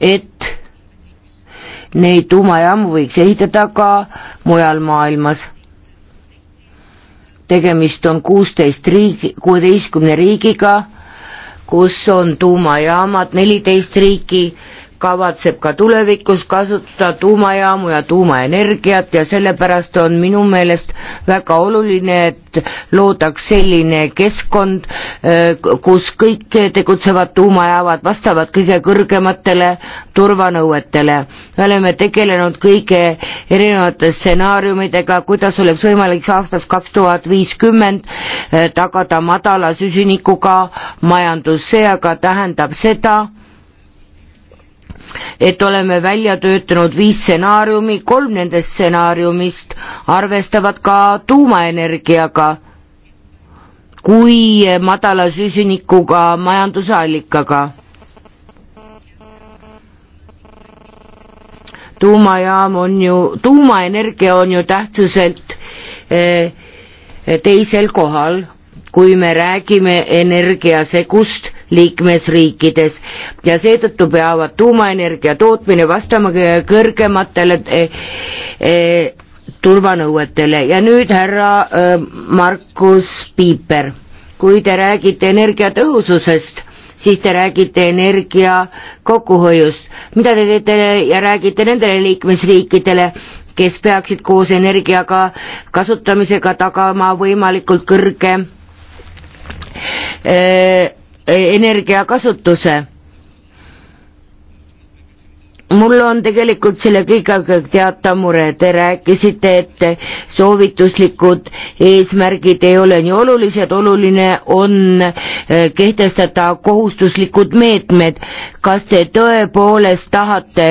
et neid tuumajaamu võiks ehitada ka mujal maailmas. tegemist on kuusteist riigi, kuueteistkümne riigiga, kus on tuumajaamad, neliteist riiki kavatseb ka tulevikus kasutada tuumajaamu ja tuumaenergiat ja sellepärast on minu meelest väga oluline, et loodaks selline keskkond, eh, kus kõik tegutsevad tuumajaamad vastavad kõige kõrgematele turvanõuetele. me oleme tegelenud kõige erinevate stsenaariumidega, kuidas oleks võimalik aastast kaks tuhat viiskümmend eh, tagada madala süsinikuga majandus, see aga tähendab seda, et oleme välja töötanud viis stsenaariumi, kolm nendest stsenaariumist arvestavad ka tuumaenergiaga kui madala süsinikuga majanduse allikaga. tuumajaam on ju, tuumaenergia on ju tähtsuselt eh, teisel kohal kui me räägime energiasegust liikmesriikides ja seetõttu peavad tuumaenergia tootmine vastama kõrgematele eh, eh, turvanõuetele ja nüüd härra eh, Markus Piiper, kui te räägite energiatõhususest, siis te räägite energia kokkuhoiust, mida te teete ja räägite nendele liikmesriikidele, kes peaksid koos energiaga kasutamisega tagama võimalikult kõrge Äh, äh, energiakasutuse. mul on tegelikult selle kõigega teata mure, te rääkisite, et soovituslikud eesmärgid ei ole nii olulised, oluline on äh, kehtestada kohustuslikud meetmed. kas te tõepoolest tahate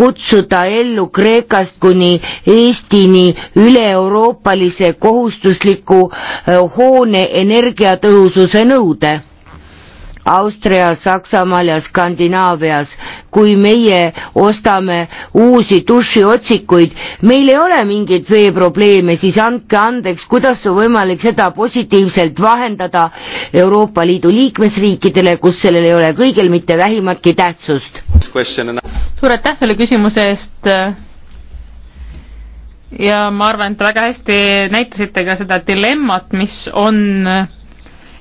kutsuda ellu Kreekast kuni Eestini üle-euroopalise kohustusliku eh, hoone energiatõhususe nõude Austrias, Saksamaal ja Skandinaavias. kui meie ostame uusi dušiotsikuid, meil ei ole mingeid veeprobleeme, siis andke andeks, kuidas on võimalik seda positiivselt vahendada Euroopa Liidu liikmesriikidele, kus sellel ei ole kõigil mitte vähimatki tähtsust? suur aitäh selle küsimuse eest ja ma arvan, et väga hästi näitasite ka seda dilemmat, mis on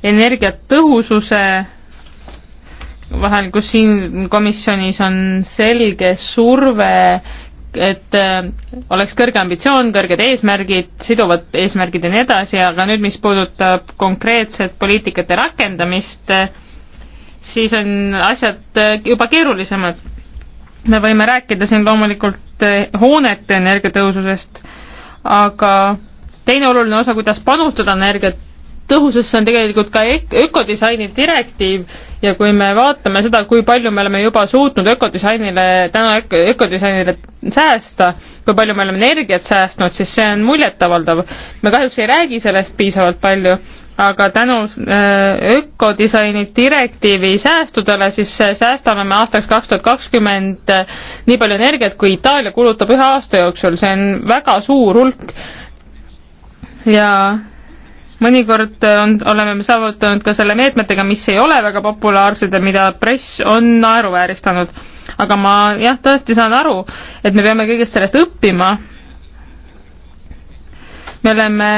energiatõhususe vahel, kus siin komisjonis on selge surve, et äh, oleks kõrge ambitsioon, kõrged eesmärgid, siduvad eesmärgid ja nii edasi, aga nüüd, mis puudutab konkreetset poliitikate rakendamist, siis on asjad äh, juba keerulisemad. me võime rääkida siin loomulikult äh, hoonete energiatõhususest, aga teine oluline osa, kuidas panustada energiat tõhusus on tegelikult ka ökodisaini direktiiv ja kui me vaatame seda, kui palju me oleme juba suutnud ökodisainile, täna ökodisainile säästa, kui palju me oleme energiat säästnud, siis see on muljetavaldav. me kahjuks ei räägi sellest piisavalt palju, aga tänu äh, ökodisaini direktiivi säästudele, siis äh, säästame me aastaks kaks tuhat kakskümmend äh, nii palju energiat, kui Itaalia kulutab ühe aasta jooksul, see on väga suur hulk ja mõnikord äh, on, oleme me saavutanud ka selle meetmetega, mis ei ole väga populaarsed ja mida press on naeruvääristanud. aga ma jah, tõesti saan aru, et me peame kõigest sellest õppima. me oleme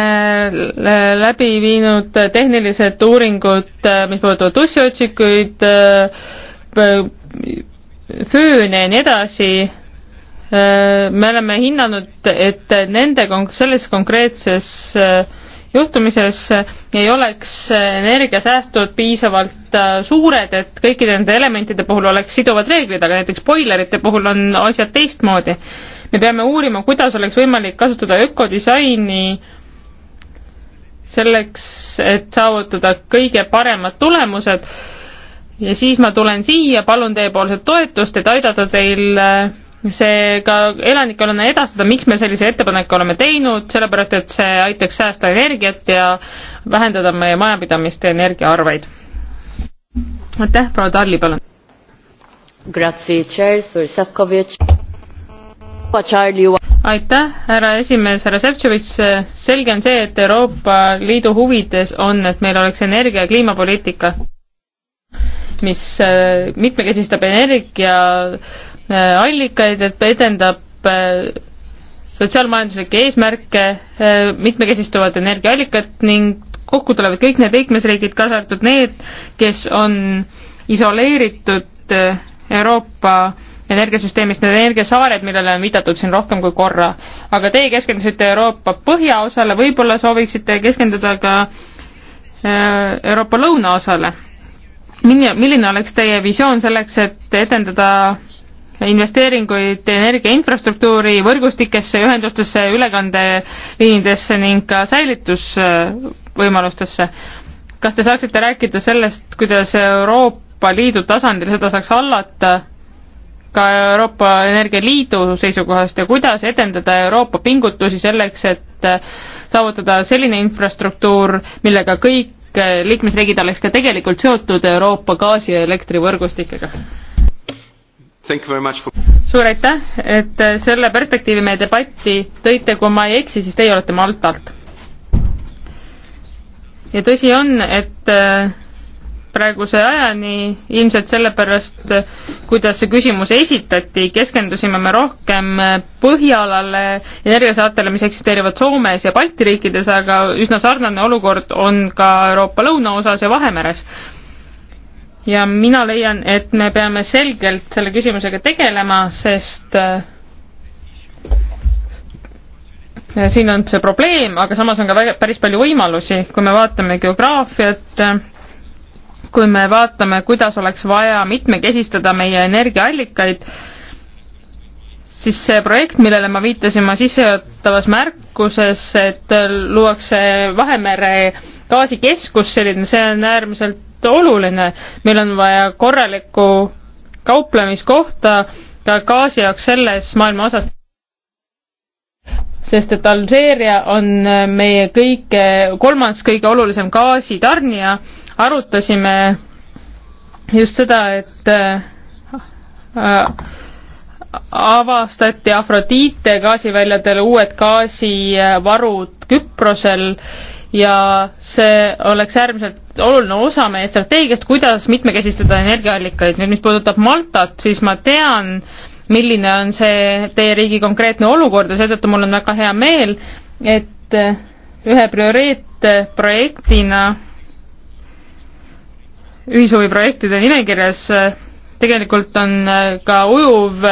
äh, läbi viinud tehnilised uuringud, äh, mis puudutavad ussiotsikuid, fööne ja nii edasi me oleme hinnanud, et nende kon-, selles konkreetses äh, juhtumises ei oleks energiasäästud piisavalt äh, suured, et kõikide nende elementide puhul oleks siduvad reeglid, aga näiteks boilerite puhul on asjad teistmoodi. me peame uurima, kuidas oleks võimalik kasutada ökodisaini selleks, et saavutada kõige paremad tulemused ja siis ma tulen siia, palun teiepoolset toetust, et aidata teil äh, seega elanikkonnana edastada, miks me sellise ettepaneku oleme teinud, sellepärast et see aitaks säästa energiat ja vähendada meie majapidamiste energiaarveid. aitäh, proua Talli, palun. aitäh, härra esimees, härra Šefčovitš, selge on see, et Euroopa Liidu huvides on, et meil oleks energia- ja kliimapoliitika, mis äh, mitmekesistab energia Äh, allikaid, et edendab äh, sotsiaalmajanduslikke eesmärke, äh, mitmekesistuvat energiaallikat ning kokku tulevad kõik need liikmesriigid, kaasa arvatud need, kes on isoleeritud Euroopa energiasüsteemist, need energiasaared, millele on viidatud siin rohkem kui korra. aga teie keskendusite Euroopa põhjaosale, võib-olla sooviksite keskenduda ka Euroopa lõunaosale. milline oleks teie visioon selleks, et edendada investeeringuid energia infrastruktuuri, võrgustikesse, ühendustesse, ülekandeliinidesse ning ka säilitusvõimalustesse. kas te saaksite rääkida sellest, kuidas Euroopa Liidu tasandil seda saaks hallata ka Euroopa Energialiidu seisukohast ja kuidas edendada Euroopa pingutusi selleks, et saavutada selline infrastruktuur, millega kõik liikmesriigid oleks ka tegelikult seotud Euroopa gaasi- ja elektrivõrgustikega? For... suur aitäh, et selle perspektiivi meie debatti tõite, kui ma ei eksi, siis teie olete Maltalt. ja tõsi on, et äh, praeguse ajani ilmselt sellepärast, kuidas see küsimus esitati, keskendusime me rohkem äh, Põhjalale, energiasaartele, mis eksisteerivad Soomes ja Balti riikides, aga üsna sarnane olukord on ka Euroopa lõunaosas ja Vahemeres ja mina leian, et me peame selgelt selle küsimusega tegelema, sest ja äh, siin on see probleem, aga samas on ka väga, päris palju võimalusi, kui me vaatame geograafiat, kui me vaatame, kuidas oleks vaja mitmekesistada meie energiaallikaid, siis see projekt, millele ma viitasin oma sissejuhatavas märkuses, et luuakse Vahemere gaasikeskus selline, see on äärmiselt oluline. meil on vaja korralikku kauplemiskohta ka gaasi jaoks selles maailma osas. sest et Alžeeria on meie kõige, kolmas kõige olulisem gaasitarnija. arutasime just seda, et äh, avastati Afrodite gaasiväljadel uued gaasivarud Küprosel ja see oleks äärmiselt oluline osa meie strateegiast, kuidas mitmekesistada energiaallikaid. nüüd mis puudutab Maltat, siis ma tean, milline on see teie riigi konkreetne olukord ja seetõttu mul on väga hea meel, et ühe prioriteetprojektina ühishuviprojektide nimekirjas tegelikult on ka ujuv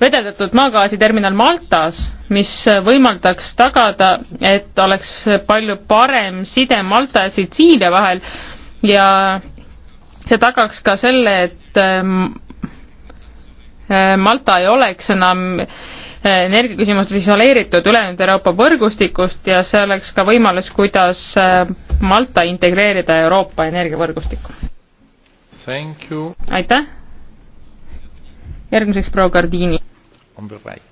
vedeldatud maagaasiterminal Maltas, mis võimaldaks tagada, et oleks palju parem side Malta ja Sitsiilia vahel ja see tagaks ka selle, et ähm, äh, Malta ei oleks enam äh, energiaküsimustes isoleeritud ülejäänud Euroopa võrgustikust ja see oleks ka võimalus, kuidas äh, Malta integreerida Euroopa energiavõrgustikku. aitäh! järgmiseks proua Gardini on bereich.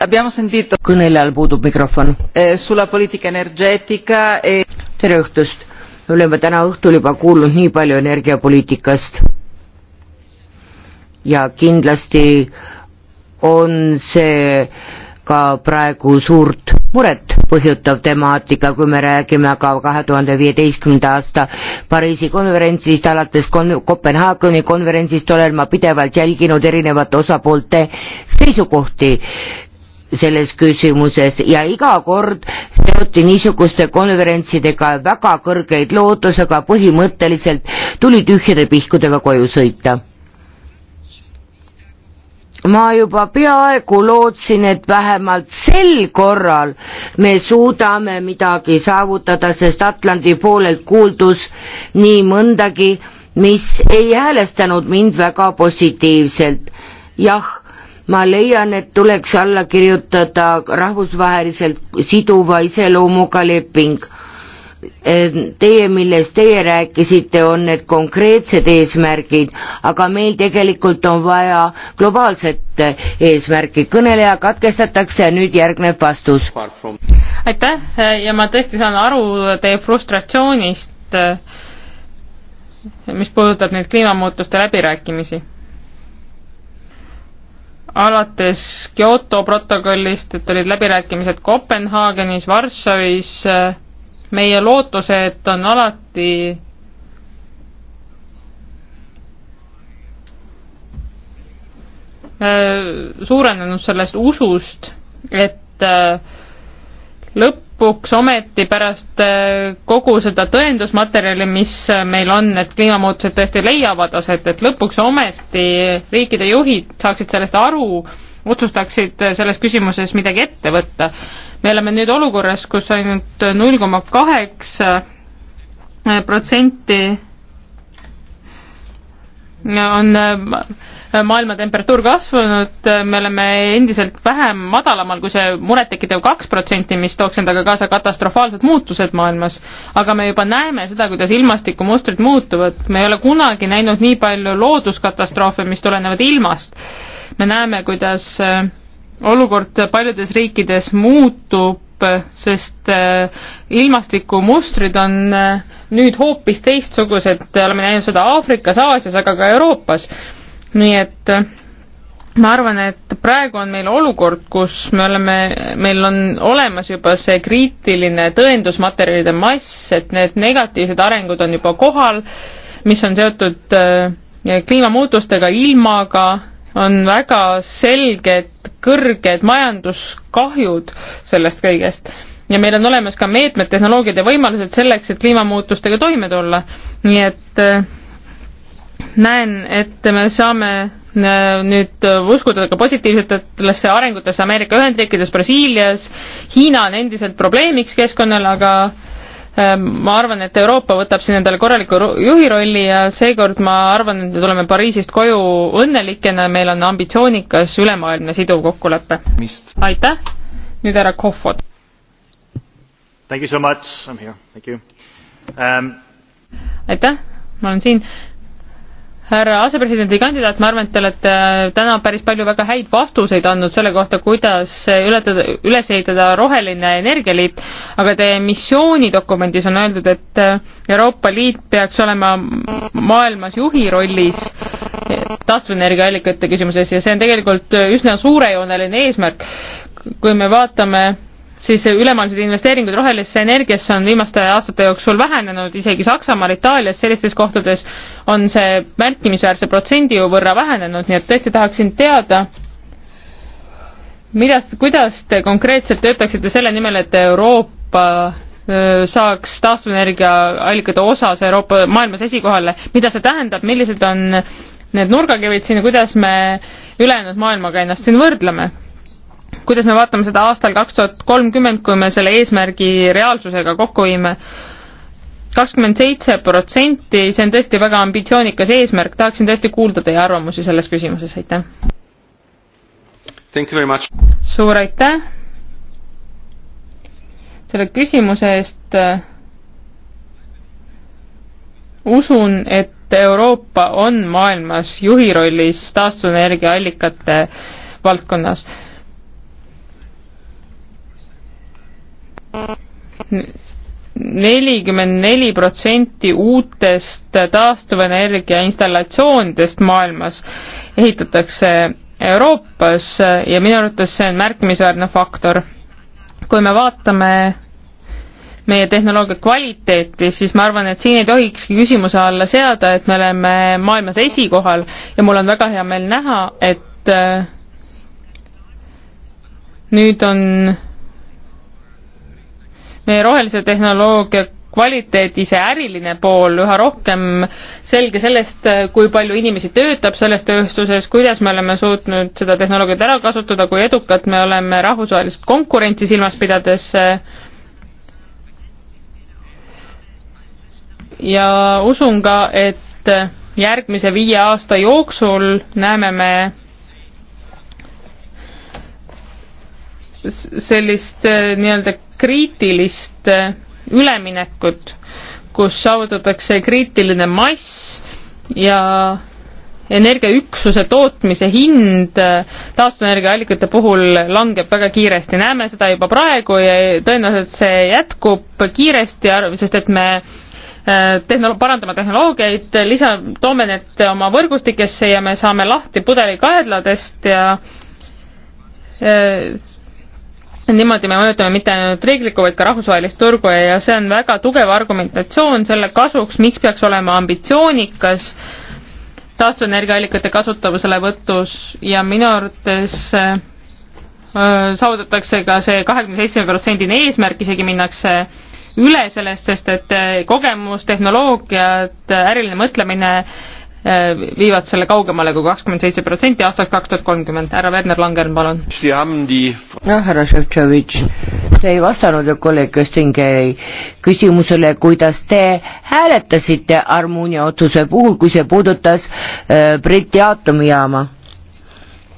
abbiamo sentito kõnelejal puudub mikrofon eh, sulla politica energetica e tere õhtust me oleme täna õhtul juba kuulnud nii palju energiapoliitikast ja kindlasti on see ka praegu suurt muret põhjutav temaatika, kui me räägime ka kahe tuhande viieteistkümnenda aasta Pariisi konverentsist, alates kon-, Kopenhaageni konverentsist olen ma pidevalt jälginud erinevate osapoolte seisukohti selles küsimuses ja iga kord seoti niisuguste konverentsidega väga kõrgeid lootusega, põhimõtteliselt tuli tühjade pihkudega koju sõita ma juba peaaegu lootsin, et vähemalt sel korral me suudame midagi saavutada, sest Atlandi poolelt kuuldus nii mõndagi, mis ei häälestanud mind väga positiivselt. jah, ma leian, et tuleks alla kirjutada rahvusvaheliselt siduva iseloomuga leping Teie, millest teie rääkisite, on need konkreetsed eesmärgid, aga meil tegelikult on vaja globaalset eesmärki. kõneleja katkestatakse ja nüüd järgneb vastus. aitäh ja ma tõesti saan aru teie frustratsioonist, mis puudutab neid kliimamuutuste läbirääkimisi alates Kyoto protokollist, et olid läbirääkimised Kopenhaagenis, Varssavis äh,, meie lootused on alati äh, suurenenud sellest usust, et äh, lõpuks ometi pärast äh, kogu seda tõendusmaterjali, mis meil on, et kliimamuutused tõesti leiavad aset, et lõpuks ometi riikide juhid saaksid sellest aru, otsustaksid selles küsimuses midagi ette võtta me oleme nüüd olukorras, kus ainult null koma kaheksa protsenti on äh, maailma temperatuur kasvanud, me oleme endiselt vähem madalamal kui see murettekitav kaks protsenti, mis tooks endaga kaasa katastrofaalsed muutused maailmas. aga me juba näeme seda, kuidas ilmastikumustrid muutuvad, me ei ole kunagi näinud nii palju looduskatastroofe, mis tulenevad ilmast. me näeme, kuidas äh, olukord paljudes riikides muutub, sest äh, ilmastikumustrid on äh, nüüd hoopis teistsugused, oleme näinud seda Aafrikas, Aasias, aga ka Euroopas. nii et äh, ma arvan, et praegu on meil olukord, kus me oleme, meil on olemas juba see kriitiline tõendusmaterjalide mass, et need negatiivsed arengud on juba kohal, mis on seotud kliimamuutustega, ilmaga, on väga selged kõrged majanduskahjud sellest kõigest. ja meil on olemas ka meetmed, tehnoloogiad ja võimalused selleks, et kliimamuutustega toime tulla. nii et äh, näen, et me saame äh, nüüd uskuda ka positiivsetesse arengutesse Ameerika Ühendriikides, Brasiilias, Hiina on endiselt probleemiks keskkonnale, aga Ehm, ma arvan, et Euroopa võtab siin endale korraliku juhi rolli ja seekord ma arvan, et me tuleme Pariisist koju õnnelikena, meil on ambitsioonikas ülemaailmne siduv kokkulepe. aitäh, nüüd härra Kohvod. Um... Ehm. aitäh, ma olen siin härra asepresidendi kandidaat, ma arvan, et te olete äh, täna päris palju väga häid vastuseid andnud selle kohta, kuidas äh, ületada, üles ehitada roheline energialiit, aga teie missioonidokumendis on öeldud, et äh, Euroopa Liit peaks olema maailmas juhi rollis taastuvenergiaallikate küsimuses ja see on tegelikult üsna suurejooneline eesmärk. kui me vaatame siis ülemaailmsed investeeringud rohelisse energiasse on viimaste aastate jooksul vähenenud, isegi Saksamaal, Itaalias, sellistes kohtades on see märkimisväärse protsendi võrra vähenenud, nii et tõesti tahaksin teada, mida, kuidas te konkreetselt töötaksite selle nimel, et Euroopa saaks taastuvenergiaallikate osas Euroopa, maailmas esikohale, mida see tähendab, millised on need nurgakivid siin ja kuidas me ülejäänud maailmaga ennast siin võrdleme? kuidas me vaatame seda aastal kaks tuhat kolmkümmend, kui me selle eesmärgi reaalsusega kokku viime, kakskümmend seitse protsenti, see on tõesti väga ambitsioonikas eesmärk, tahaksin tõesti kuulda teie arvamusi selles küsimuses, aitäh! suur aitäh selle küsimuse eest usun, et Euroopa on maailmas juhi rollis taastuvenergia allikate valdkonnas. nelikümmend neli protsenti uutest taastuvenergia installatsioonidest maailmas ehitatakse Euroopas ja minu arvates see on märkimisväärne faktor. kui me vaatame meie tehnoloogia kvaliteeti, siis ma arvan, et siin ei tohikski küsimuse alla seada, et me oleme maailmas esikohal ja mul on väga hea meel näha, et nüüd on meie rohelise tehnoloogia kvaliteet, ise äriline pool üha rohkem selge sellest, kui palju inimesi töötab selles tööstuses, kuidas me oleme suutnud seda tehnoloogiat ära kasutada, kui edukad me oleme rahvusvahelist konkurentsi silmas pidades. ja usun ka, et järgmise viie aasta jooksul näeme me sellist äh, nii-öelda kriitilist äh, üleminekut, kus saavutatakse kriitiline mass ja energiaüksuse tootmise hind äh, taastuvenergiaallikate puhul langeb väga kiiresti. näeme seda juba praegu ja tõenäoliselt see jätkub kiiresti, sest et me äh, tehnolo-, parandame tehnoloogiaid, lisa-, toome need oma võrgustikesse ja me saame lahti pudelikaedladest ja niimoodi me mõjutame mitte ainult riiklikku, vaid ka rahvusvahelist turgu ja see on väga tugev argumentatsioon selle kasuks, miks peaks olema ambitsioonikas taastuvenergiaallikate kasutamiselevõtus ja minu arvates äh, saavutatakse ka see kahekümne seitsme protsendine eesmärk, isegi minnakse üle sellest, sest et äh, kogemus, tehnoloogiad, äriline mõtlemine äh, Äh, viivad selle kaugemale kui kakskümmend seitse protsenti aastaks kaks tuhat kolmkümmend. härra Werner Langer, palun. jah, härra Ševtšovitš, te ei vastanud ju kolleeg Köstingi küsimusele, kuidas te hääletasite Armuunia otsuse puhul, kui see puudutas äh, Briti aatomijaama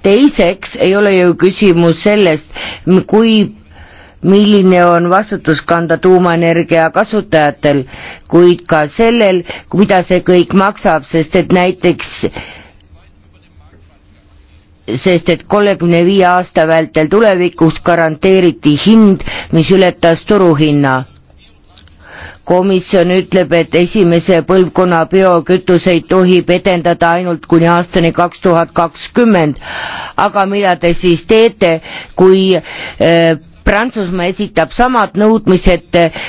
teiseks ei ole ju küsimus sellest, kui milline on vastutus kanda tuumaenergia kasutajatel, kuid ka sellel, mida see kõik maksab, sest et näiteks sest et kolmekümne viie aasta vältel tulevikuks garanteeriti hind, mis ületas turuhinna. komisjon ütleb, et esimese põlvkonna biokütuseid tohib edendada ainult kuni aastani kaks tuhat kakskümmend, aga mida te siis teete, kui äh, Prantsusmaa esitab samad nõudmised eh,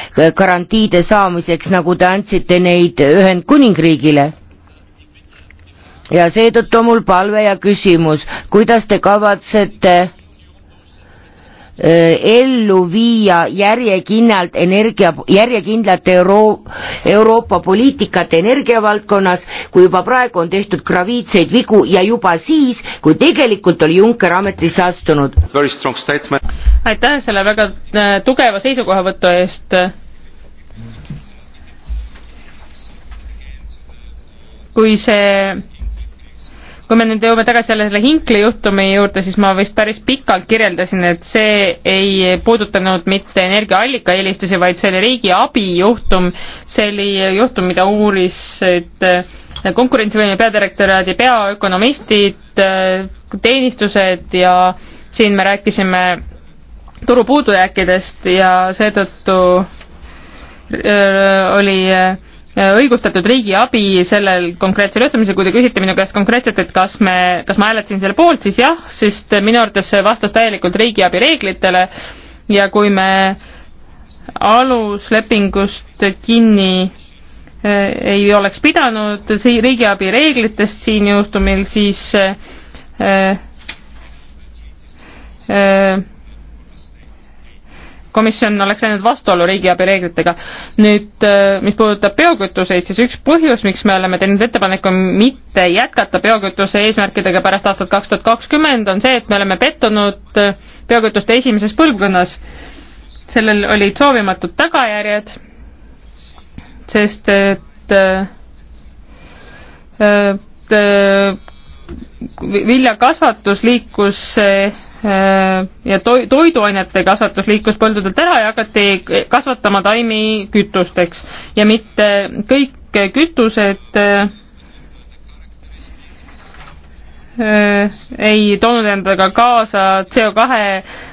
garantiide saamiseks, nagu te andsite neid Ühendkuningriigile. ja seetõttu on mul palve ja küsimus, kuidas te kavatsete Äh, ellu viia järjekindlalt energia, järjekindlat Euro-, Euroopa poliitikat energiavaldkonnas, kui juba praegu on tehtud graviitseid vigu ja juba siis, kui tegelikult oli Juncker ametisse astunud. aitäh selle väga äh, tugeva seisukohavõtu eest. kui see kui me nüüd jõuame tagasi jälle selle Hinkli juhtumi juurde, siis ma vist päris pikalt kirjeldasin, et see ei puudutanud mitte energiaallika eelistusi, vaid see oli riigi abijuhtum. see oli juhtum, mida uuris et äh, konkurentsivõime peadirektoraadi peaökonomistid, äh, teenistused ja siin me rääkisime turu puudujääkidest ja seetõttu äh, oli äh, õigustatud riigiabi sellel konkreetsel juhtumisel, kui te küsite minu käest konkreetselt, et kas me, kas ma hääletasin selle poolt, siis jah, sest minu arvates see vastas täielikult riigiabi reeglitele ja kui me aluslepingust kinni eh, ei oleks pidanud riigiabi reeglitest siin juhtumil, siis äh, äh, komisjon oleks läinud vastuollu riigiabi reeglitega. nüüd, äh, mis puudutab biokütuseid, siis üks põhjus, miks me oleme teinud ettepaneku mitte jätkata biokütuse eesmärkidega pärast aastat kaks tuhat kakskümmend, on see, et me oleme pettunud äh, biokütuste esimeses põlvkonnas. sellel olid soovimatud tagajärjed, sest et, äh, et, et viljakasvatus liikus äh, ja toi-, toiduainete kasvatus liikus põldudelt ära ja hakati kasvatama taimi kütusteks ja mitte kõik kütused äh, äh, ei toonud endaga kaasa CO2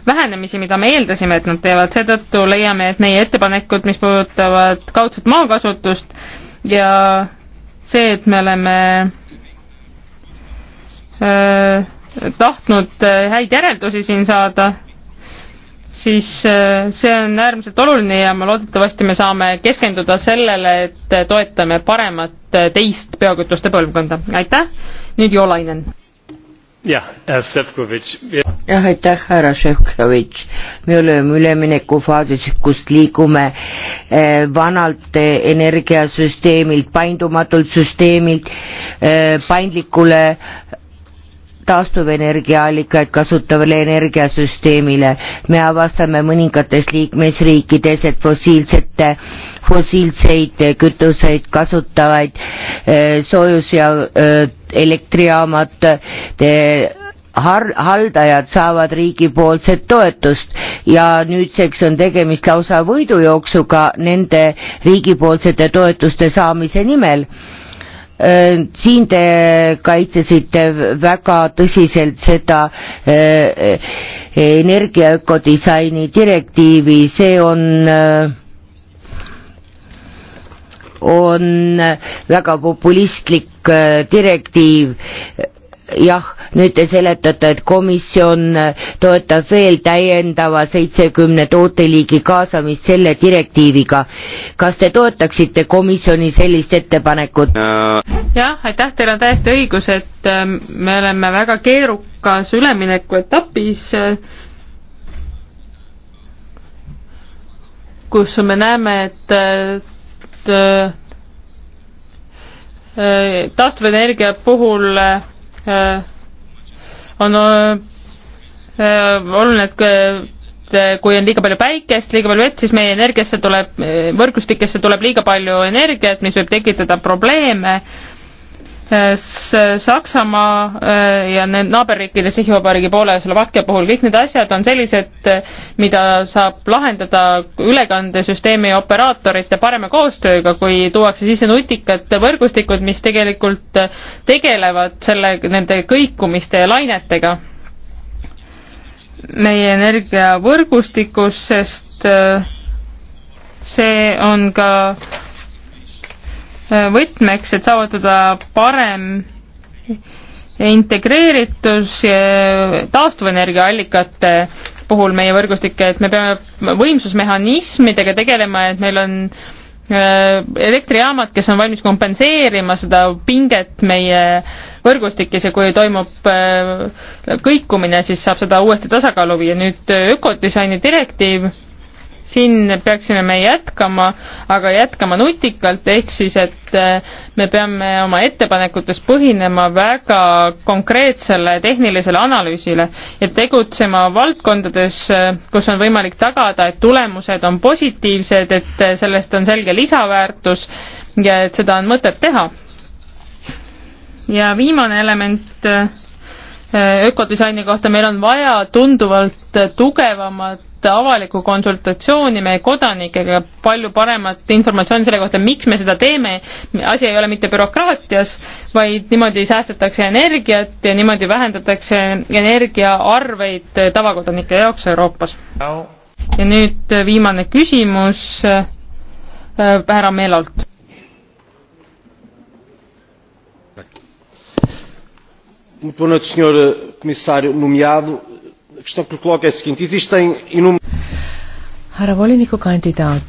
vähenemisi, mida me eeldasime, et nad teevad, seetõttu leiame, et meie ettepanekud, mis puudutavad kaudset maakasutust ja see, et me oleme Äh, tahtnud äh, häid järeldusi siin saada, siis äh, see on äärmiselt oluline ja ma loodetavasti me saame keskenduda sellele, et toetame paremat teist biokütuste põlvkonda. aitäh, nüüd Jolainen. jah, härra Šefkovitš. jah, aitäh, härra Šefkovitš. me oleme üleminekufaasis, kus liigume vanalt energiasüsteemilt, paindumatult süsteemilt paindlikule taastuvenergiaallikaid kasutavale energiasüsteemile. me avastame mõningates liikmesriikides, et fossiilsete, fossiilseid kütuseid kasutavaid eh, soojus- ja eh, elektrijaamad eh, har-, haldajad saavad riigipoolset toetust ja nüüdseks on tegemist lausa võidujooksuga nende riigipoolsete toetuste saamise nimel Äh, siin te kaitsesite väga tõsiselt seda äh, äh, energiaökodisaini direktiivi, see on on väga populistlik direktiiv, jah, nüüd te seletate, et komisjon äh, toetab veel täiendava seitsekümne tooteliigi kaasamist selle direktiiviga. kas te toetaksite komisjoni sellist ettepanekut? jah, aitäh, teil on täiesti õigus, et ähm, me oleme väga keerukas üleminekuetapis, äh, kus me näeme, et, äh, et taastuvenergia puhul Äh, on äh, äh, oluline, et kui on liiga palju päikest, liiga palju vett, siis meie energiasse tuleb, võrgustikesse tuleb liiga palju energiat, mis võib tekitada probleeme Saksamaa eh, ja need naaberriikide Tšehhi Vabariigi poole Slovakkia puhul, kõik need asjad on sellised, eh, mida saab lahendada ülekandesüsteemi operaatorite parema koostööga, kui tuuakse sisse nutikad võrgustikud, mis tegelikult eh, tegelevad selle, nende kõikumiste ja lainetega meie energiavõrgustikus, sest see on ka võtmeks, et saavutada parem integreeritus taastuvenergiaallikate puhul meie võrgustikke, et me peame võimsusmehhanismidega tegelema, et meil on äh, elektrijaamad, kes on valmis kompenseerima seda pinget meie võrgustikis ja kui toimub äh, kõikumine, siis saab seda uuesti tasakaalu viia. nüüd ökodisaini direktiiv siin peaksime me jätkama, aga jätkama nutikalt, ehk siis, et eh, me peame oma ettepanekutes põhinema väga konkreetsele tehnilisele analüüsile ja tegutsema valdkondades, eh, kus on võimalik tagada, et tulemused on positiivsed, et eh, sellest on selge lisaväärtus ja et seda on mõtet teha. ja viimane element Äh, ökodisaini kohta, meil on vaja tunduvalt tugevamat avalikku konsultatsiooni meie kodanikega, palju paremat informatsiooni selle kohta, miks me seda teeme. asi ei ole mitte bürokraatias, vaid niimoodi säästetakse energiat ja niimoodi vähendatakse energiaarveid tavakodanike jaoks Euroopas. ja nüüd viimane küsimus äh, härra Meelolt Muito um, boa noite, Sr. Eh, comissário nomeado. A questão que lhe coloco é a seguinte. Existem inúmeros... Härra volinikukandidaat,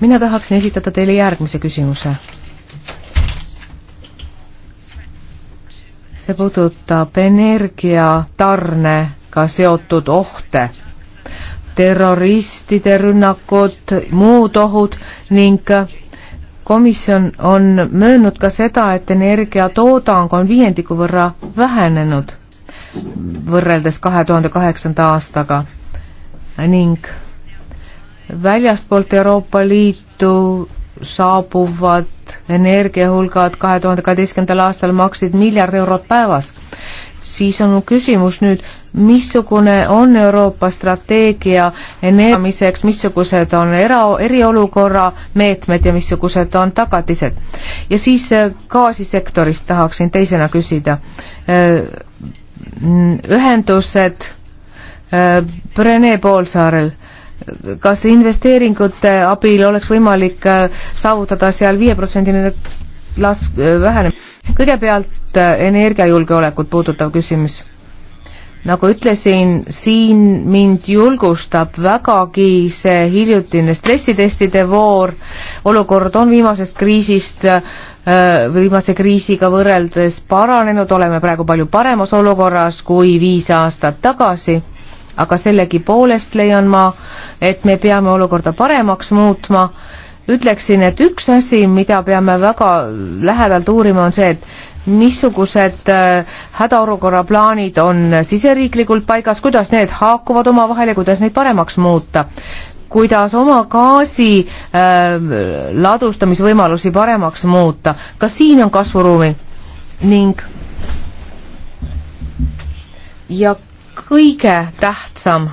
mina tahaksin esitada teile järgmise küsimuse. see puudutab energiatarnega seotud ohte, terroristide rünnakud, muud ohud ning komisjon on möönnud ka seda, et energiatoodang on viiendiku võrra vähenenud võrreldes kahe tuhande kaheksanda aastaga ning väljastpoolt Euroopa Liitu saabuvad energiahulgad kahe tuhande kaheteistkümnendal aastal maksid miljard eurot päevas siis on mu küsimus nüüd, missugune on Euroopa strateegia energiamiseks, missugused on era, eriolukorra meetmed ja missugused on tagatised. ja siis äh, gaasisektorist tahaksin teisena küsida. Äh, ühendused Brene äh, poolsaarel, kas investeeringute abil oleks võimalik saavutada seal viieprotsendine las-, äh, vähenemine. kõigepealt äh, energiajulgeolekut puudutav küsimus. nagu ütlesin, siin mind julgustab vägagi see hiljutine stressitestide voor, olukord on viimasest kriisist äh, viimase kriisiga võrreldes paranenud, oleme praegu palju paremas olukorras kui viis aastat tagasi, aga sellegipoolest leian ma, et me peame olukorda paremaks muutma ütleksin, et üks asi, mida peame väga lähedalt uurima, on see, et missugused äh, hädaolukorra plaanid on siseriiklikult paigas, kuidas need haakuvad omavahel ja kuidas neid paremaks muuta kuidas oma gaasi äh, ladustamisvõimalusi paremaks muuta, ka siin on kasvuruumi ning ja kõige tähtsam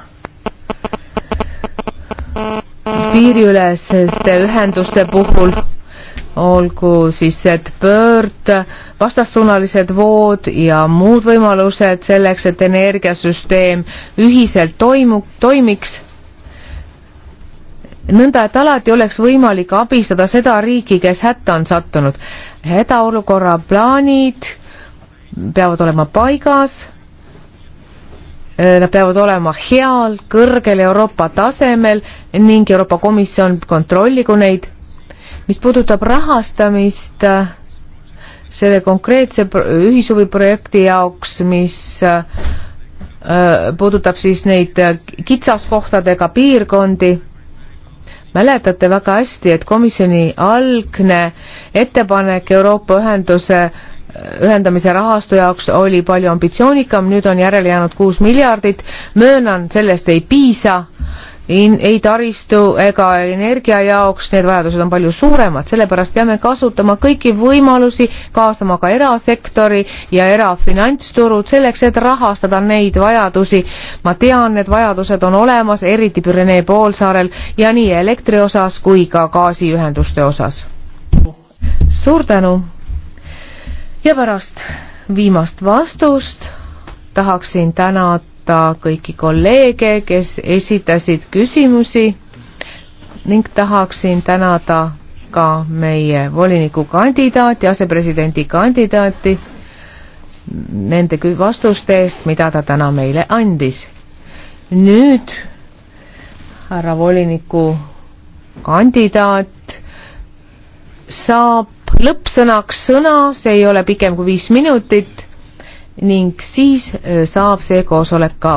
piiriüleseste ühenduste puhul, olgu siis et pöörd, vastassuunalised vood ja muud võimalused selleks, et energiasüsteem ühiselt toimu-, toimiks nõnda, et alati oleks võimalik abistada seda riiki, kes hätta on sattunud. hädaolukorra plaanid peavad olema paigas Äh, nad peavad olema heal, kõrgel Euroopa tasemel ning Euroopa Komisjon kontrolligu neid. mis puudutab rahastamist äh, selle konkreetse ühishuviprojekti jaoks, mis äh, puudutab siis neid kitsaskohtadega piirkondi mäletate väga hästi, et komisjoni algne ettepanek Euroopa ühenduse ühendamise rahastu jaoks oli palju ambitsioonikam, nüüd on järele jäänud kuus miljardit, möönan, sellest ei piisa, in-, ei taristu ega energia jaoks, need vajadused on palju suuremad, sellepärast peame kasutama kõiki võimalusi, kaasama ka erasektori ja erafinantsturud selleks, et rahastada neid vajadusi. ma tean, need vajadused on olemas, eriti Pürenee poolsaarel ja nii elektri osas kui ka gaasiühenduste osas. suur tänu! ja pärast viimast vastust tahaksin tänada kõiki kolleege, kes esitasid küsimusi ning tahaksin tänada ka meie volinikukandidaati, asepresidendi kandidaati nende vastuste eest, mida ta täna meile andis. nüüd härra voliniku kandidaat saab lõppsõnaks sõna, see ei ole pikem kui viis minutit ning siis äh, saab see koosolek ka